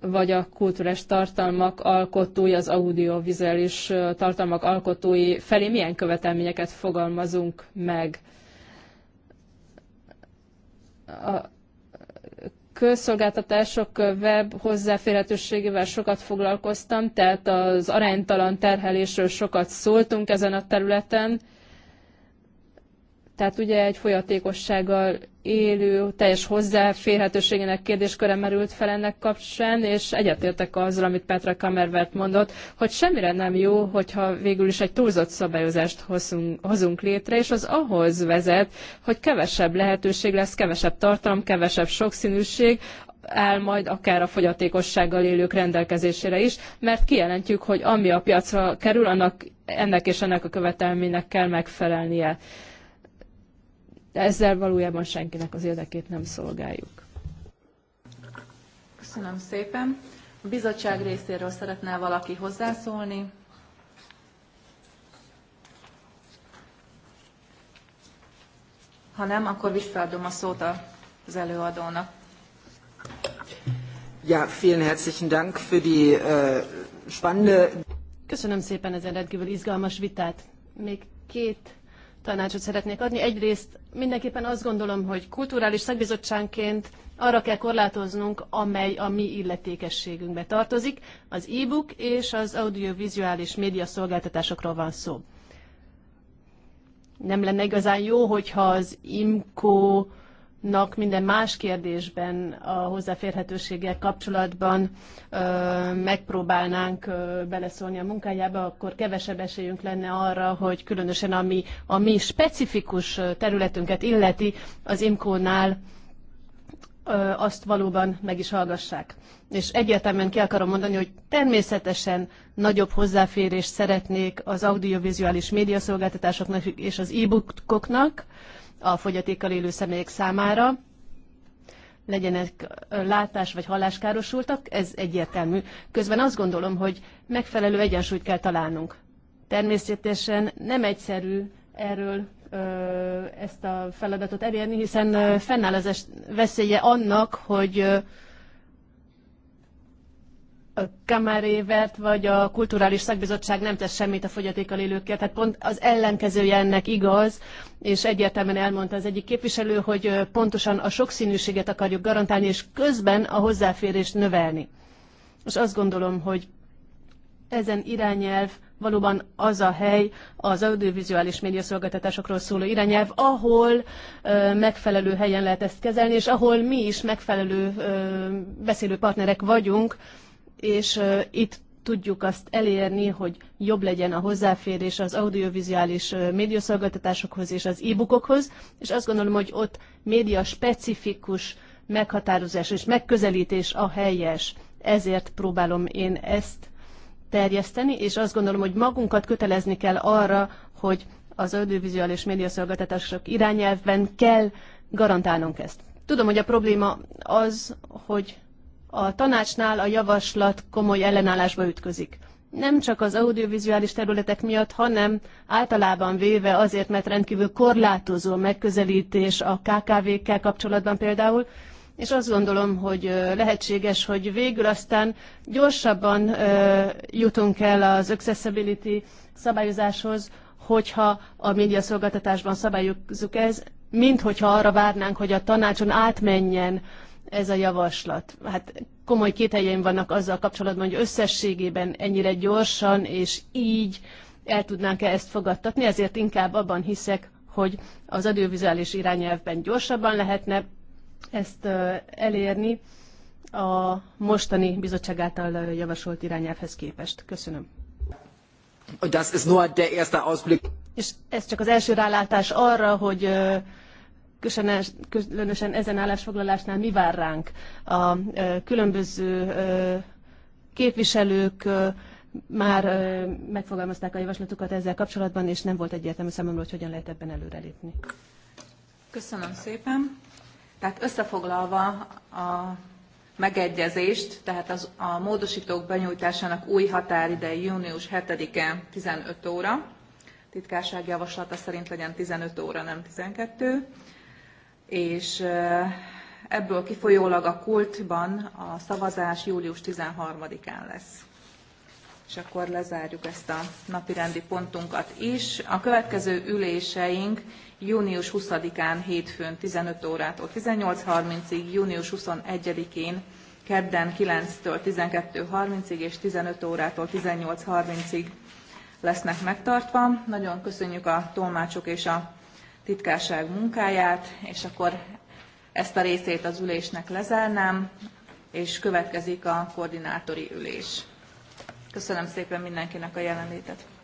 vagy a kulturális tartalmak alkotói, az audiovizuális tartalmak alkotói felé milyen követelményeket fogalmazunk meg. A közszolgáltatások web hozzáférhetőségével sokat foglalkoztam, tehát az aránytalan terhelésről sokat szóltunk ezen a területen. Tehát ugye egy folyatékossággal élő teljes hozzáférhetőségének kérdésköre merült fel ennek kapcsán, és egyetértek azzal, amit Petra Kamervert mondott, hogy semmire nem jó, hogyha végül is egy túlzott szabályozást hozunk, hozunk létre, és az ahhoz vezet, hogy kevesebb lehetőség lesz, kevesebb tartalom, kevesebb sokszínűség, áll majd akár a fogyatékossággal élők rendelkezésére is, mert kijelentjük, hogy ami a piacra kerül, annak ennek és ennek a követelménynek kell megfelelnie de ezzel valójában senkinek az érdekét nem szolgáljuk. Köszönöm szépen. A bizottság részéről szeretne valaki hozzászólni? Ha nem, akkor visszaadom a szót az előadónak. Ja, vielen herzlichen Dank für die äh, spannende... Köszönöm szépen ezen rendkívül izgalmas vitát. Még két tanácsot szeretnék adni. Egyrészt mindenképpen azt gondolom, hogy kulturális szakbizottságként arra kell korlátoznunk, amely a mi illetékességünkbe tartozik. Az e-book és az audiovizuális média szolgáltatásokról van szó. Nem lenne igazán jó, hogyha az IMCO nak minden más kérdésben a hozzáférhetőséggel kapcsolatban ö, megpróbálnánk ö, beleszólni a munkájába, akkor kevesebb esélyünk lenne arra, hogy különösen ami a mi specifikus területünket illeti, az IMCO-nál azt valóban meg is hallgassák. És egyértelműen ki akarom mondani, hogy természetesen nagyobb hozzáférést szeretnék az audiovizuális médiaszolgáltatásoknak és az e-bookoknak, a fogyatékkal élő személyek számára, legyenek látás vagy halláskárosultak, ez egyértelmű. Közben azt gondolom, hogy megfelelő egyensúlyt kell találnunk. Természetesen nem egyszerű erről ezt a feladatot elérni, hiszen fennáll az veszélye annak, hogy kamerévert, vagy a kulturális szakbizottság nem tesz semmit a fogyatékkal élőkért. Tehát pont az ellenkezője ennek igaz, és egyértelműen elmondta az egyik képviselő, hogy pontosan a sokszínűséget akarjuk garantálni, és közben a hozzáférést növelni. És azt gondolom, hogy ezen irányelv valóban az a hely az audiovizuális médiaszolgáltatásokról szóló irányelv, ahol ö, megfelelő helyen lehet ezt kezelni, és ahol mi is megfelelő ö, beszélő partnerek vagyunk, és itt tudjuk azt elérni, hogy jobb legyen a hozzáférés az audiovizuális médiaszolgáltatásokhoz és az e-bookokhoz, és azt gondolom, hogy ott média specifikus meghatározás és megközelítés a helyes. Ezért próbálom én ezt terjeszteni, és azt gondolom, hogy magunkat kötelezni kell arra, hogy az audiovizuális médiaszolgáltatások irányelvben kell garantálnunk ezt. Tudom, hogy a probléma az, hogy a tanácsnál a javaslat komoly ellenállásba ütközik. Nem csak az audiovizuális területek miatt, hanem általában véve azért, mert rendkívül korlátozó megközelítés a KKV-kkel kapcsolatban például, és azt gondolom, hogy lehetséges, hogy végül aztán gyorsabban jutunk el az accessibility szabályozáshoz, hogyha a médiaszolgáltatásban szabályozzuk ez, mint hogyha arra várnánk, hogy a tanácson átmenjen ez a javaslat? Hát komoly kételjeim vannak azzal kapcsolatban, hogy összességében ennyire gyorsan és így el tudnánk-e ezt fogadtatni, ezért inkább abban hiszek, hogy az adővizuális irányelvben gyorsabban lehetne ezt elérni a mostani bizottság által javasolt irányelvhez képest. Köszönöm. das ist nur der erste Ausblick. És ez csak az első rálátás arra, hogy különösen ezen állásfoglalásnál mi vár ránk. A különböző képviselők már megfogalmazták a javaslatukat ezzel kapcsolatban, és nem volt egyértelmű számomra, hogy hogyan lehet ebben előrelépni. Köszönöm szépen. Tehát összefoglalva a megegyezést, tehát az, a módosítók benyújtásának új határideje június 7-e 15 óra, titkárság javaslata szerint legyen 15 óra, nem 12 és ebből kifolyólag a kultban a szavazás július 13-án lesz. És akkor lezárjuk ezt a napirendi pontunkat is. A következő üléseink június 20-án hétfőn 15 órától 18.30-ig, június 21-én kedden 9-től 12.30-ig és 15 órától 18.30-ig lesznek megtartva. Nagyon köszönjük a tolmácsok és a titkárság munkáját, és akkor ezt a részét az ülésnek lezárnám, és következik a koordinátori ülés. Köszönöm szépen mindenkinek a jelenlétet.